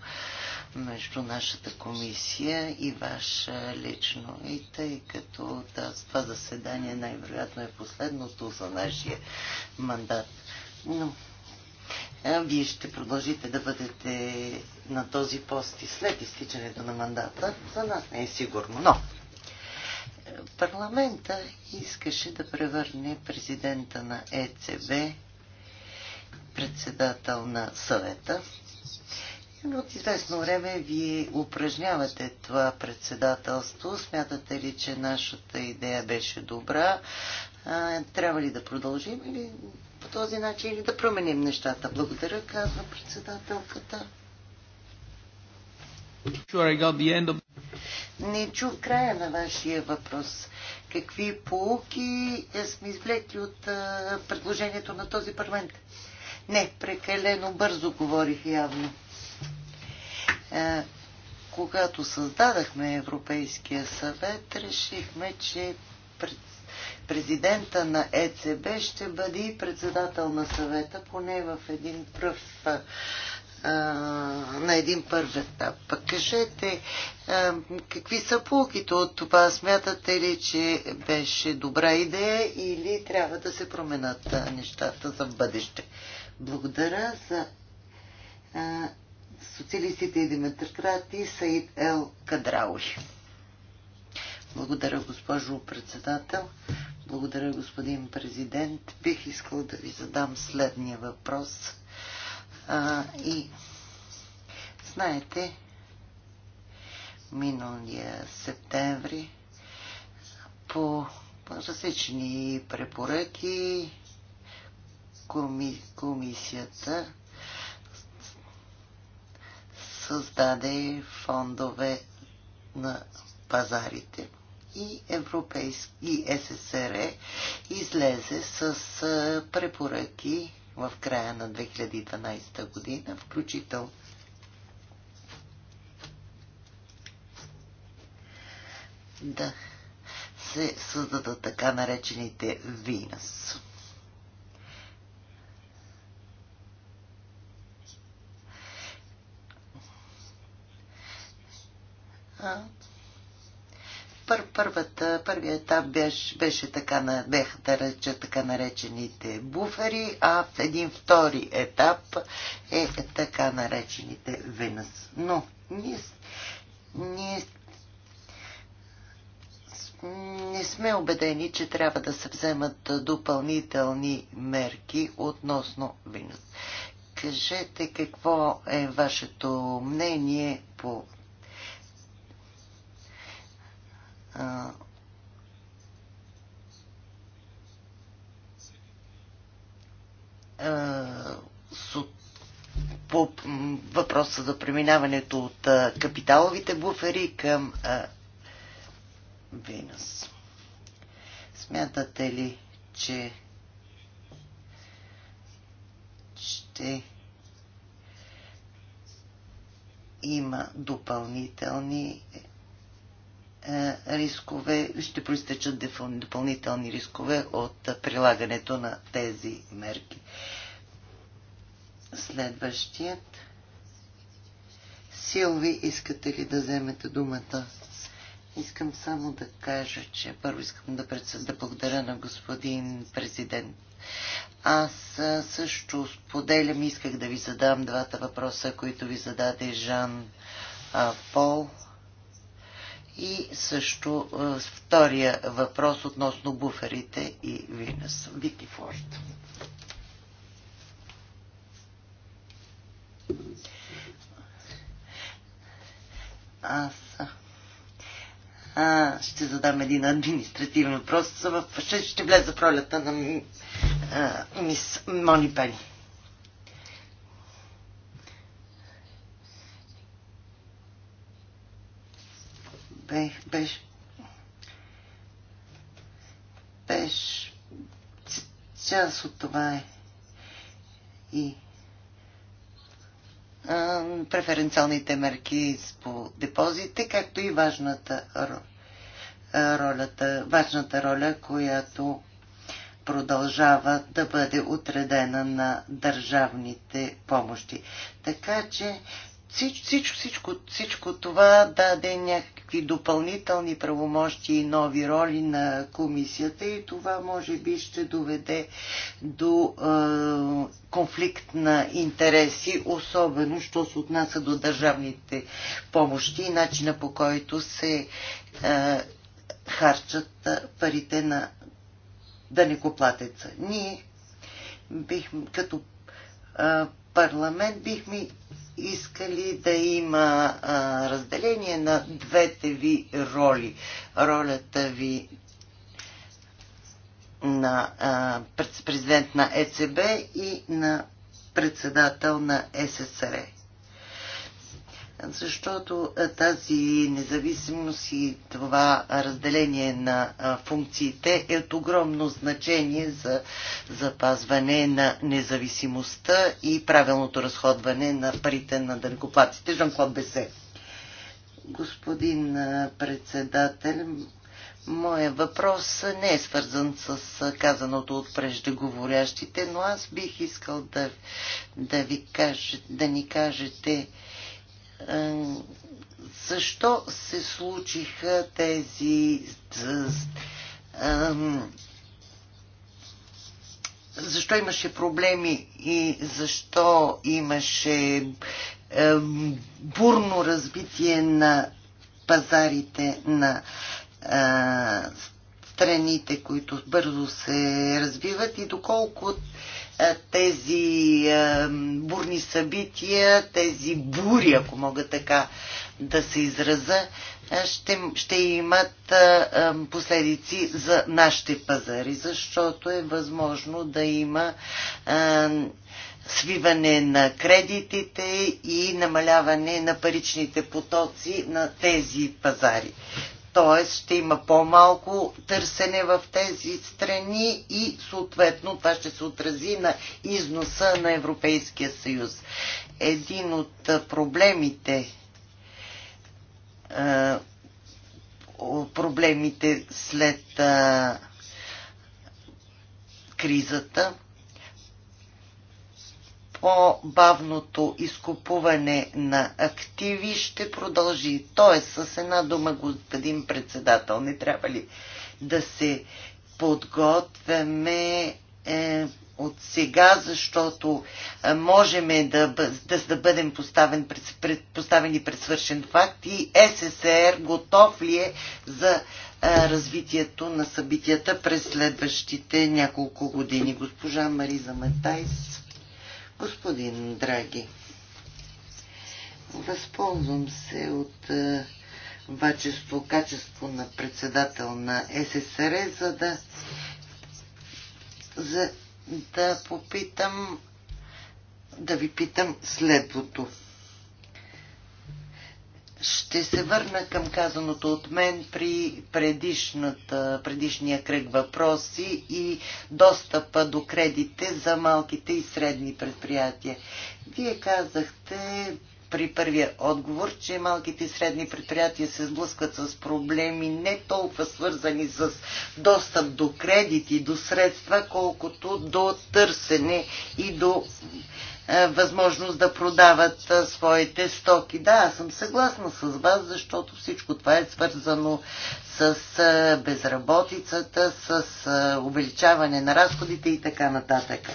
между нашата комисия и ваше лично. И тъй като да, това заседание най-вероятно е последното за нашия мандат. Но вие ще продължите да бъдете на този пост и след изтичането на мандата. За нас не е сигурно, но Парламента искаше да превърне президента на ЕЦБ председател на съвета. Но от известно време вие упражнявате това председателство. Смятате ли, че нашата идея беше добра? трябва ли да продължим или по този начин или да променим нещата? Благодаря, казва председателката. Sure, I got the end of не чух края на вашия въпрос. Какви полуки е, сме извлекли от а, предложението на този парламент? Не, прекалено бързо говорих явно. А, когато създадахме Европейския съвет, решихме, че президента на ЕЦБ ще бъде и председател на съвета, поне в един пръв на един първ етап. Пък кажете, какви са полките от това? Смятате ли, че беше добра идея или трябва да се променят нещата за бъдеще? Благодаря за социалистите и демократи Саид Ел Кадрауи. Благодаря, госпожо председател. Благодаря, господин президент. Бих искал да ви задам следния въпрос а, и знаете, миналия септември по различни препоръки коми, комисията създаде фондове на пазарите и Европейски и СССР излезе с препоръки в края на 2012 година, включително да се създадат така наречените винас. А, Първата, първият етап беше, беше така, беха да реча така наречените буфери, а в един втори етап е така наречените Венус. Но ние, ние не сме убедени, че трябва да се вземат допълнителни мерки относно Винус. Кажете какво е вашето мнение по по въпроса за преминаването от а, капиталовите буфери към а, Венус. Смятате ли, че ще има допълнителни е, рискове, ще проистечат допълнителни рискове от прилагането на тези мерки. Следващият. Силви, искате ли да вземете думата? Искам само да кажа, че първо искам да, председ... да благодаря на господин президент. Аз също споделям, исках да ви задам двата въпроса, които ви зададе Жан а, Пол. И също е, втория въпрос относно буферите и Винес. Вики Форд. Аз а, ще задам един административен въпрос. Ще, ще влезе пролета на а, мис Мони Пени. Пеш беше, беше част от това е и а, преференциалните мерки по депозите, както и важната ролята, важната роля, която продължава да бъде отредена на държавните помощи. Така че всичко, всичко, всичко, всичко това даде някакви допълнителни правомощи и нови роли на комисията и това може би ще доведе до е, конфликт на интереси, особено що се отнася до държавните помощи и начина по който се е, харчат парите на данекоплатеца. Ние бихме като парламент бихме искали да има а, разделение на двете ви роли. Ролята ви на а, президент на ЕЦБ и на председател на е ССР защото е, тази независимост и това разделение на е, функциите е от огромно значение за запазване на независимостта и правилното разходване на парите на дъргоплатите. Жан-Клод Бесе. Господин е, председател, Моя въпрос не е свързан с казаното от преждеговорящите, но аз бих искал да, да ви кажа, да ни кажете защо се случиха тези защо имаше проблеми и защо имаше бурно развитие на пазарите на е, страните, които бързо се развиват и доколко е, тези е, бурни събития, тези бури, ако мога така да се израза, е, ще, ще имат последици за нашите пазари, защото е възможно да има свиване на кредитите и намаляване на паричните потоци на тези пазари т.е. ще има по-малко търсене в тези страни и съответно това ще се отрази на износа на Европейския съюз. Един от проблемите проблемите след кризата по-бавното изкупуване на активи ще продължи. Тоест, с една дума, господин председател, не трябва ли да се подготвяме е, от сега, защото е, можем да, да, да бъдем поставен, пред, пред, поставени пред свършен факт и СССР готов ли е за е, развитието на събитията през следващите няколко години. Госпожа Мариза Матайс. Господин Драги, възползвам се от е, вачество, качество на председател на ССР, за да, за да попитам, да ви питам следното. Ще се върна към казаното от мен при предишния кръг въпроси и достъпа до кредите за малките и средни предприятия. Вие казахте при първия отговор, че малките и средни предприятия се сблъскват с проблеми не толкова свързани с достъп до кредити, до средства, колкото до търсене и до е, възможност да продават е, своите стоки. Да, аз съм съгласна с вас, защото всичко това е свързано с е, безработицата, с увеличаване на разходите и така нататък.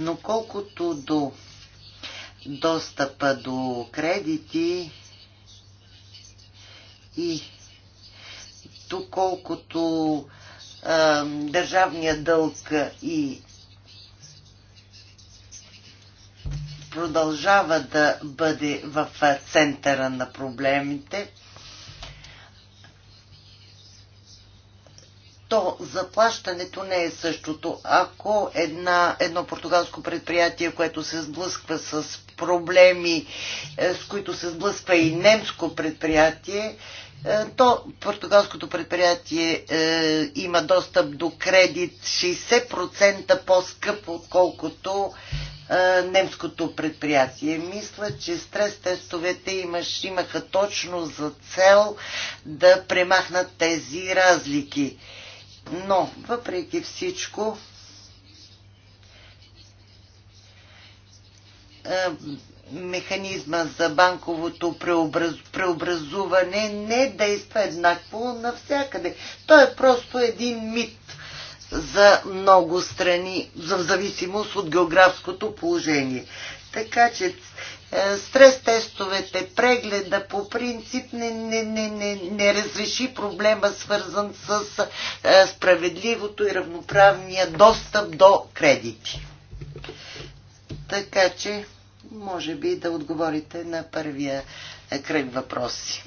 Но колкото до достъпа до кредити и доколкото държавния дълг и продължава да бъде в центъра на проблемите, то заплащането не е същото. Ако една, едно португалско предприятие, което се сблъсква с проблеми, е, с които се сблъсква и немско предприятие, е, то португалското предприятие е, има достъп до кредит 60% по скъп отколкото е, немското предприятие. Мисля, че стрес-тестовете имаш, имаха точно за цел да премахнат тези разлики. Но, въпреки всичко, е, механизма за банковото преобраз... преобразуване не действа еднакво навсякъде. Той е просто един мит за много страни, в зависимост от географското положение. Така че е, Стрес-тестовете, прегледа по принцип не, не, не, не, не разреши проблема, свързан с е, справедливото и равноправния достъп до кредити. Така че, може би да отговорите на първия кръг въпроси.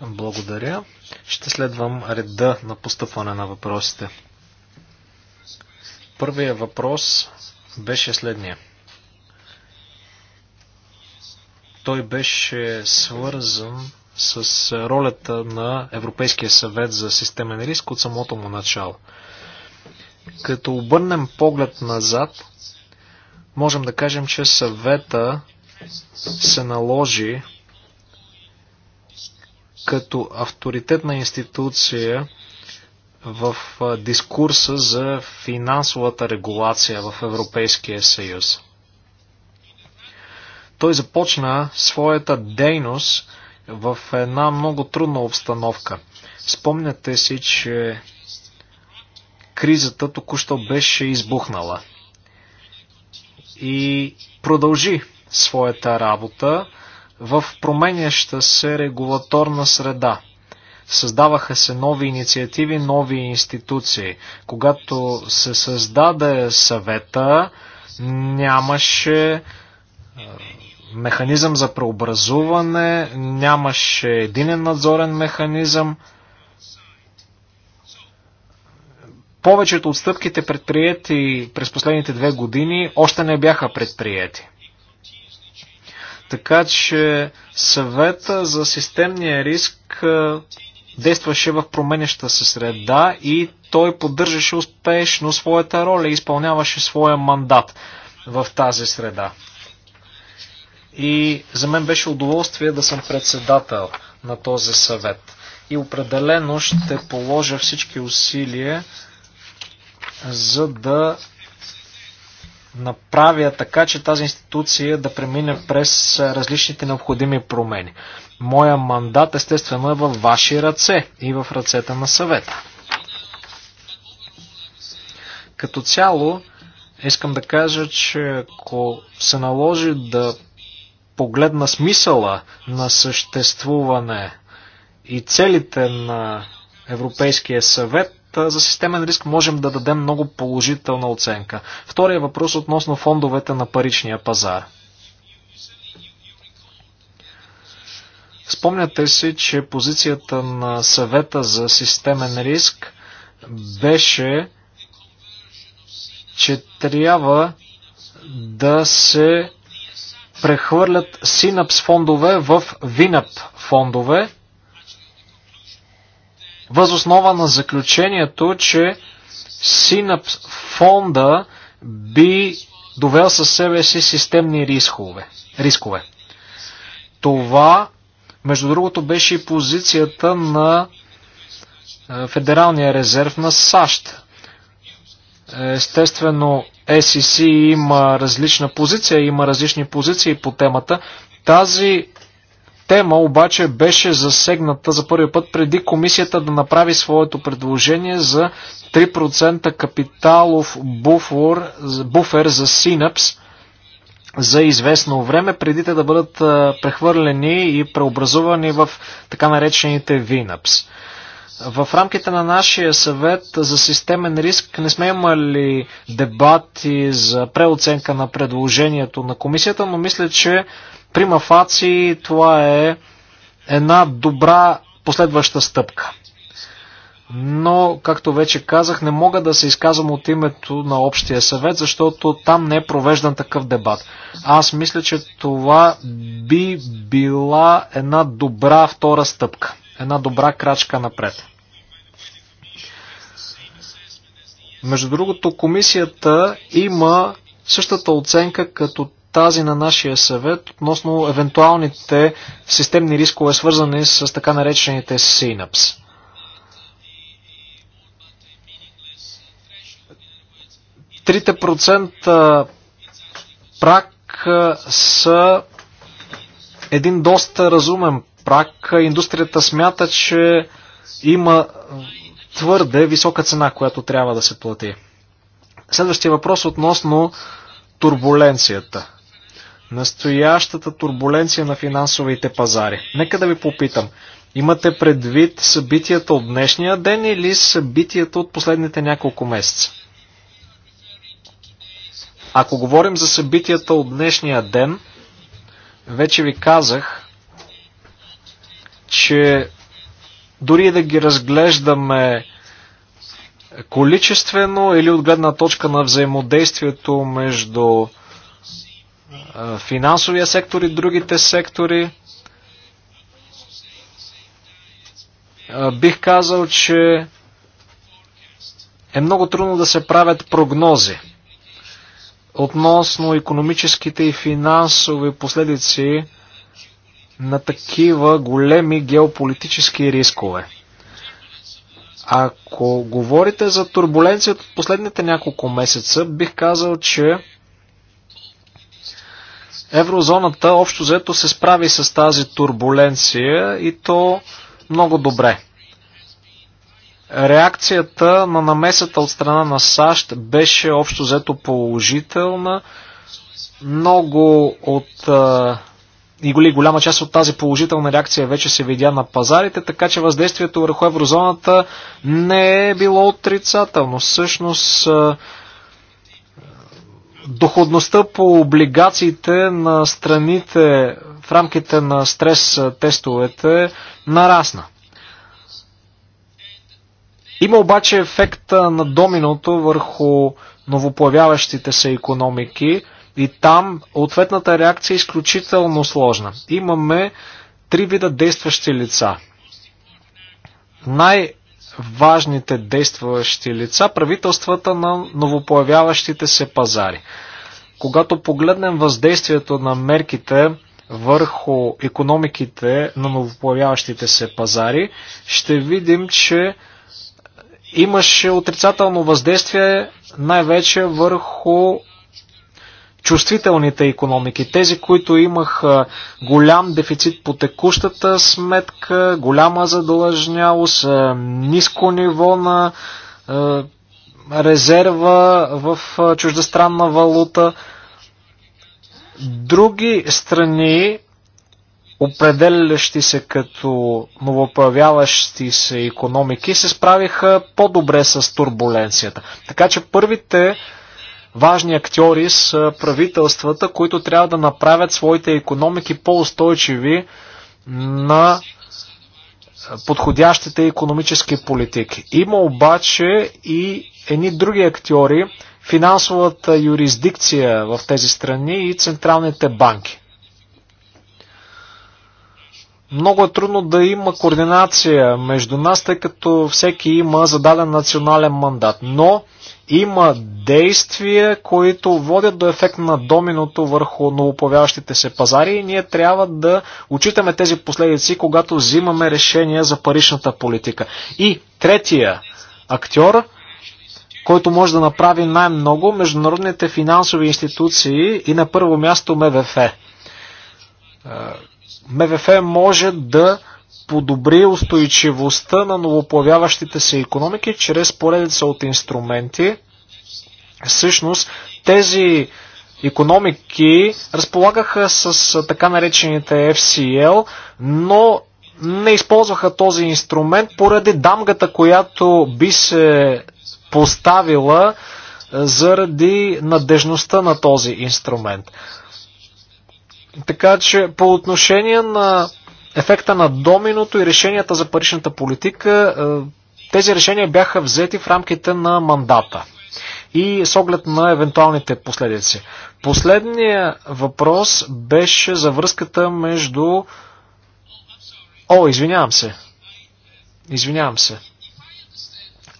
Благодаря. Ще следвам реда на постъпване на въпросите. Първият въпрос беше следния. Той беше свързан с ролята на Европейския съвет за системен риск от самото му начало. Като обърнем поглед назад, можем да кажем, че съвета се наложи като авторитетна институция в дискурса за финансовата регулация в Европейския съюз. Той започна своята дейност в една много трудна обстановка. Спомняте си, че кризата току-що беше избухнала. И продължи своята работа в променяща се регулаторна среда. Създаваха се нови инициативи, нови институции. Когато се създаде съвета, нямаше механизъм за преобразуване, нямаше единен надзорен механизъм. Повечето от стъпките предприяти през последните две години още не бяха предприяти. Така че съвета за системния риск действаше в променеща се среда и той поддържаше успешно своята роля и изпълняваше своя мандат в тази среда и за мен беше удоволствие да съм председател на този съвет. И определено ще положа всички усилия, за да направя така, че тази институция да премине през различните необходими промени. Моя мандат естествено е във ваши ръце и в ръцете на съвета. Като цяло, искам да кажа, че ако се наложи да погледна смисъла на съществуване и целите на Европейския съвет, за системен риск можем да дадем много положителна оценка. Втория въпрос относно фондовете на паричния пазар. Спомняте си, че позицията на съвета за системен риск беше, че трябва да се прехвърлят Синапс фондове в Винап фондове, възоснова на заключението, че Синапс фонда би довел със себе си системни рискове. рискове. Това, между другото, беше и позицията на е, Федералния резерв на САЩ. Естествено, SEC има различна позиция, има различни позиции по темата. Тази тема обаче беше засегната за първи път преди комисията да направи своето предложение за 3% капиталов буфер, буфер за Synapse за известно време, преди те да бъдат прехвърлени и преобразувани в така наречените VNAPS. В рамките на нашия съвет за системен риск не сме имали дебати за преоценка на предложението на комисията, но мисля, че при мафаци това е една добра последваща стъпка. Но, както вече казах, не мога да се изказвам от името на Общия съвет, защото там не е провеждан такъв дебат. Аз мисля, че това би била една добра втора стъпка една добра крачка напред. Между другото, комисията има същата оценка като тази на нашия съвет относно евентуалните системни рискове, свързани с така наречените синапс. Трите процента прак са един доста разумен прак, индустрията смята, че има твърде висока цена, която трябва да се плати. Следващия въпрос относно турбуленцията. Настоящата турбуленция на финансовите пазари. Нека да ви попитам. Имате предвид събитията от днешния ден или събитията от последните няколко месеца? Ако говорим за събитията от днешния ден, вече ви казах, че дори да ги разглеждаме количествено или от гледна точка на взаимодействието между финансовия сектор и другите сектори, бих казал, че е много трудно да се правят прогнози относно економическите и финансови последици на такива големи геополитически рискове. Ако говорите за турбуленция от последните няколко месеца, бих казал, че еврозоната общо взето се справи с тази турбуленция и то много добре. Реакцията на намесата от страна на САЩ беше общо взето положителна. Много от а, голи, голяма част от тази положителна реакция вече се видя на пазарите, така че въздействието върху еврозоната не е било отрицателно. Всъщност доходността по облигациите на страните в рамките на стрес тестовете нарасна. Има обаче ефекта на доминото върху новопоявяващите се економики – и там ответната реакция е изключително сложна. Имаме три вида действащи лица. Най-важните действащи лица правителствата на новопоявяващите се пазари. Когато погледнем въздействието на мерките върху економиките на новопоявяващите се пазари, ще видим, че имаше отрицателно въздействие най-вече върху чувствителните економики, тези, които имах голям дефицит по текущата сметка, голяма задължнялост, ниско ниво на резерва в чуждестранна валута. Други страни, определящи се като новопоявяващи се економики, се справиха по-добре с турбуленцията. Така че първите Важни актьори са правителствата, които трябва да направят своите економики по-устойчиви на подходящите економически политики. Има обаче и едни други актьори, финансовата юрисдикция в тези страни и централните банки. Много е трудно да има координация между нас, тъй като всеки има зададен национален мандат. Но има действия, които водят до ефект на доминото върху новоповяващите се пазари и ние трябва да учитаме тези последици, когато взимаме решения за паричната политика. И третия актьор, който може да направи най-много, международните финансови институции и на първо място МВФ. МВФ може да подобри устойчивостта на новоплавяващите се економики чрез поредица от инструменти. Всъщност тези економики разполагаха с така наречените FCL, но не използваха този инструмент поради дамгата, която би се поставила заради надежността на този инструмент. Така че по отношение на ефекта на доминото и решенията за паричната политика, е, тези решения бяха взети в рамките на мандата и с оглед на евентуалните последици. Последният въпрос беше за връзката между... О, извинявам се. Извинявам се.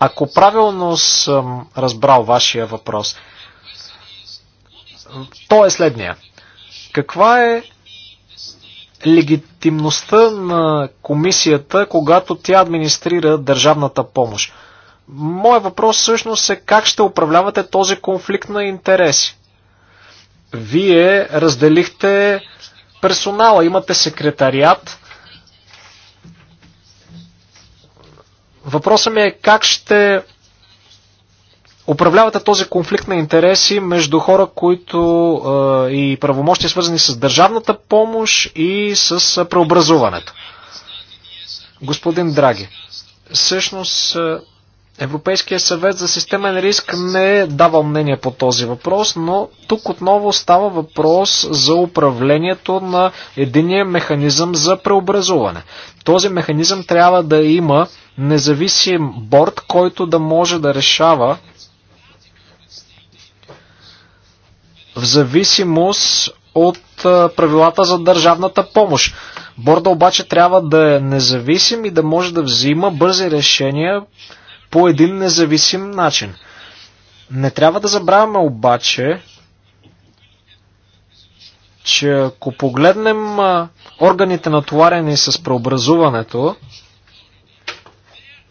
Ако правилно съм разбрал вашия въпрос, то е следния. Каква е легитимността на комисията, когато тя администрира държавната помощ. Моят въпрос всъщност е как ще управлявате този конфликт на интереси? Вие разделихте персонала, имате секретариат. Въпросът ми е как ще управлявате този конфликт на интереси между хора, които а, и правомощия свързани с държавната помощ и с преобразуването. Господин Драги, всъщност Европейския съвет за системен риск не е дава мнение по този въпрос, но тук отново става въпрос за управлението на единия механизъм за преобразуване. Този механизъм трябва да има независим борт, който да може да решава в зависимост от правилата за държавната помощ. Борда обаче трябва да е независим и да може да взима бързи решения по един независим начин. Не трябва да забравяме обаче, че ако погледнем органите натоварени с преобразуването,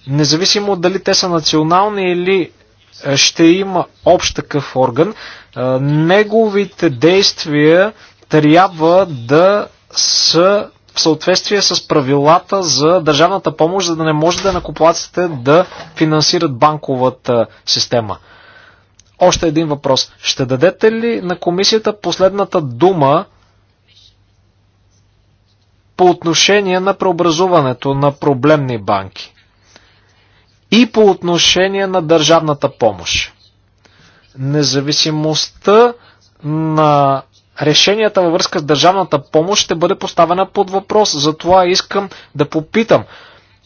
независимо дали те са национални или ще има общ такъв орган, неговите действия трябва да са в съответствие с правилата за държавната помощ, за да не може да накоплаците да финансират банковата система. Още един въпрос. Ще дадете ли на комисията последната дума по отношение на преобразуването на проблемни банки? и по отношение на държавната помощ. Независимостта на решенията във връзка с държавната помощ ще бъде поставена под въпрос. Затова искам да попитам,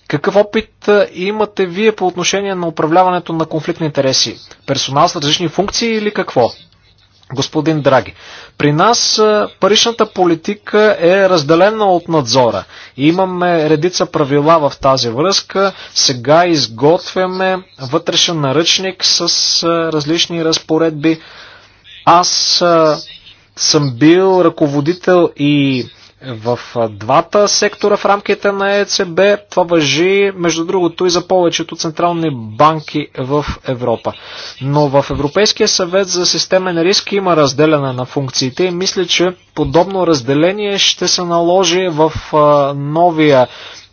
какъв опит имате вие по отношение на управляването на конфликт на интереси? Персонал с различни функции или какво? господин Драги. При нас паричната политика е разделена от надзора. Имаме редица правила в тази връзка. Сега изготвяме вътрешен наръчник с различни разпоредби. Аз съм бил ръководител и в двата сектора в рамките на ЕЦБ. Това въжи, между другото, и за повечето централни банки в Европа. Но в Европейския съвет за системен риск има разделяне на функциите и мисля, че подобно разделение ще се наложи в новия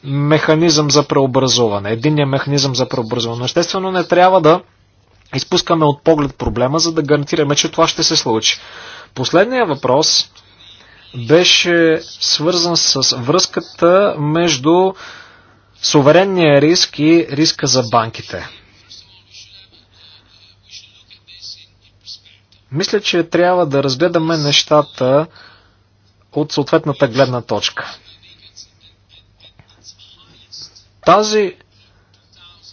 механизъм за преобразуване. Единният механизъм за преобразуване. Естествено не трябва да изпускаме от поглед проблема, за да гарантираме, че това ще се случи. Последният въпрос беше свързан с връзката между суверенния риск и риска за банките. Мисля, че трябва да разгледаме нещата от съответната гледна точка. Тази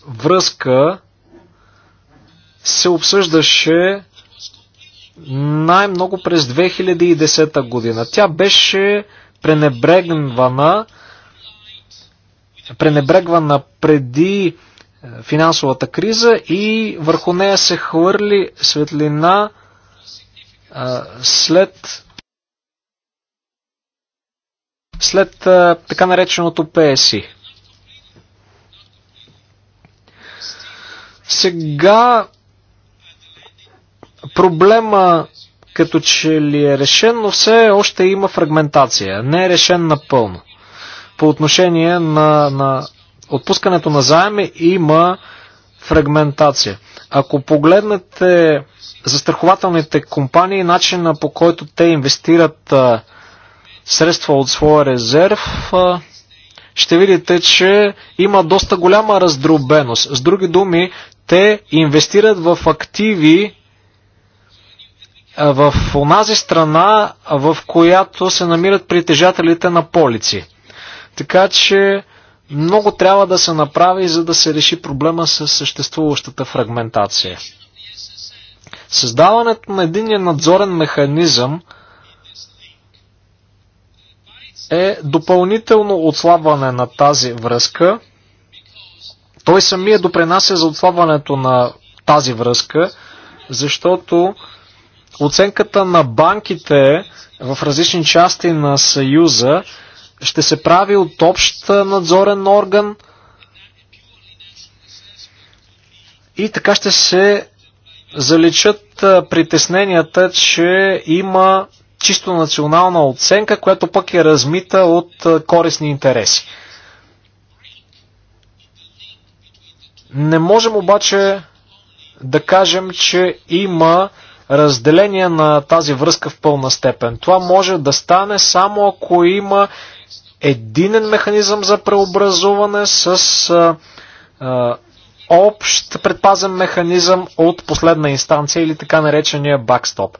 връзка се обсъждаше най-много през 2010 година. Тя беше пренебрегвана, пренебрегвана преди е, финансовата криза и върху нея се хвърли светлина а, е, след след а, е, така нареченото ПСИ. Сега Проблема като че ли е решен, но все още има фрагментация. Не е решен напълно. По отношение на, на отпускането на заеми има фрагментация. Ако погледнете застрахователните компании, начина по който те инвестират а, средства от своя резерв, а, ще видите, че има доста голяма раздробеност. С други думи, те инвестират в активи, в онази страна, в която се намират притежателите на полици. Така че много трябва да се направи, за да се реши проблема с съществуващата фрагментация. Създаването на един надзорен механизъм е допълнително отслабване на тази връзка. Той самия допринася за отслабването на тази връзка, защото Оценката на банките в различни части на Съюза ще се прави от общ надзорен орган и така ще се заличат притесненията, че има чисто национална оценка, която пък е размита от корисни интереси. Не можем обаче да кажем, че има разделение на тази връзка в пълна степен. Това може да стане само ако има единен механизъм за преобразуване с а, а, общ предпазен механизъм от последна инстанция или така наречения бакстоп.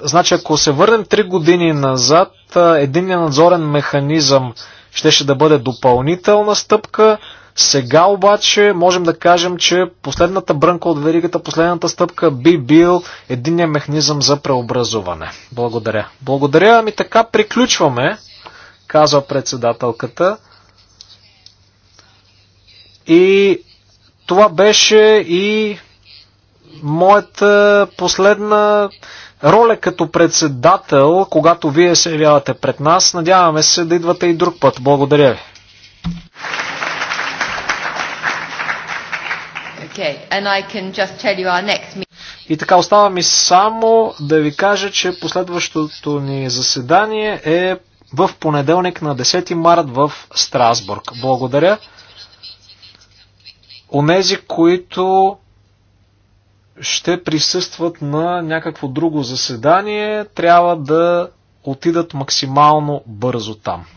Значи, ако се върнем 3 години назад, единният надзорен механизъм щеше да бъде допълнителна стъпка, сега обаче можем да кажем, че последната брънка от веригата, последната стъпка би бил единия механизъм за преобразуване. Благодаря. Благодаря, ами така приключваме, казва председателката. И това беше и моята последна роля като председател, когато вие се явявате пред нас. Надяваме се да идвате и друг път. Благодаря ви. Okay. And I can just tell you our next И така остава ми само да ви кажа, че последващото ни заседание е в понеделник на 10 март в Страсбург. Благодаря. Онези, които ще присъстват на някакво друго заседание, трябва да отидат максимално бързо там.